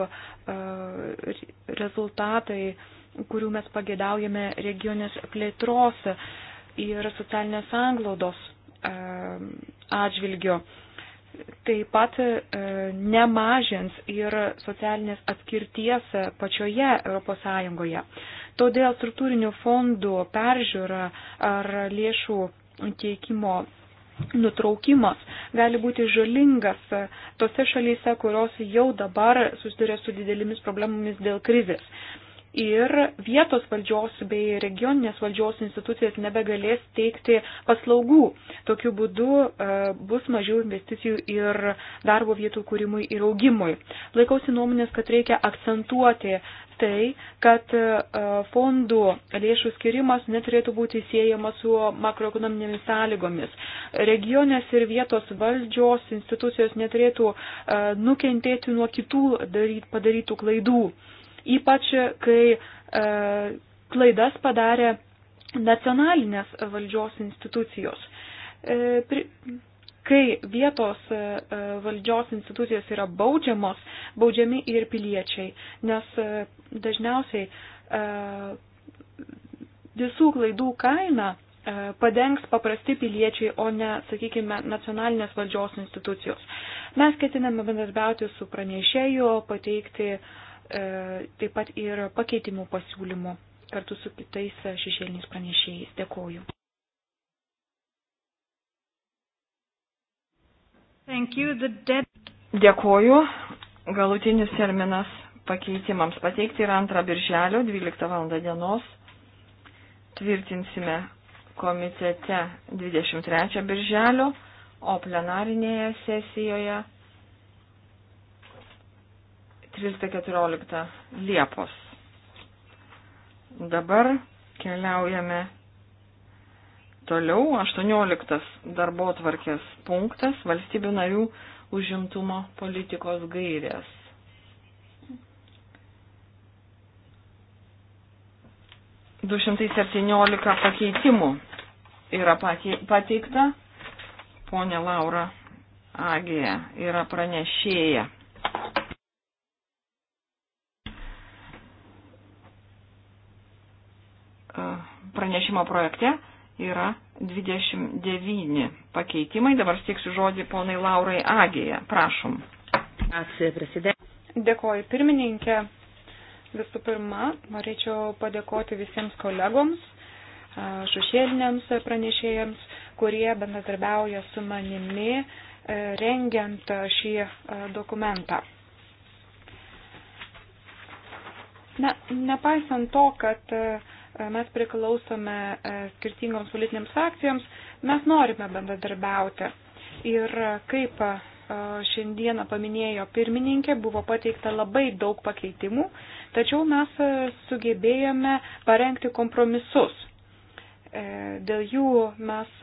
rezultatai, kurių mes pagėdaujame regionės plėtros ir socialinės anglaudos e, atžvilgiu. Taip pat e, nemažins ir socialinės atskirties pačioje ES. Todėl struktūrinių fondų peržiūra ar lėšų teikimo nutraukimas gali būti žalingas tose šalyse, kurios jau dabar susiduria su didelėmis problemomis dėl krizės ir vietos valdžios bei regioninės valdžios institucijas nebegalės teikti paslaugų. Tokiu būdu e, bus mažiau investicijų ir darbo vietų kūrimui ir augimui. Laikausi nuomonės, kad reikia akcentuoti tai, kad e, fondų lėšų skirimas neturėtų būti siejamas su makroekonominėmis sąlygomis. Regionės ir vietos valdžios institucijos neturėtų e, nukentėti nuo kitų padarytų klaidų ypač kai e, klaidas padarė nacionalinės valdžios institucijos. E, pri, kai vietos e, e, valdžios institucijos yra baudžiamos, baudžiami ir piliečiai, nes e, dažniausiai visų klaidų kaina padengs paprasti piliečiai, o ne, sakykime, nacionalinės valdžios institucijos. Mes ketiname bendradarbiauti su pranešėju, pateikti uh, E, taip pat ir pakeitimų pasiūlymų kartu su kitais šešėliniais pranešėjais. Dėkoju. Dėkoju. Galutinis terminas pakeitimams pateikti yra 2 birželio 12 val. dienos. Tvirtinsime komitete 23 birželio, o plenarinėje sesijoje 13-14 Liepos. Dabar keliaujame toliau. 18 darbo tvarkės punktas - valstybių narių užimtumo politikos gairės. Du šimtai septyniolika pakeitimų yra pateikta. Pone Laura Agija yra pranešėja. pranešimo projekte yra 29 pakeitimai. Dabar steiksiu žodį ponai Laurai Agėje. Prašom. Ačiū, prezidentė. Dėkoju, pirmininkė. Visų pirma, norėčiau padėkoti visiems kolegoms, šešėliniams pranešėjams, kurie bendradarbiauja su manimi e, rengiant šį e, dokumentą. Na, nepaisant to, kad uh, mes priklausome e, skirtingoms politinėms frakcijoms, mes norime bendradarbiauti. Ir kaip e, šiandieną paminėjo pirmininkė, buvo pateikta labai daug pakeitimų, tačiau mes e, sugebėjome parengti kompromisus. Dėl jų mes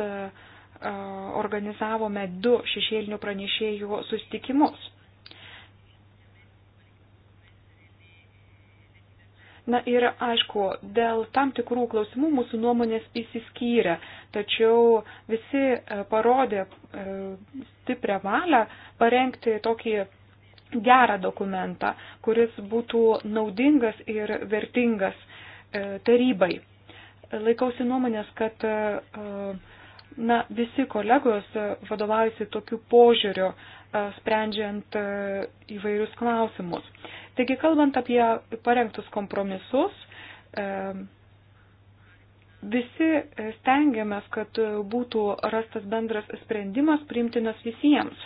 organizavome du šešėlinių pranešėjų sustikimus. Na ir aišku, dėl tam tikrų klausimų mūsų nuomonės įsiskyrė, tačiau visi e, parodė e, stiprią valią parengti tokį gerą dokumentą, kuris būtų naudingas ir vertingas e, tarybai. Laikausi nuomonės, kad na, visi kolegos vadovaujasi tokiu požiūriu, sprendžiant įvairius klausimus. Taigi, kalbant apie parengtus kompromisus, e, visi stengiamės, kad būtų rastas bendras sprendimas priimtinas visiems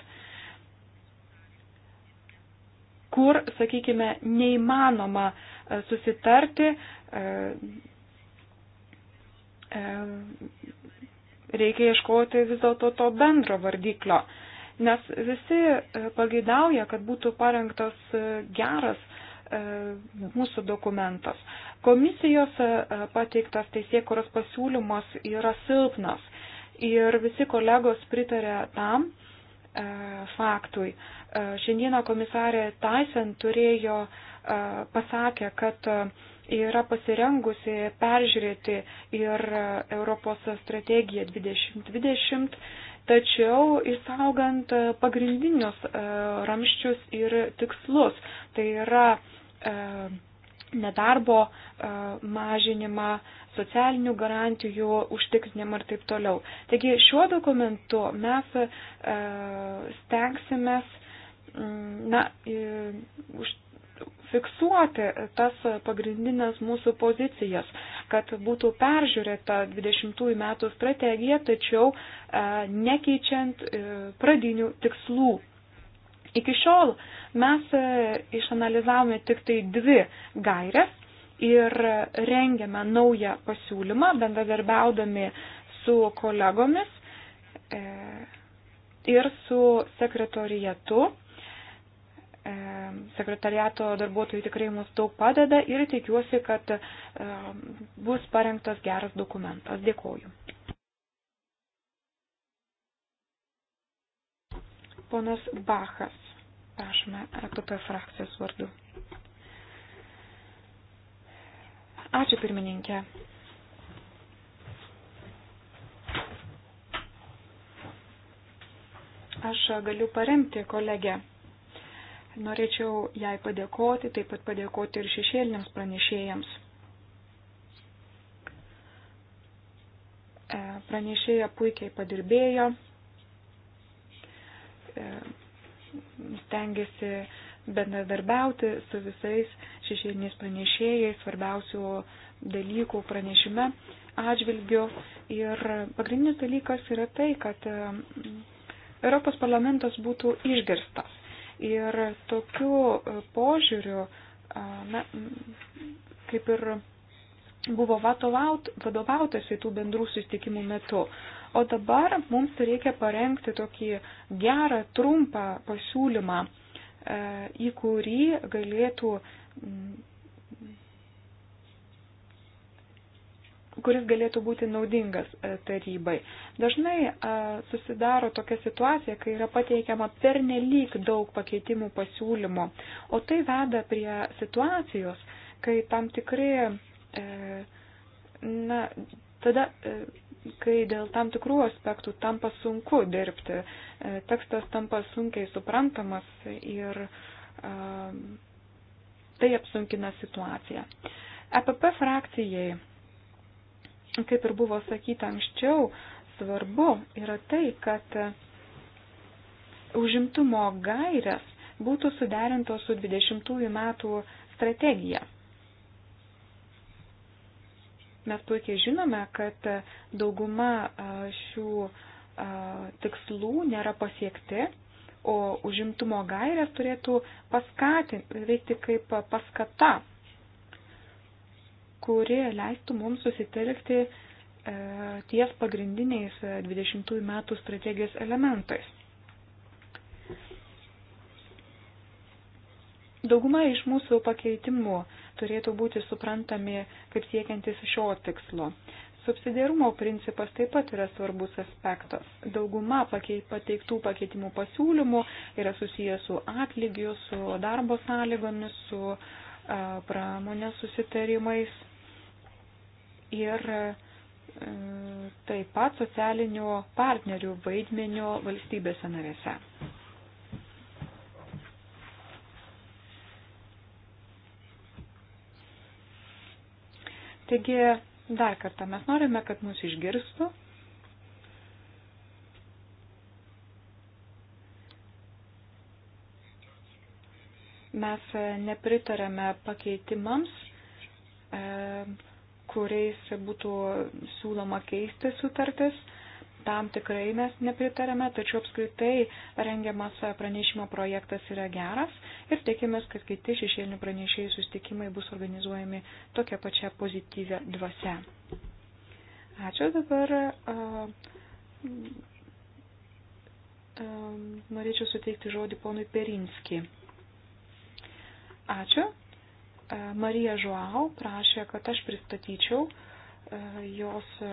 kur, sakykime, neįmanoma e, susitarti, e, reikia ieškoti vis dėlto to bendro vardiklio nes visi e, pageidauja, kad būtų parengtas e, geras e, mūsų dokumentas. Komisijos pateiktas teisėkuros pasiūlymas yra silpnas ir visi kolegos pritarė tam faktui. Šiandieną komisarė Tyson turėjo pasakę, kad yra pasirengusi peržiūrėti ir Europos strategiją 2020 tačiau įsaugant e, pagrindinius e, ramščius ir tikslus. Tai yra e, nedarbo mažinimą, socialinių garantijų užtikrinimą ir taip toliau. Taigi šiuo dokumentu mes stengsimės na, už, fiksuoti tas pagrindinės mūsų pozicijas, kad būtų peržiūrėta 20 metų strategija, tačiau e, nekeičiant e, pradinių tikslų. Iki šiol mes e, išanalizavome tik tai dvi gairias ir rengiame naują pasiūlymą, bendradarbiaudami su kolegomis ir su sekretorijatu E, sekretariato darbuotojai tikrai mums daug padeda ir tikiuosi, kad e, bus parengtas geras dokumentas. Dėkoju. Ponas Bachas, prašome, EPP frakcijos vardu. Ačiū pirmininkė. Aš galiu paremti kolegę Norėčiau jai padėkoti, taip pat padėkoti ir šešėliniams pranešėjams. E, pranešėja puikiai padirbėjo, e, stengiasi bendradarbiauti su visais šešėliniais pranešėjais, svarbiausių dalykų pranešime atžvilgiu. Ir pagrindinis dalykas yra tai, kad e, Europos parlamentas būtų išgirstas. Ir tokiu e, požiūriu, na, kaip ir buvo vadovautasi tų bendrų susitikimų metu. O dabar mums reikia parengti tokį gerą, trumpą pasiūlymą, e, į kurį galėtų kuris galėtų būti naudingas e, tarybai. Dažnai e, susidaro tokia situacija, kai yra pateikiama pernelyg daug pakeitimų pasiūlymų, o tai veda prie situacijos, kai tam tikrai, e, na, tada, kai dėl tam tikrų aspektų tampa sunku dirbti, tekstas tampa sunkiai suprantamas ir tai apsunkina situaciją. EPP frakcijai Kaip ir buvo sakyta anksčiau, svarbu yra tai, kad užimtumo gairias būtų suderintos su 20 metų strategija. Mes puikiai žinome, kad dauguma šių tikslų nėra pasiekti, o užimtumo gairės turėtų paskatinti, veikti kaip paskata kuri leistų mums susitelkti e, ties pagrindiniais 20 e, metų strategijos elementais. Dauguma iš mūsų pakeitimų turėtų būti suprantami kaip siekiantis šio tikslo. Subsidiarumo principas taip pat yra svarbus aspektas. Dauguma pateiktų pakeitimų pasiūlymų yra susijęs su atlygiu, su darbo sąlygomis, su e, pramonės susitarimais ir e, taip pat socialinių partnerių vaidmenio valstybėse narėse. Taigi, dar kartą mes norime, kad mūsų išgirstų. Mes e, nepritarėme pakeitimams e, kuriais būtų siūloma keisti sutartis. Tam tikrai mes nepritarėme, tačiau apskritai rengiamas pranešimo projektas yra geras ir tikimės, kad kiti šešėlinių pranešėjų sustikimai bus organizuojami tokia pačia pozityvia dvasia. Ačiū dabar. Uh, uh, norėčiau suteikti žodį ponui Perinski. Ačiū. E, Marija Žuau prašė, kad aš pristatyčiau e, jos e,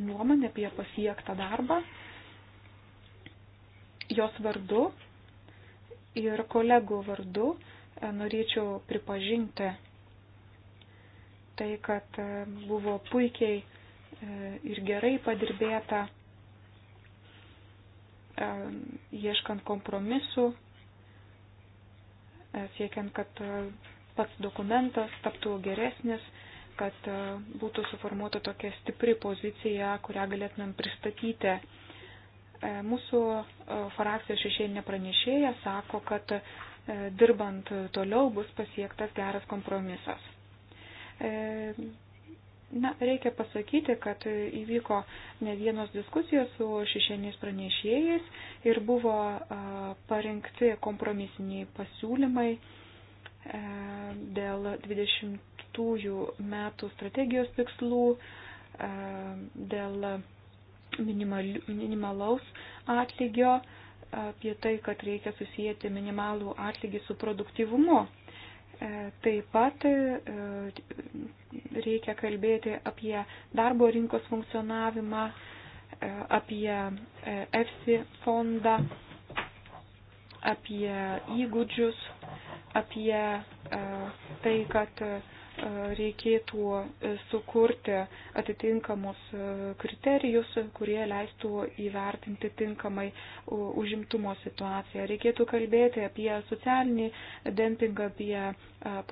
nuomonę apie pasiektą darbą, jos vardu ir kolegų vardu norėčiau pripažinti tai, kad buvo puikiai ir gerai padirbėta ieškant kompromisų, siekiant, kad pats dokumentas taptų geresnis, kad e, būtų suformuota tokia stipri pozicija, kurią galėtumėm pristatyti. E, mūsų e, frakcijos šešėlinė pranešėja sako, kad dirbant toliau bus pasiektas geras kompromisas. Na, reikia pasakyti, kad įvyko ne vienos diskusijos su šešėniais pranešėjais ir buvo parengti kompromisiniai pasiūlymai E, dėl 20 metų strategijos tikslų, e, dėl minimal, minimalaus atlygio, apie tai, kad reikia susijęti minimalų atlygį su produktyvumu. E, taip pat reikia kalbėti apie darbo rinkos funkcionavimą, apie EFSI fondą, apie įgūdžius, apie e, tai, kad e, reikėtų e, sukurti atitinkamus kriterijus, kurie leistų įvertinti tinkamai užimtumo situaciją. Reikėtų kalbėti apie socialinį dempingą, apie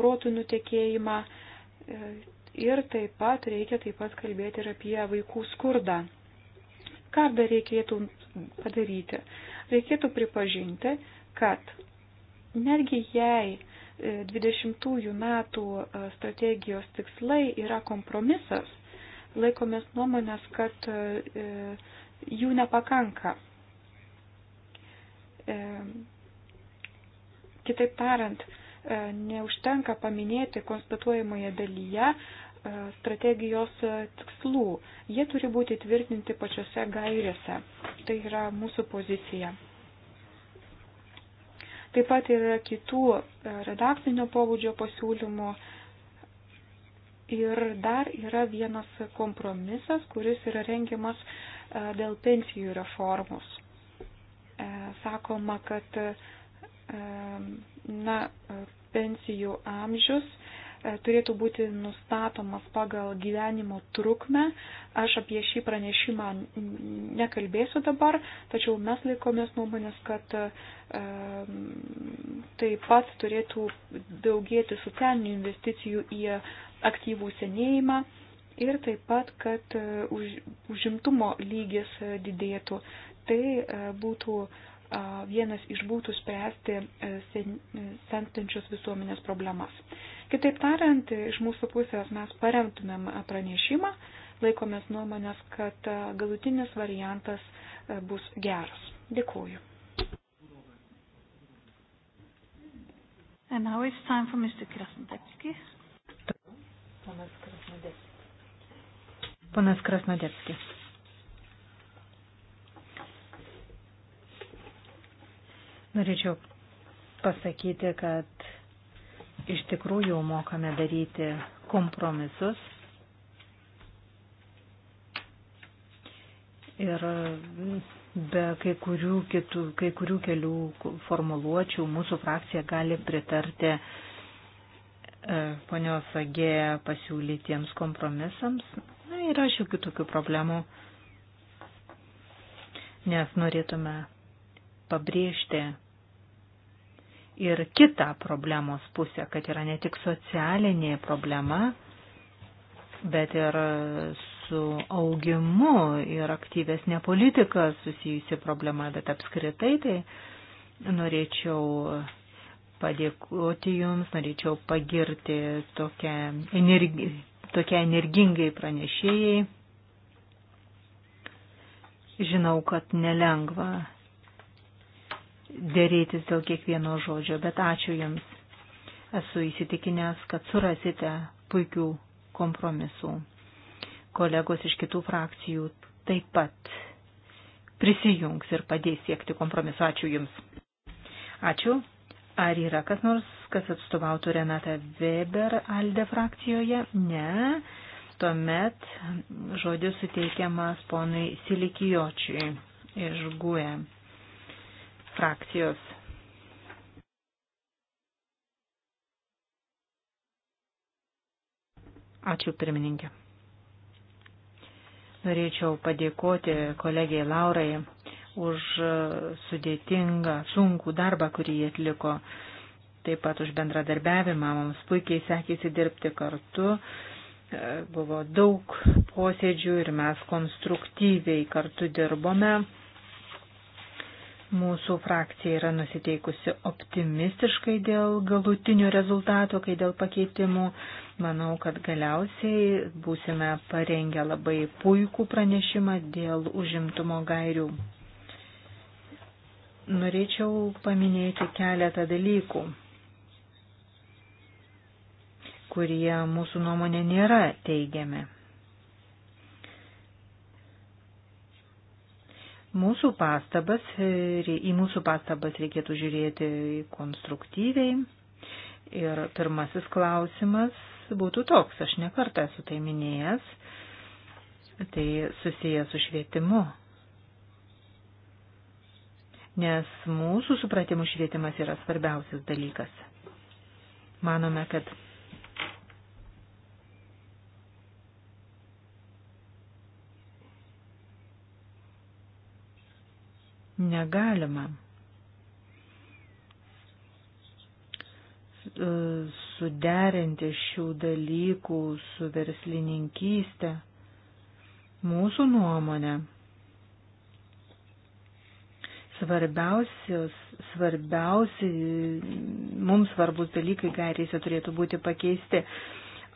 protų nutekėjimą ir taip pat reikia taip pat kalbėti ir apie vaikų skurdą. Ką dar reikėtų padaryti? Reikėtų pripažinti, kad Netgi jei 20 e, metų e, strategijos tikslai yra kompromisas, laikomės nuomonės, kad e, jų nepakanka. Kitaip tariant, neužtenka paminėti konstatuojamoje dalyje strategijos tikslų. Jie turi būti tvirtinti pačiose gairėse. Tai yra mūsų pozicija. Taip pat yra kitų e, redakcinio pobūdžio pasiūlymų. Ir dar yra vienas kompromisas, kuris yra rengiamas e, dėl pensijų reformos. E, sakoma, kad na, pensijų amžius E, turėtų būti nustatomas pagal gyvenimo trukmę. Aš apie šį pranešimą nekalbėsiu dabar, tačiau mes laikomės nuomonės, kad e, taip pat turėtų daugėti socialinių investicijų į aktyvų senėjimą ir taip pat, kad e, už, užimtumo lygis e, didėtų. Tai būtų e, vienas iš būtų spręsti e, sentančios e, visuomenės problemas. Kitaip tariant, iš mūsų pusės mes paremtumėm pranešimą, laikomės nuomonės, kad e, galutinis variantas bus geras. Dėkuoju. And now it's time for Mr. Krasnodebski. Ponas Krasnodebski. Ponas Krasnodebski. Norėčiau pasakyti, kad iš tikrųjų mokame daryti kompromisus ir be kai kurių, kitų, kai kurių kelių formuluočių mūsų frakcija gali pritarti e, ponios Agė pasiūlytiems kompromisams. Na, yra šių kitokių problemų, nes norėtume pabrėžti ir kitą problemos pusę, kad yra ne tik socialinė problema, bet ir su augimu ir aktyvesnė politika susijusi problema, bet apskritai tai norėčiau padėkoti Jums, norėčiau pagirti tokią, energi, tokią energingai pranešėjai. Žinau, kad nelengva dėrėtis dėl kiekvieno žodžio, bet ačiū Jums. Esu įsitikinęs, kad surasite puikių kompromisų. Kolegos iš kitų frakcijų taip pat prisijungs ir padės siekti kompromisu. Ačiū Jums. Ačiū. Ar yra kas nors, kas atstovautų Renatą Weber Alde frakcijoje? Ne. Tuomet žodis suteikiamas ponui Silikijočiui iš GUE frakcijos. Ačiū pirmininkė. Norėčiau padėkoti kolegijai Laurai už sudėtingą, sunkų darbą, kurį jie atliko, taip pat už bendradarbiavimą. Mums puikiai sekėsi dirbti kartu, buvo daug posėdžių ir mes konstruktyviai kartu dirbome Mūsų frakcija yra nusiteikusi optimistiškai dėl galutinių rezultatų, kai dėl pakeitimų. Manau, kad galiausiai būsime parengę labai puikų pranešimą dėl užimtumo gairių. Norėčiau paminėti keletą dalykų, kurie mūsų nuomonė nėra teigiami. Mūsų pastabas, e, į mūsų pastabas reikėtų žiūrėti konstruktyviai. Ir pirmasis klausimas būtų toks, aš nekartą esu tai minėjęs, tai susijęs su švietimu. Nes mūsų supratimų švietimas yra svarbiausias dalykas. Manome, kad negalima suderinti šių dalykų su verslininkystė. Mūsų nuomonė. Svarbiausios, svarbiausi, mums svarbus dalykai gairėse turėtų būti pakeisti.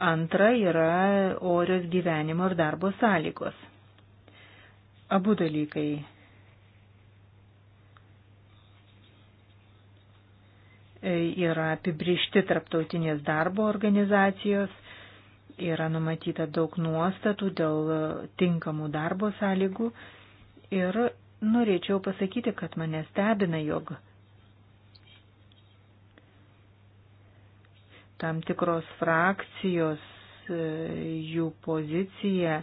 Antra yra orios gyvenimo ir darbo sąlygos. Abu dalykai yra apibrišti tarptautinės darbo organizacijos, yra numatyta daug nuostatų dėl tinkamų darbo sąlygų ir norėčiau pasakyti, kad mane stebina, jog tam tikros frakcijos e, jų pozicija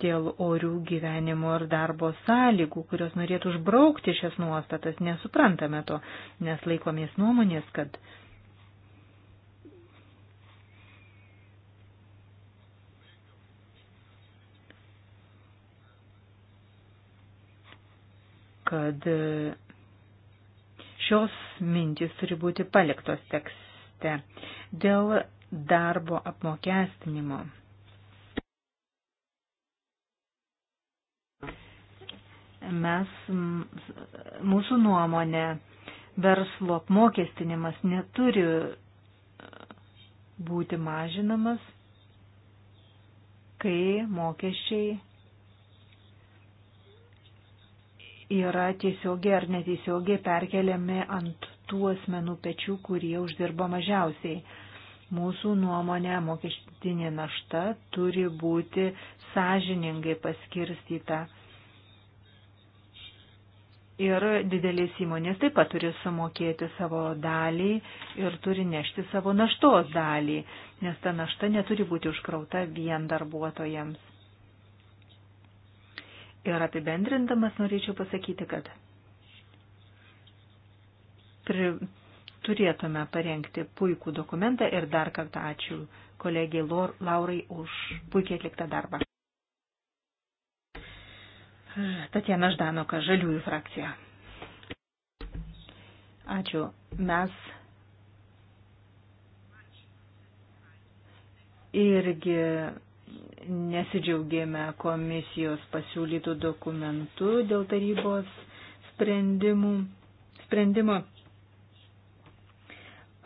dėl orių gyvenimo ir darbo sąlygų, kurios norėtų užbraukti šias nuostatas, nesuprantame to, nes laikomės nuomonės, kad kad šios mintys turi būti paliktos tekste dėl darbo apmokestinimo. mes, mūsų nuomonė, verslo apmokestinimas neturi būti mažinamas, kai mokesčiai yra tiesiogiai ar netiesiogiai perkeliami ant tų asmenų pečių, kurie uždirba mažiausiai. Mūsų nuomonė mokestinė našta turi būti sąžiningai paskirstyta ir didelės įmonės taip pat turi sumokėti savo dalį ir turi nešti savo naštos dalį, nes ta našta neturi būti užkrauta vien darbuotojams. Ir apibendrindamas norėčiau pasakyti, kad pri, turėtume parengti puikų dokumentą ir dar kartą ačiū kolegijai Laurai už puikiai atliktą darbą. Tatjana Ždanoka, Žaliųjų frakcija. Ačiū. Mes irgi nesidžiaugėme komisijos pasiūlytų dokumentų dėl tarybos sprendimų, sprendimo.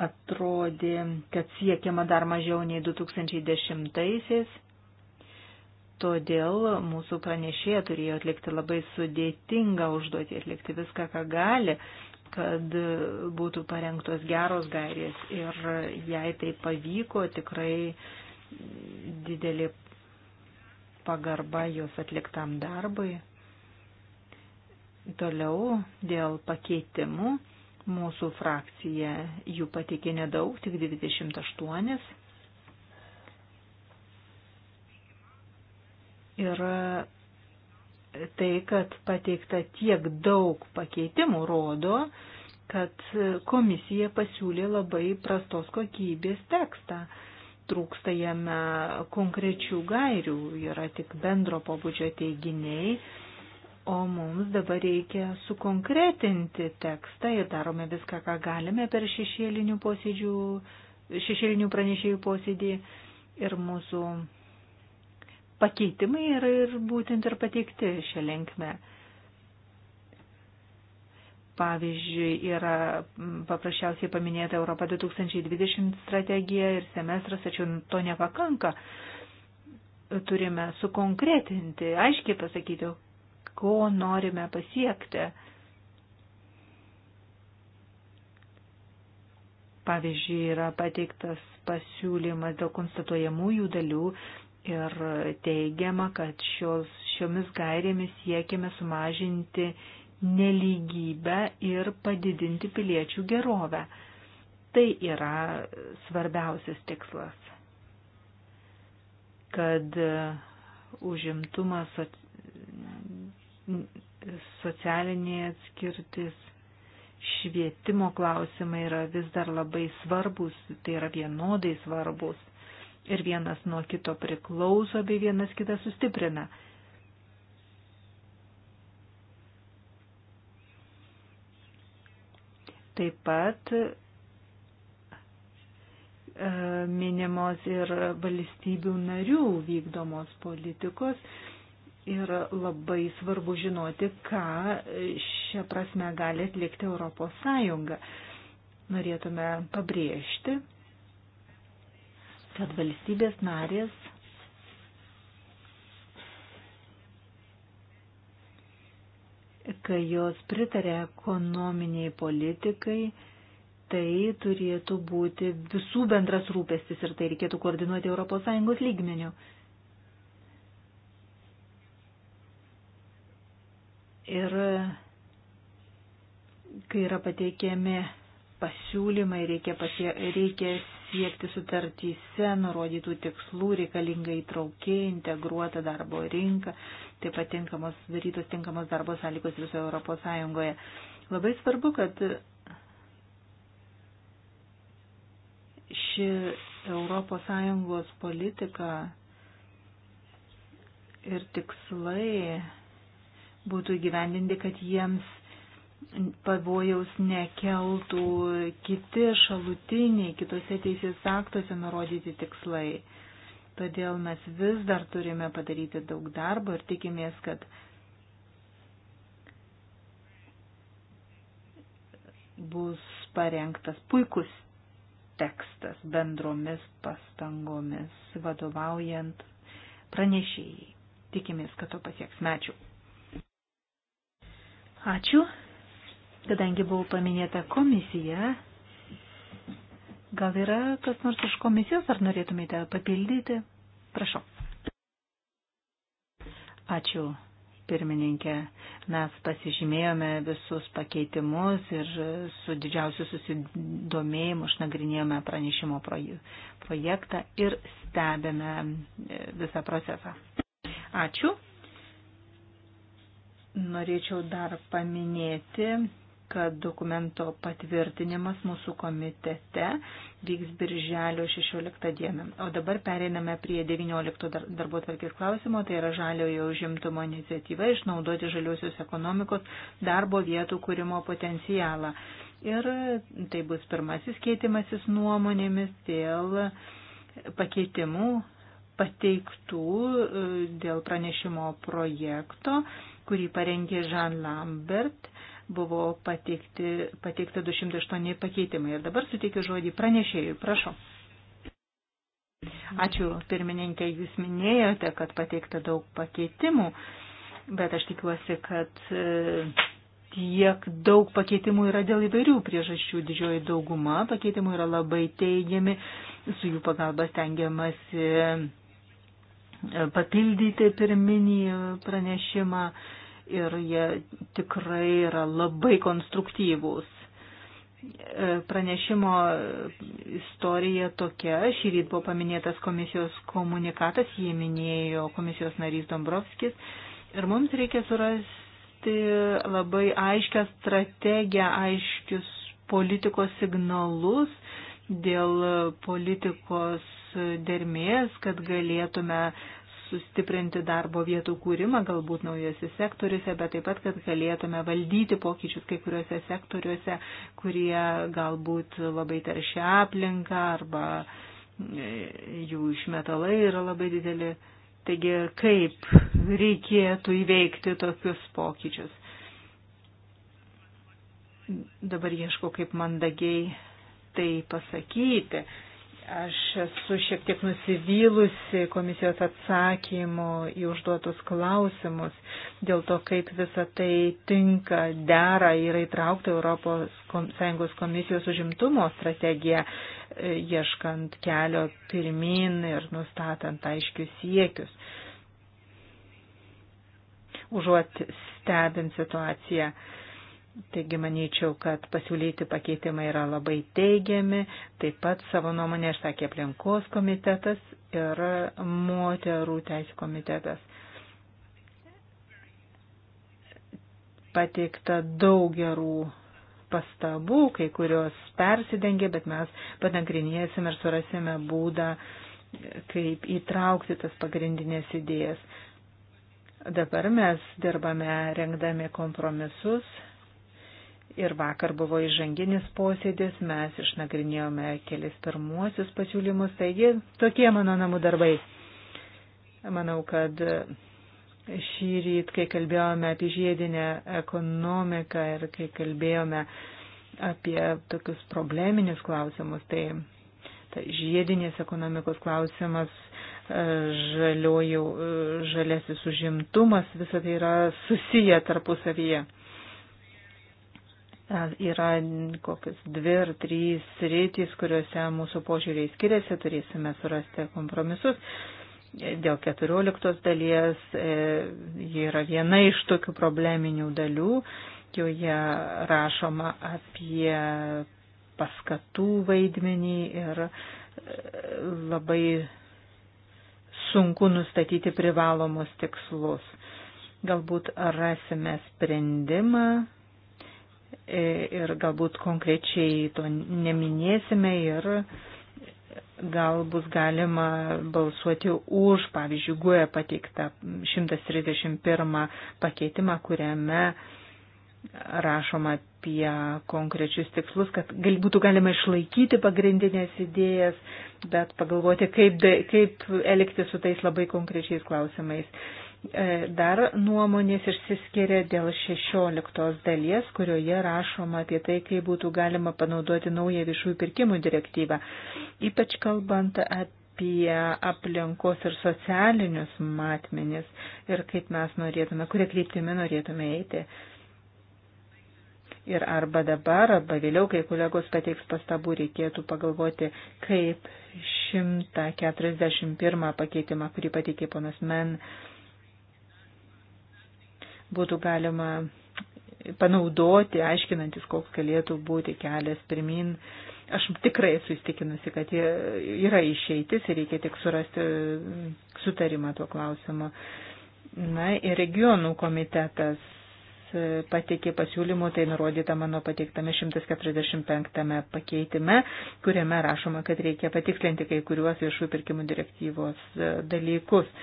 Atrodė, kad siekiama dar mažiau nei 2010-aisiais Todėl mūsų pranešėja turėjo atlikti labai sudėtingą užduotį, atlikti viską, ką gali, kad būtų parengtos geros gairės. Ir jai tai pavyko, tikrai didelė pagarba jos atliktam darbui. Toliau dėl pakeitimų mūsų frakcija jų patikė nedaug, tik 28 yra tai, kad pateikta tiek daug pakeitimų rodo, kad komisija pasiūlė labai prastos kokybės tekstą. Trūksta jame konkrečių gairių, yra tik bendro pobūdžio teiginiai, o mums dabar reikia sukonkretinti tekstą ir darome viską, ką galime per šešėlinių, posėdžių, šešėlinių pranešėjų posėdį ir mūsų pakeitimai yra ir būtent ir pateikti šią linkmę. Pavyzdžiui, yra paprasčiausiai paminėta Europa 2020 strategija ir semestras, tačiau to nepakanka. Turime sukonkretinti, aiškiai pasakyti, ko norime pasiekti. Pavyzdžiui, yra pateiktas pasiūlymas dėl konstatuojamųjų dalių Ir teigiama, kad šios, šiomis gairėmis siekime sumažinti nelygybę ir padidinti piliečių gerovę. Tai yra svarbiausias tikslas, kad užimtumas, socialinė atskirtis, švietimo klausimai yra vis dar labai svarbus, tai yra vienodai svarbus ir vienas nuo kito priklauso, bei vienas kitą sustiprina. Taip pat e, minimos ir valstybių narių vykdomos politikos ir labai svarbu žinoti, ką šią prasme gali atlikti Europos Sąjunga. Norėtume pabrėžti, kad valstybės narės kai jos pritarė ekonominiai politikai, tai turėtų būti visų bendras rūpestis ir tai reikėtų koordinuoti ES lygmeniu. Ir kai yra pateikiami pasiūlymai, reikia, pasie, reikia siekti sutartyse nurodytų tikslų reikalinga įtraukė, integruota darbo rinka, taip pat tinkamos, darytos tinkamos darbo sąlygos visoje Europos Sąjungoje. Labai svarbu, kad ši Europos Sąjungos politika ir tikslai būtų įgyvendinti, kad jiems pavojaus nekeltų kiti šalutiniai, kitose teisės aktuose nurodyti tikslai. Todėl mes vis dar turime padaryti daug darbo ir tikimės, kad bus parengtas puikus tekstas bendromis pastangomis, vadovaujant pranešėjai. Tikimės, kad to pasieksime. Ačiū. Ačiū. Kadangi buvo paminėta komisija, gal yra kas nors iš komisijos, ar norėtumėte papildyti? Prašau. Ačiū, pirmininkė. Mes pasižymėjome visus pakeitimus ir su didžiausiu susidomėjimu išnagrinėjome pranešimo projektą ir stebėme e, visą procesą. Ačiū. Norėčiau dar paminėti kad dokumento patvirtinimas mūsų komitete vyks birželio 16 dieną. O dabar pereiname prie 19 darbo tvarkės klausimo, tai yra žaliojo užimtumo iniciatyva išnaudoti žaliosios ekonomikos darbo vietų kūrimo potencialą. Ir tai bus pirmasis keitimasis nuomonėmis dėl pakeitimų pateiktų e, dėl pranešimo projekto, kurį parengė Jean Lambert buvo pateikti, pateikti 208 pakeitimai. Ir dabar suteikiu žodį pranešėjui. Prašau. Ačiū, pirmininkė, jūs minėjote, kad pateikta daug pakeitimų, bet aš tikiuosi, kad e, tiek daug pakeitimų yra dėl įvairių priežasčių. Didžioji dauguma pakeitimų yra labai teigiami, su jų pagalba stengiamasi e, papildyti pirminį pranešimą ir jie tikrai yra labai konstruktyvūs. E, pranešimo istorija tokia, šį rytą buvo paminėtas komisijos komunikatas, jį minėjo komisijos narys Dombrovskis ir mums reikia surasti labai aiškę strategiją, aiškius politikos signalus dėl politikos dermės, kad galėtume sustiprinti darbo vietų kūrimą, galbūt naujose sektoriuose, bet taip pat, kad galėtume valdyti pokyčius kai kuriuose sektoriuose, kurie galbūt labai teršia aplinką arba e, jų išmetalai yra labai dideli. Taigi, kaip reikėtų įveikti tokius pokyčius? Dabar ieškau, kaip mandagiai tai pasakyti, Aš esu šiek tiek nusivylusi komisijos atsakymu į užduotus klausimus dėl to, kaip visa tai tinka, dera ir įtraukta ES komisijos užimtumo strategija, e, ieškant kelio pirmin ir nustatant aiškius siekius. Užuot stebint situaciją Taigi manyčiau, kad pasiūlyti pakeitimai yra labai teigiami, taip pat savo nuomonę išsakė aplinkos komitetas ir moterų teisų komitetas. Pateikta daug gerų pastabų, kai kurios persidengia, bet mes panagrinėsim ir surasime būdą, kaip įtraukti tas pagrindinės idėjas. Dabar mes dirbame rengdami kompromisus Ir vakar buvo įžanginis posėdis, mes išnagrinėjome kelis pirmuosius pasiūlymus, taigi tokie mano namų darbai. Manau, kad šį rytą, kai kalbėjome apie žiedinę ekonomiką ir kai kalbėjome apie tokius probleminius klausimus, tai ta žiedinės ekonomikos klausimas, e, žaliojų, e, žalėsis užimtumas, visą tai yra susiję tarpusavyje yra kokios dvi ar trys rytis, kuriuose mūsų požiūriai skiriasi, turėsime surasti kompromisus. Dėl keturioliktos dalies e, ji yra viena iš tokių probleminių dalių, joje rašoma apie paskatų vaidmenį ir e, labai sunku nustatyti privalomus tikslus. Galbūt rasime sprendimą E, ir galbūt konkrečiai to neminėsime ir gal bus galima balsuoti už, pavyzdžiui, GUE pateiktą 131 pakeitimą, kuriame rašoma apie konkrečius tikslus, kad gal būtų galima išlaikyti pagrindinės idėjas, bet pagalvoti, kaip, kaip elgti su tais labai konkrečiais klausimais. E, dar nuomonės išsiskiria dėl 16 dalies, kurioje rašoma apie tai, kaip būtų galima panaudoti naują viešųjų pirkimų direktyvą, ypač kalbant apie aplinkos ir socialinius matmenis ir kaip mes norėtume, kuria kryptimi norėtume eiti. Ir arba dabar, arba vėliau, kai kolegos pateiks pastabų, reikėtų pagalvoti, kaip 141 pakeitimą, kurį pateikė ponas Men, būtų galima panaudoti, aiškinantis, koks galėtų būti kelias pirmin. Aš tikrai esu įstikinusi, kad yra išeitis ir reikia tik surasti sutarimą tuo klausimu. Na ir regionų komitetas pateikė pasiūlymų, tai nurodyta mano pateiktame 145 pakeitime, kuriame rašoma, kad reikia patikslinti kai kuriuos viešų pirkimų direktyvos dalykus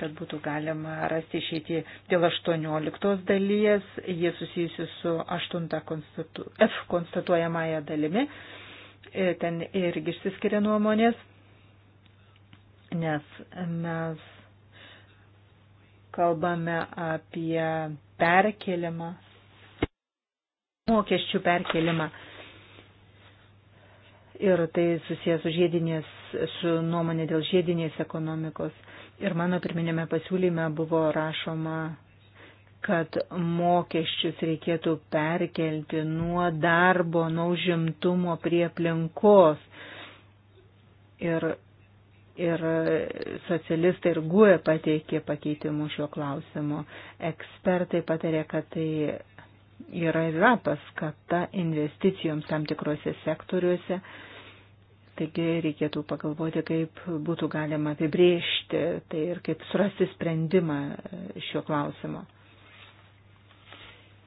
kad būtų galima rasti išeitį dėl 18 dalies, jie susijusi su 8 konstatu, F konstatuojamąją dalimi. E, ten irgi išsiskiria nuomonės, nes mes kalbame apie perkelimą, mokesčių perkelimą. Ir tai susijęs su žiedinės su nuomonė dėl žiedinės ekonomikos. Ir mano pirminėme pasiūlyme buvo rašoma, kad mokesčius reikėtų perkelti nuo darbo, nuo užimtumo prie aplinkos. Ir, ir socialistai ir guė pateikė pakeitimų šiuo klausimu. Ekspertai patarė, kad tai yra, yra paskata investicijoms tam tikrose sektoriuose Taigi reikėtų pagalvoti, kaip būtų galima apibriežti tai ir kaip surasti sprendimą šiuo klausimu.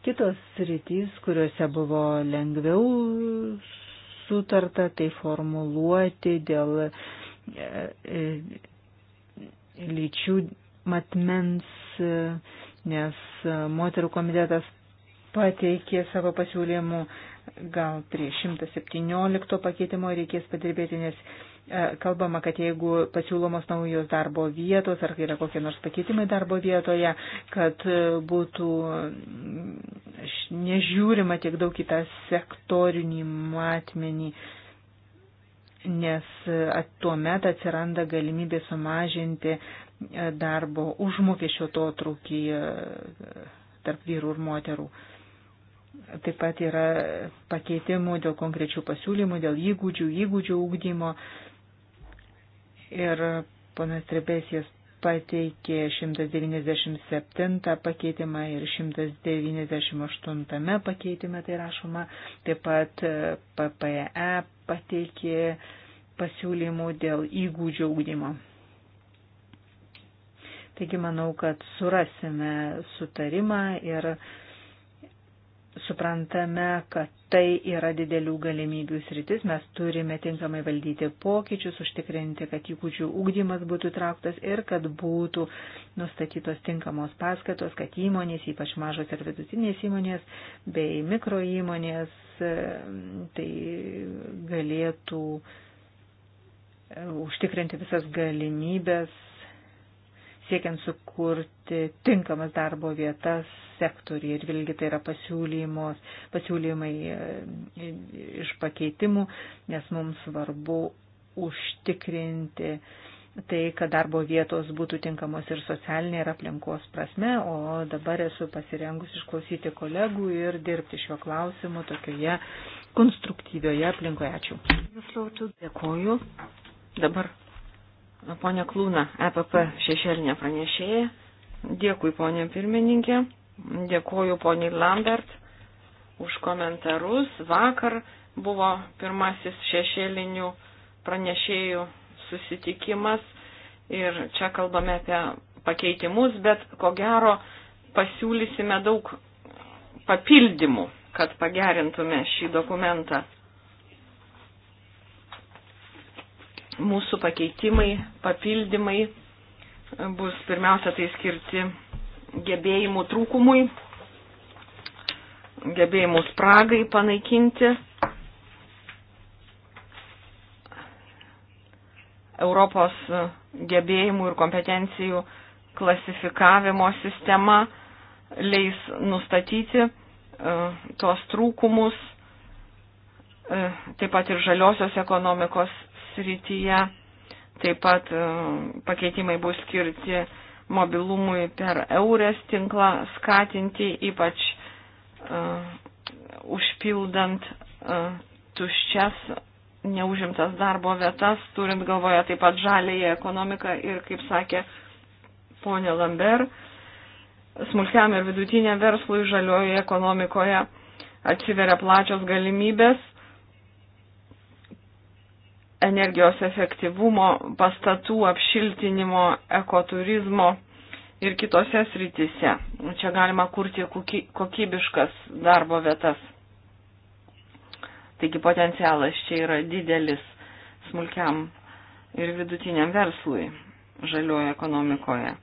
Kitos rytys, kuriuose buvo lengviau sutarta, tai formuluoti dėl e, e, lyčių matmens, nes moterų komitetas pateikė savo pasiūlymų Gal prie 117 pakeitimo reikės padirbėti, nes e, kalbama, kad jeigu pasiūlomos naujos darbo vietos ar yra kokie nors pakeitimai darbo vietoje, kad e, būtų mm, nežiūrima tiek daug į tą sektorinį matmenį, nes e, tuo metu atsiranda galimybė sumažinti darbo užmokesčio to trūkį tarp vyrų ir moterų. Taip pat yra pakeitimų dėl konkrečių pasiūlymų, dėl įgūdžių, įgūdžių ūkdymo. Ir ponas Trebesijas pateikė 197 pakeitimą ir 198 pakeitime tai rašoma. Taip pat PPE e pateikė pasiūlymų dėl įgūdžių ūkdymo. Taigi manau, kad surasime sutarimą ir uh, suprantame, kad tai yra didelių galimybių sritis, mes turime tinkamai valdyti pokyčius, užtikrinti, kad įgūdžių ūkdymas būtų trauktas ir kad būtų nustatytos tinkamos paskatos, kad įmonės, ypač mažos ir vidutinės įmonės bei mikro įmonės, e, tai galėtų e, užtikrinti visas galimybės siekiant sukurti tinkamas darbo vietas sektoriai. Ir vėlgi tai yra pasiūlymai e, iš pakeitimų, nes mums svarbu užtikrinti tai, kad darbo vietos būtų tinkamos ir socialinė, ir aplinkos prasme, o dabar esu pasirengus išklausyti kolegų ir dirbti šiuo klausimu tokioje konstruktyvioje aplinkoje. Ačiū. Dėkuoju. Dabar Pone Klūna, EPP šešėlinė pranešėja. Dėkui, ponė pirmininkė. Dėkuoju, ponė Lambert, už komentarus. Vakar buvo pirmasis šešėlinių pranešėjų susitikimas ir čia kalbame apie pakeitimus, bet ko gero pasiūlysime daug papildymų, kad pagerintume šį dokumentą. mūsų pakeitimai, papildymai e, bus pirmiausia tai skirti gebėjimų trūkumui, gebėjimų spragai panaikinti. Europos gebėjimų ir kompetencijų klasifikavimo sistema leis nustatyti e, tuos trūkumus, e, taip pat ir žaliosios ekonomikos srityje. Taip pat e, pakeitimai bus skirti mobilumui per eurės tinklą skatinti, ypač uh, užpildant uh, tuščias neužimtas darbo vietas, turint galvoje taip pat žalėje ekonomiką ir, kaip sakė ponė Lambert, smulkiam ir vidutiniam verslui žaliojoje ekonomikoje atsiveria plačios galimybės energijos efektyvumo, pastatų apšiltinimo, ekoturizmo ir kitose srityse. Čia galima kurti kokybiškas darbo vietas. Taigi potencialas čia yra didelis smulkiam ir vidutiniam verslui žalioje ekonomikoje.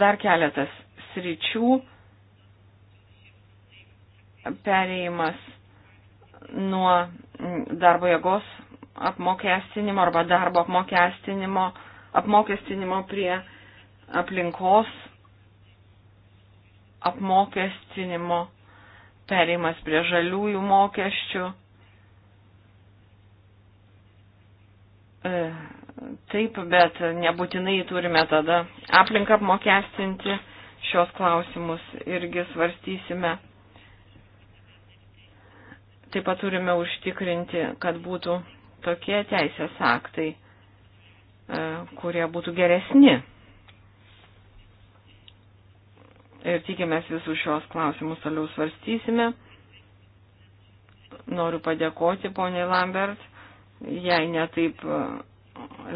Dar keletas sričių. Pereimas nuo mm, darbo jėgos apmokestinimo arba darbo apmokestinimo, apmokestinimo prie aplinkos apmokestinimo, pereimas prie žaliųjų mokesčių. E, taip, bet nebūtinai turime tada aplinką apmokestinti, šios klausimus irgi svarstysime. Taip pat turime užtikrinti, kad būtų tokie teisės aktai, e, kurie būtų geresni. Ir tikimės visus šios klausimus toliau svarstysime. Noriu padėkoti poniai Lambert, jai netaip e,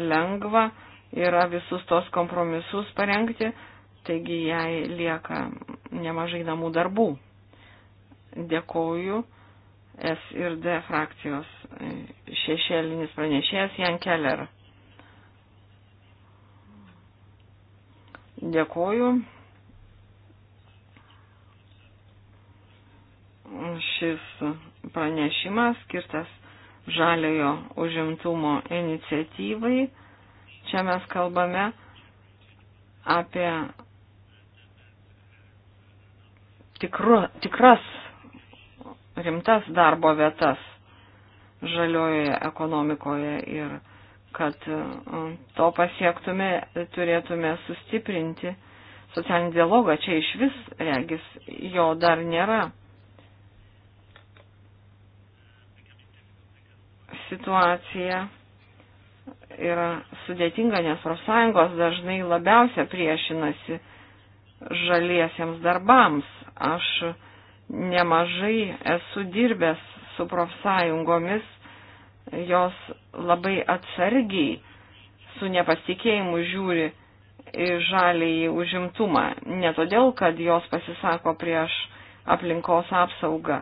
lengva yra visus tos kompromisus parengti, taigi jai lieka nemažai namų darbų. Dėkoju S ir D frakcijos šešėlinis pranešėjas Jan Keller. Dėkuoju. Šis pranešimas skirtas žaliojo užimtumo iniciatyvai. Čia mes kalbame apie tikru, tikras rimtas darbo vietas žaliojoje ekonomikoje ir kad e, to pasiektume, turėtume sustiprinti socialinį dialogą. Čia iš vis, regis, jo dar nėra. Situacija yra sudėtinga, nes profsąjungos dažnai labiausia priešinasi žaliesiems darbams. Aš nemažai esu dirbęs su profsąjungomis, jos labai atsargiai su nepasitikėjimu žiūri į žalį užimtumą. Ne todėl, kad jos pasisako prieš aplinkos apsaugą,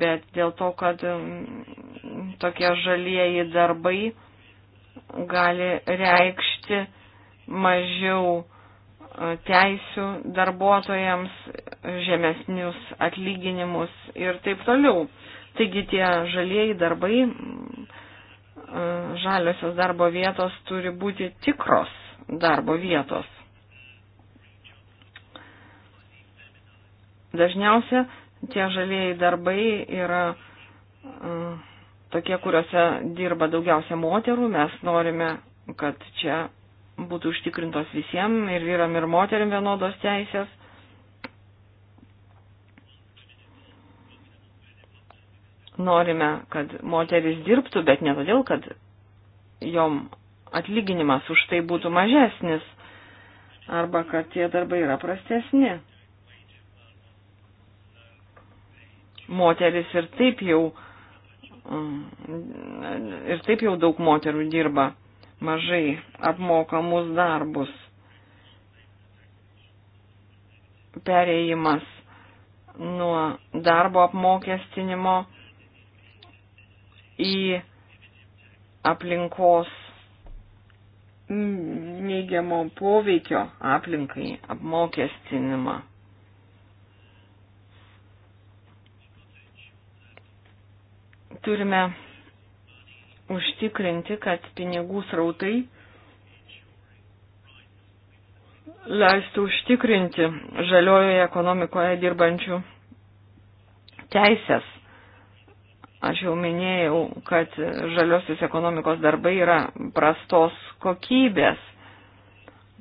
bet dėl to, kad mm, tokie žalieji darbai gali reikšti mažiau teisių darbuotojams, žemesnius atlyginimus ir taip toliau. Taigi tie žalieji darbai, mm, žaliosios darbo vietos turi būti tikros darbo vietos. Dažniausia tie žalieji darbai yra mm, tokie, kuriuose dirba daugiausia moterų. Mes norime, kad čia būtų užtikrintos visiems ir vyram ir moterim vienodos teisės. Norime, kad moteris dirbtų, bet ne todėl, kad jom atlyginimas už tai būtų mažesnis arba kad tie darbai yra prastesni. Moteris ir taip jau, mm, ir taip jau daug moterų dirba mažai apmokamus darbus. Pereimas nuo darbo apmokestinimo į aplinkos neigiamo poveikio aplinkai apmokestinimą. Turime užtikrinti, kad pinigų srautai leistų užtikrinti žaliojoje ekonomikoje dirbančių teisės. Aš jau minėjau, kad žaliosios ekonomikos darbai yra prastos kokybės.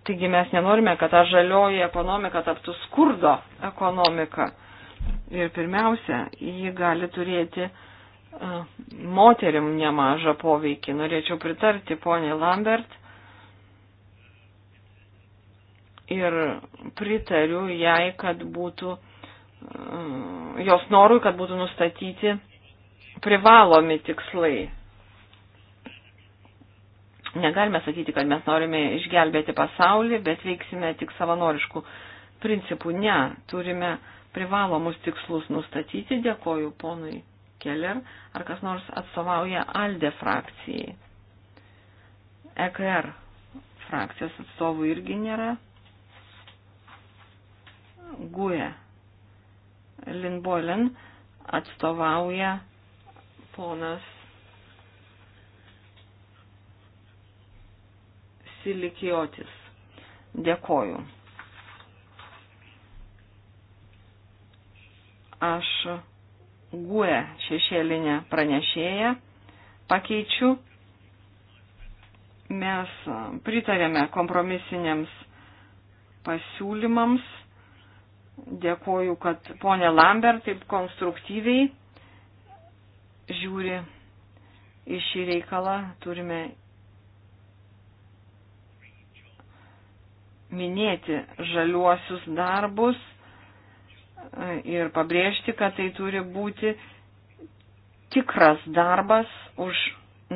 Taigi mes nenorime, kad ta žalioji ekonomika taptų skurdo ekonomika. Ir pirmiausia, ji gali turėti uh, moterim nemažą poveikį. Norėčiau pritarti poniai Lambert ir pritariu jai, kad būtų jos norui, kad būtų nustatyti privalomi tikslai. Negalime sakyti, kad mes norime išgelbėti pasaulį, bet veiksime tik savanoriškų principų. Ne, turime privalomus tikslus nustatyti. Dėkoju ponui Keller, ar kas nors atstovauja ALDE frakcijai. EKR frakcijos atstovų irgi nėra. GUE Linboilen atstovauja ponas Silikiotis. Dėkoju. Aš GUE šešėlinę pranešėją pakeičiu. Mes pritarėme kompromisiniams pasiūlymams. Dėkoju, kad ponė Lambert taip konstruktyviai žiūri į šį reikalą. Turime minėti žaliuosius darbus ir pabrėžti, kad tai turi būti tikras darbas už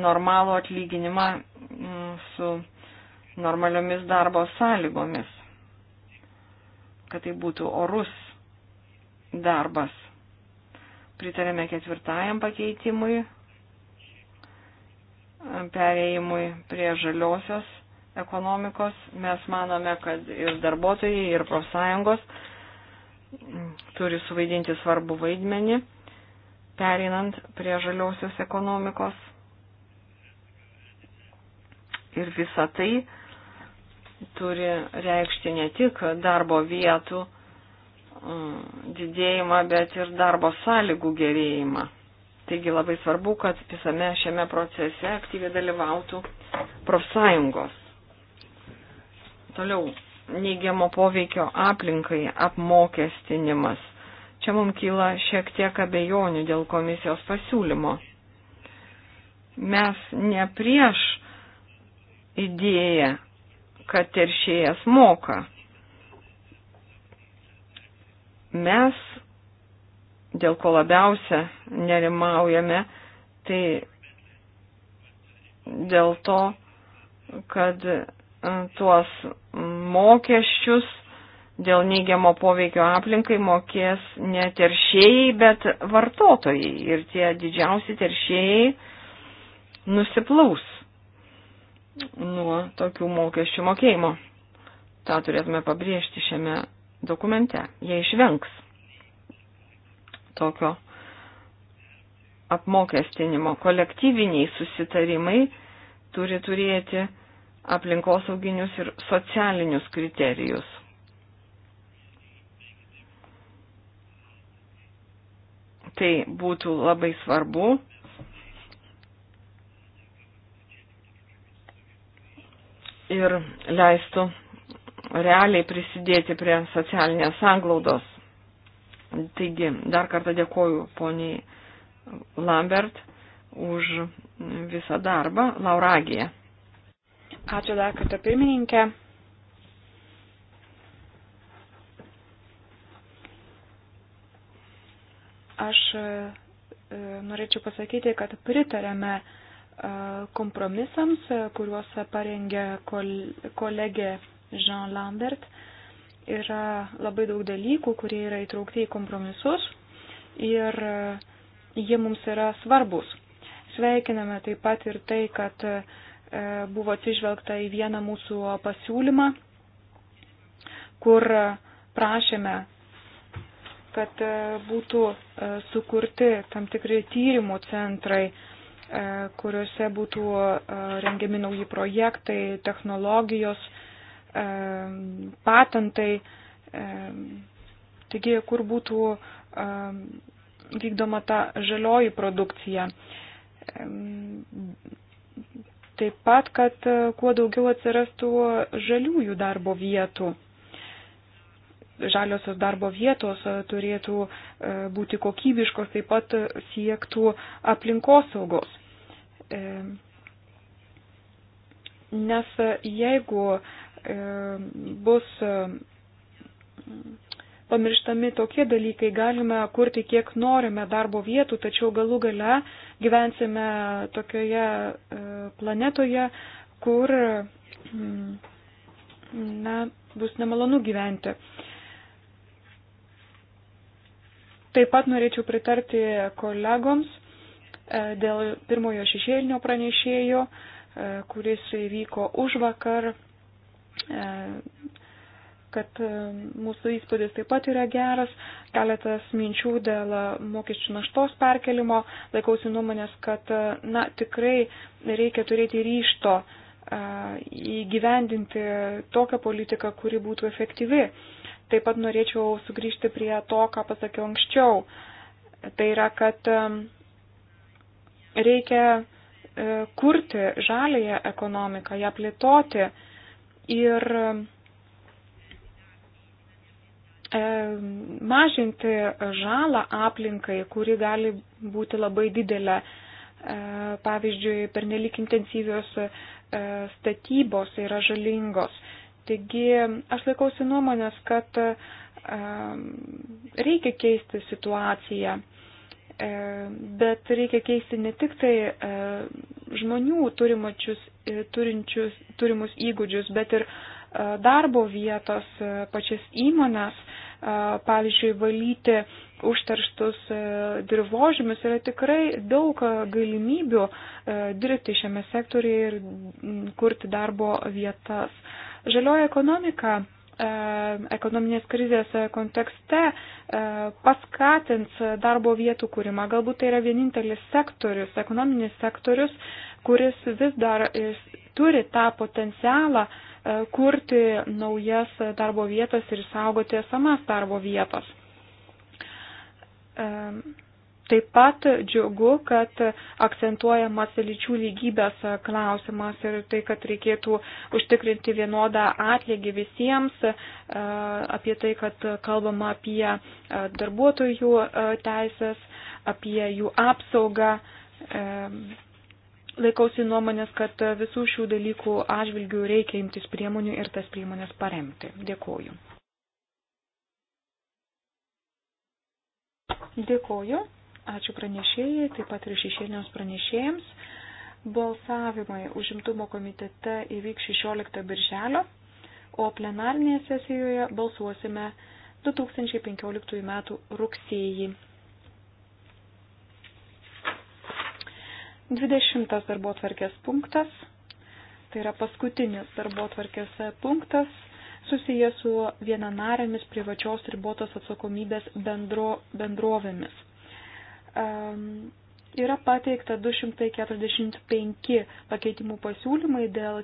normalų atlyginimą mm, su normaliomis darbo sąlygomis, kad tai būtų orus darbas. Pritarėme ketvirtajam pakeitimui, perėjimui prie žaliosios ekonomikos. Mes manome, kad ir darbuotojai, ir profsąjungos turi suvaidinti svarbu vaidmenį, perinant prie žaliausios ekonomikos. Ir visa tai turi reikšti ne tik darbo vietų mm, didėjimą, bet ir darbo sąlygų gerėjimą. Taigi labai svarbu, kad visame šiame procese aktyviai dalyvautų profsąjungos. Toliau neigiamo poveikio aplinkai apmokestinimas. Čia mums kyla šiek tiek abejonių dėl komisijos pasiūlymo. Mes ne prieš idėją, kad teršėjas moka. Mes, dėl ko labiausia nerimaujame, tai dėl to, kad e, tuos mokesčius dėl neigiamo poveikio aplinkai mokės ne teršėjai, bet vartotojai. Ir tie didžiausi teršėjai nusiplaus nuo tokių mokesčių mokėjimo. Ta turėtume pabrėžti šiame dokumente. Jie išvengs tokio apmokestinimo. Kolektyviniai susitarimai turi turėti aplinkosauginius ir socialinius kriterijus. Tai būtų labai svarbu. Ir leistų realiai prisidėti prie socialinės sanglaudos. Taigi, dar kartą dėkoju poniai Lambert už visą darbą. Lauragija. Ačiū dar kartą pirmininkė. Aš e, e, norėčiau pasakyti, kad pritarėme e, kompromisams, kuriuos parengė kolegė Jean Lambert. Yra labai daug dalykų, kurie yra įtraukti į kompromisus ir jie mums yra svarbus. Sveikiname taip pat ir tai, kad uh, E, buvo atsižvelgta į vieną mūsų pasiūlymą, kur prašėme, kad e, būtų e, sukurti tam tikri tyrimų centrai, kuriuose būtų rengiami nauji projektai, technologijos, patentai, taigi kur būtų vykdoma ta žalioji produkcija taip pat, kad e, kuo daugiau atsirastų žaliųjų darbo vietų. Žaliosios darbo vietos e, turėtų e, būti kokybiškos, taip pat siektų aplinkosaugos. Nes jeigu bus pamirštami tokie dalykai, galime kurti kiek norime darbo vietų, tačiau galų gale gyvensime tokioje e, planetoje, kur mm, na, bus nemalonu gyventi. Taip pat norėčiau pritarti kolegoms e, dėl pirmojo šešėlinio pranešėjo, e, kuris įvyko už vakar kad e, mūsų įspūdis taip pat yra geras. Keletas minčių dėl mokesčių naštos perkelimo. Laikausi nuomonės, kad e, na, tikrai reikia turėti ryšto e, įgyvendinti tokią politiką, kuri būtų efektyvi. Taip pat norėčiau sugrįžti prie to, ką pasakiau anksčiau. Tai yra, kad reikia kurti žalėje ekonomiką, ją plėtoti ir E, mažinti žalą aplinkai, kuri gali būti labai didelė. E, pavyzdžiui, pernelik intensyvios e, statybos yra žalingos. Taigi aš laikausi nuomonės, kad reikia keisti situaciją, bet reikia keisti ne tik tai žmonių turimačius, turinčius, turimus įgūdžius, bet ir E, darbo vietos, e, pačias įmonės, e, pavyzdžiui, valyti užterštus dirbožymius yra tikrai daug galimybių dirbti šiame sektoriuje ir kurti darbo vietas. Žalioji ekonomika ekonominės krizės kontekste paskatins darbo vietų kūrimą. Galbūt tai yra vienintelis sektorius, ekonominis sektorius, kuris vis dar turi tą potencialą uh, E, kurti naujas darbo vietas ir saugoti esamas darbo vietos. E, taip pat džiugu, kad akcentuojamas lyčių lygybės klausimas ir tai, kad reikėtų užtikrinti vienodą atlygį visiems, e, apie tai, kad kalbama apie darbuotojų teisės, apie jų apsaugą laikausi nuomonės, kad visų šių dalykų atžvilgių reikia imtis priemonių ir tas priemonės paremti. Dėkoju. Dėkoju. Ačiū pranešėjai, taip pat ir šešėliniams pranešėjams. Balsavimai užimtumo komitete įvyks 16 birželio, o plenarnėje sesijoje balsuosime 2015 m. rugsėjį. 20 darbo tvarkės punktas, tai yra paskutinis darbo tvarkės punktas, susijęs su vienanarėmis privačios ribotos atsakomybės bendro, bendrovėmis. Um, yra pateikta 245 pakeitimų pasiūlymai dėl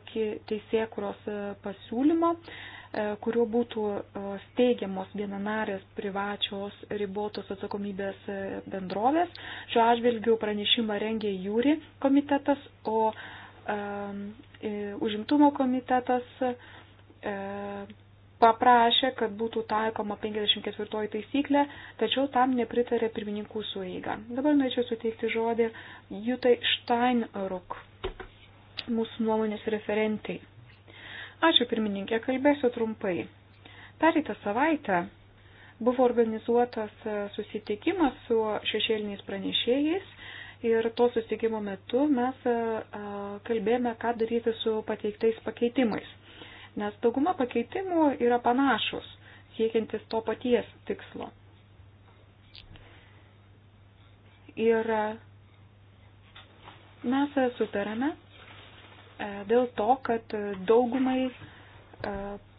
teisėkuros e, pasiūlymo. Uh, E, kuriuo būtų e, steigiamos vienanarės privačios ribotos atsakomybės e, bendrovės. Šiuo atžvilgiu pranešimą rengė jūri komitetas, o e, užimtumo komitetas e, paprašė, kad būtų taikoma 54 taisyklė, tačiau tam nepritarė pirmininkų sueiga. Dabar norėčiau suteikti žodį Jutai Steinruk, mūsų nuomonės referentai. Ačiū pirmininkė, kalbėsiu trumpai. Pereitą savaitę buvo organizuotas e, susitikimas su šešėliniais pranešėjais ir to susitikimo metu mes e, e, kalbėjome, ką daryti su pateiktais pakeitimais. Nes dauguma pakeitimų yra panašus, siekiantis to paties tikslo. Ir mes sutarėme, E, dėl to, kad daugumai e,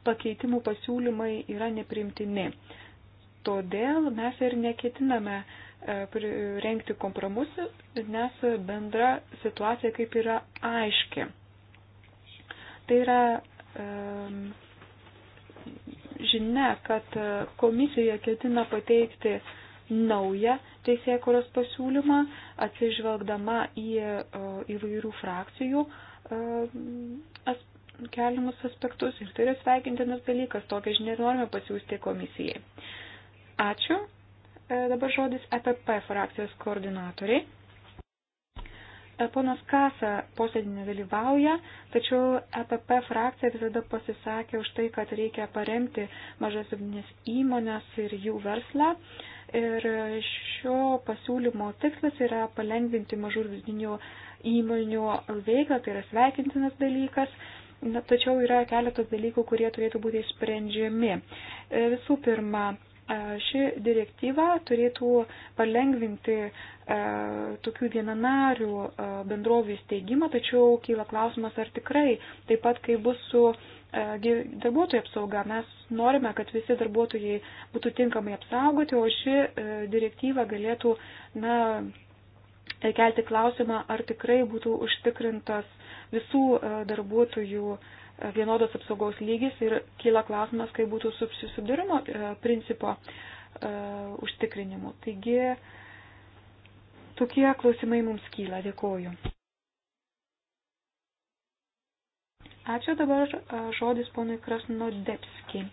pakeitimų pasiūlymai yra neprimtini. Todėl mes ir neketiname e, rengti kompromisų, nes bendra situacija kaip yra aiški. Tai yra žinia, kad komisija ketina pateikti naują teisėkuros pasiūlymą, atsižvelgdama į įvairių frakcijų uh, as, keliamus aspektus ir tai yra sveikintinas dalykas, tokią žinią norime pasiūsti komisijai. Ačiū. E, dabar žodis EPP frakcijos koordinatoriai. E, ponas Kasa posėdį nedalyvauja, tačiau EPP frakcija visada pasisakė už tai, kad reikia paremti mažas vidinės įmonės ir jų verslą. Ir šio pasiūlymo tikslas yra palengvinti mažų vidinių įmonių veiklą, tai yra sveikintinas dalykas. Na, tačiau yra keletas dalykų, kurie turėtų būti sprendžiami. E, visų pirma, e, ši direktyva turėtų palengvinti e, tokių vienanarių e, bendrovių steigimą, tačiau kyla klausimas, ar tikrai taip pat, kai bus su e, darbuotojų apsauga, mes norime, kad visi darbuotojai būtų tinkamai apsaugoti, o ši e, direktyva galėtų na, kelti klausimą, ar tikrai būtų užtikrintas visų e, darbuotojų e, vienodos apsaugos lygis ir kyla klausimas, kaip būtų su susidurimo e, principo užtikrinimu. Taigi, tokie klausimai mums kyla. Dėkoju. Ačiū dabar žodis ponui Krasnodepski.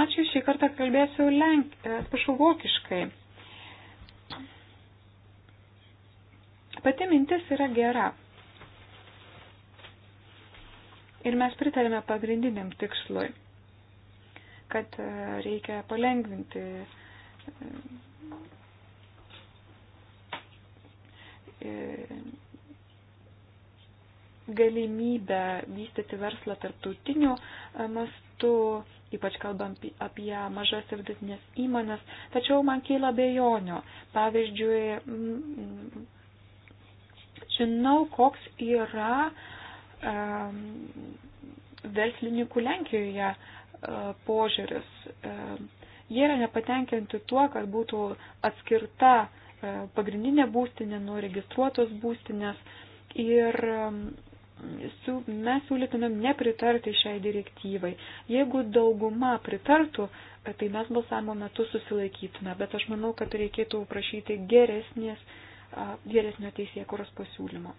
Ačiū šį kartą kalbėsiu lenk, atsiprašau, vokiškai. Pati mintis yra gera. Ir mes pritarėme pagrindiniam tikslui, kad e, reikia palengvinti e, galimybę vystyti verslą tarptautiniu e, mastu, ypač kalbant apie mažas ir vidutinės įmonės, tačiau man keila bejonių. Pavyzdžiui, žinau, koks yra um, verslininkų Lenkijoje uh, požiūris. Um, jie yra nepatenkinti tuo, kad būtų atskirta uh, pagrindinė būstinė nuo registruotos būstinės ir um, su, mes siūlytumėm nepritarti šiai direktyvai. Jeigu dauguma pritartų, e, tai mes balsavimo metu susilaikytume, bet aš manau, kad reikėtų prašyti geresnės uh, geresnio teisėkuros pasiūlymo.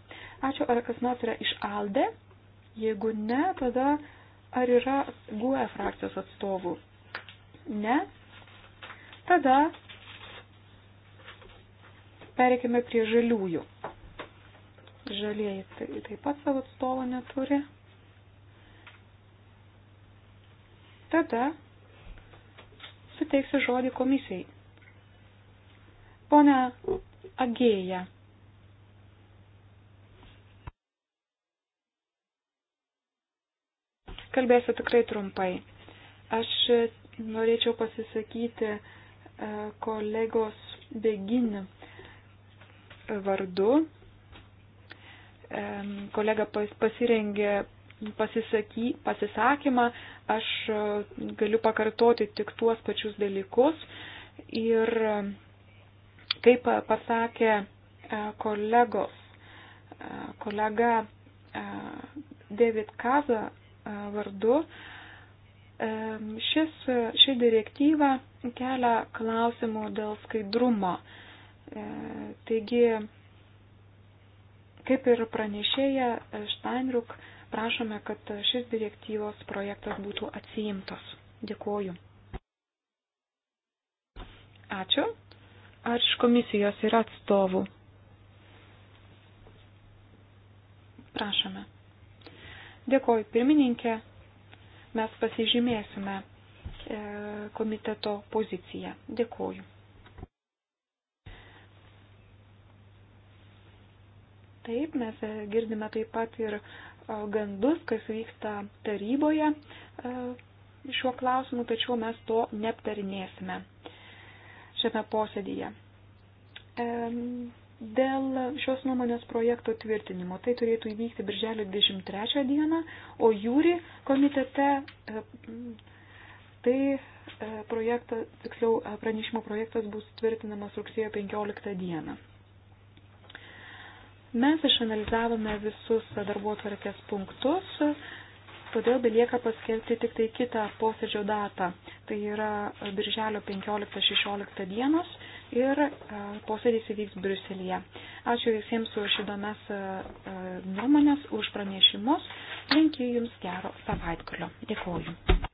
Ačiū, ar kas nors yra iš ALDE? Jeigu ne, tada ar yra GUE frakcijos atstovų? Ne. Tada pereikime prie žaliųjų. Žalieji tai, taip pat savo atstovo neturi. Tada suteiksiu žodį komisijai. Pone Agėja. Kalbėsiu tikrai trumpai. Aš norėčiau pasisakyti e, kolegos Begin vardu. E, kolega pasirengė pasisaky, pasisakymą, aš galiu pakartoti tik tuos pačius dalykus ir Kaip pasakė e, kolegos, e, kolega e, David Kaza vardu, šis, ši direktyva kelia klausimų dėl skaidrumo. Taigi, kaip ir pranešėja Steinruk, prašome, kad šis direktyvos projektas būtų atsiimtos. Dėkuoju. Ačiū. Ar iš komisijos yra atstovų? Prašome. Dėkoju, pirmininkė. Mes pasižymėsime e, komiteto poziciją. Dėkoju. Taip, mes e, girdime taip pat ir e, gandus, kas vyksta taryboje šiuo klausimu, tačiau mes to neaptarinėsime šiame posėdyje. Dėl šios nuomonės projekto tvirtinimo tai turėtų įvykti birželio 23 dieną, o jūri komitete e, tai e, projektas, tiksliau e, pranešimo projektas bus tvirtinamas rugsėjo 15 dieną. Mes išanalizavome visus darbo tvarkės punktus, Todėl belieka paskelbti tik tai kitą posėdžio datą. Tai yra birželio 15-16 dienos ir e, posėdis įvyks Briuselėje. Ačiū visiems už įdomias e, e, nuomonės, už pranešimus. Linkiu Jums gero savaitgalio. Dėkuoju.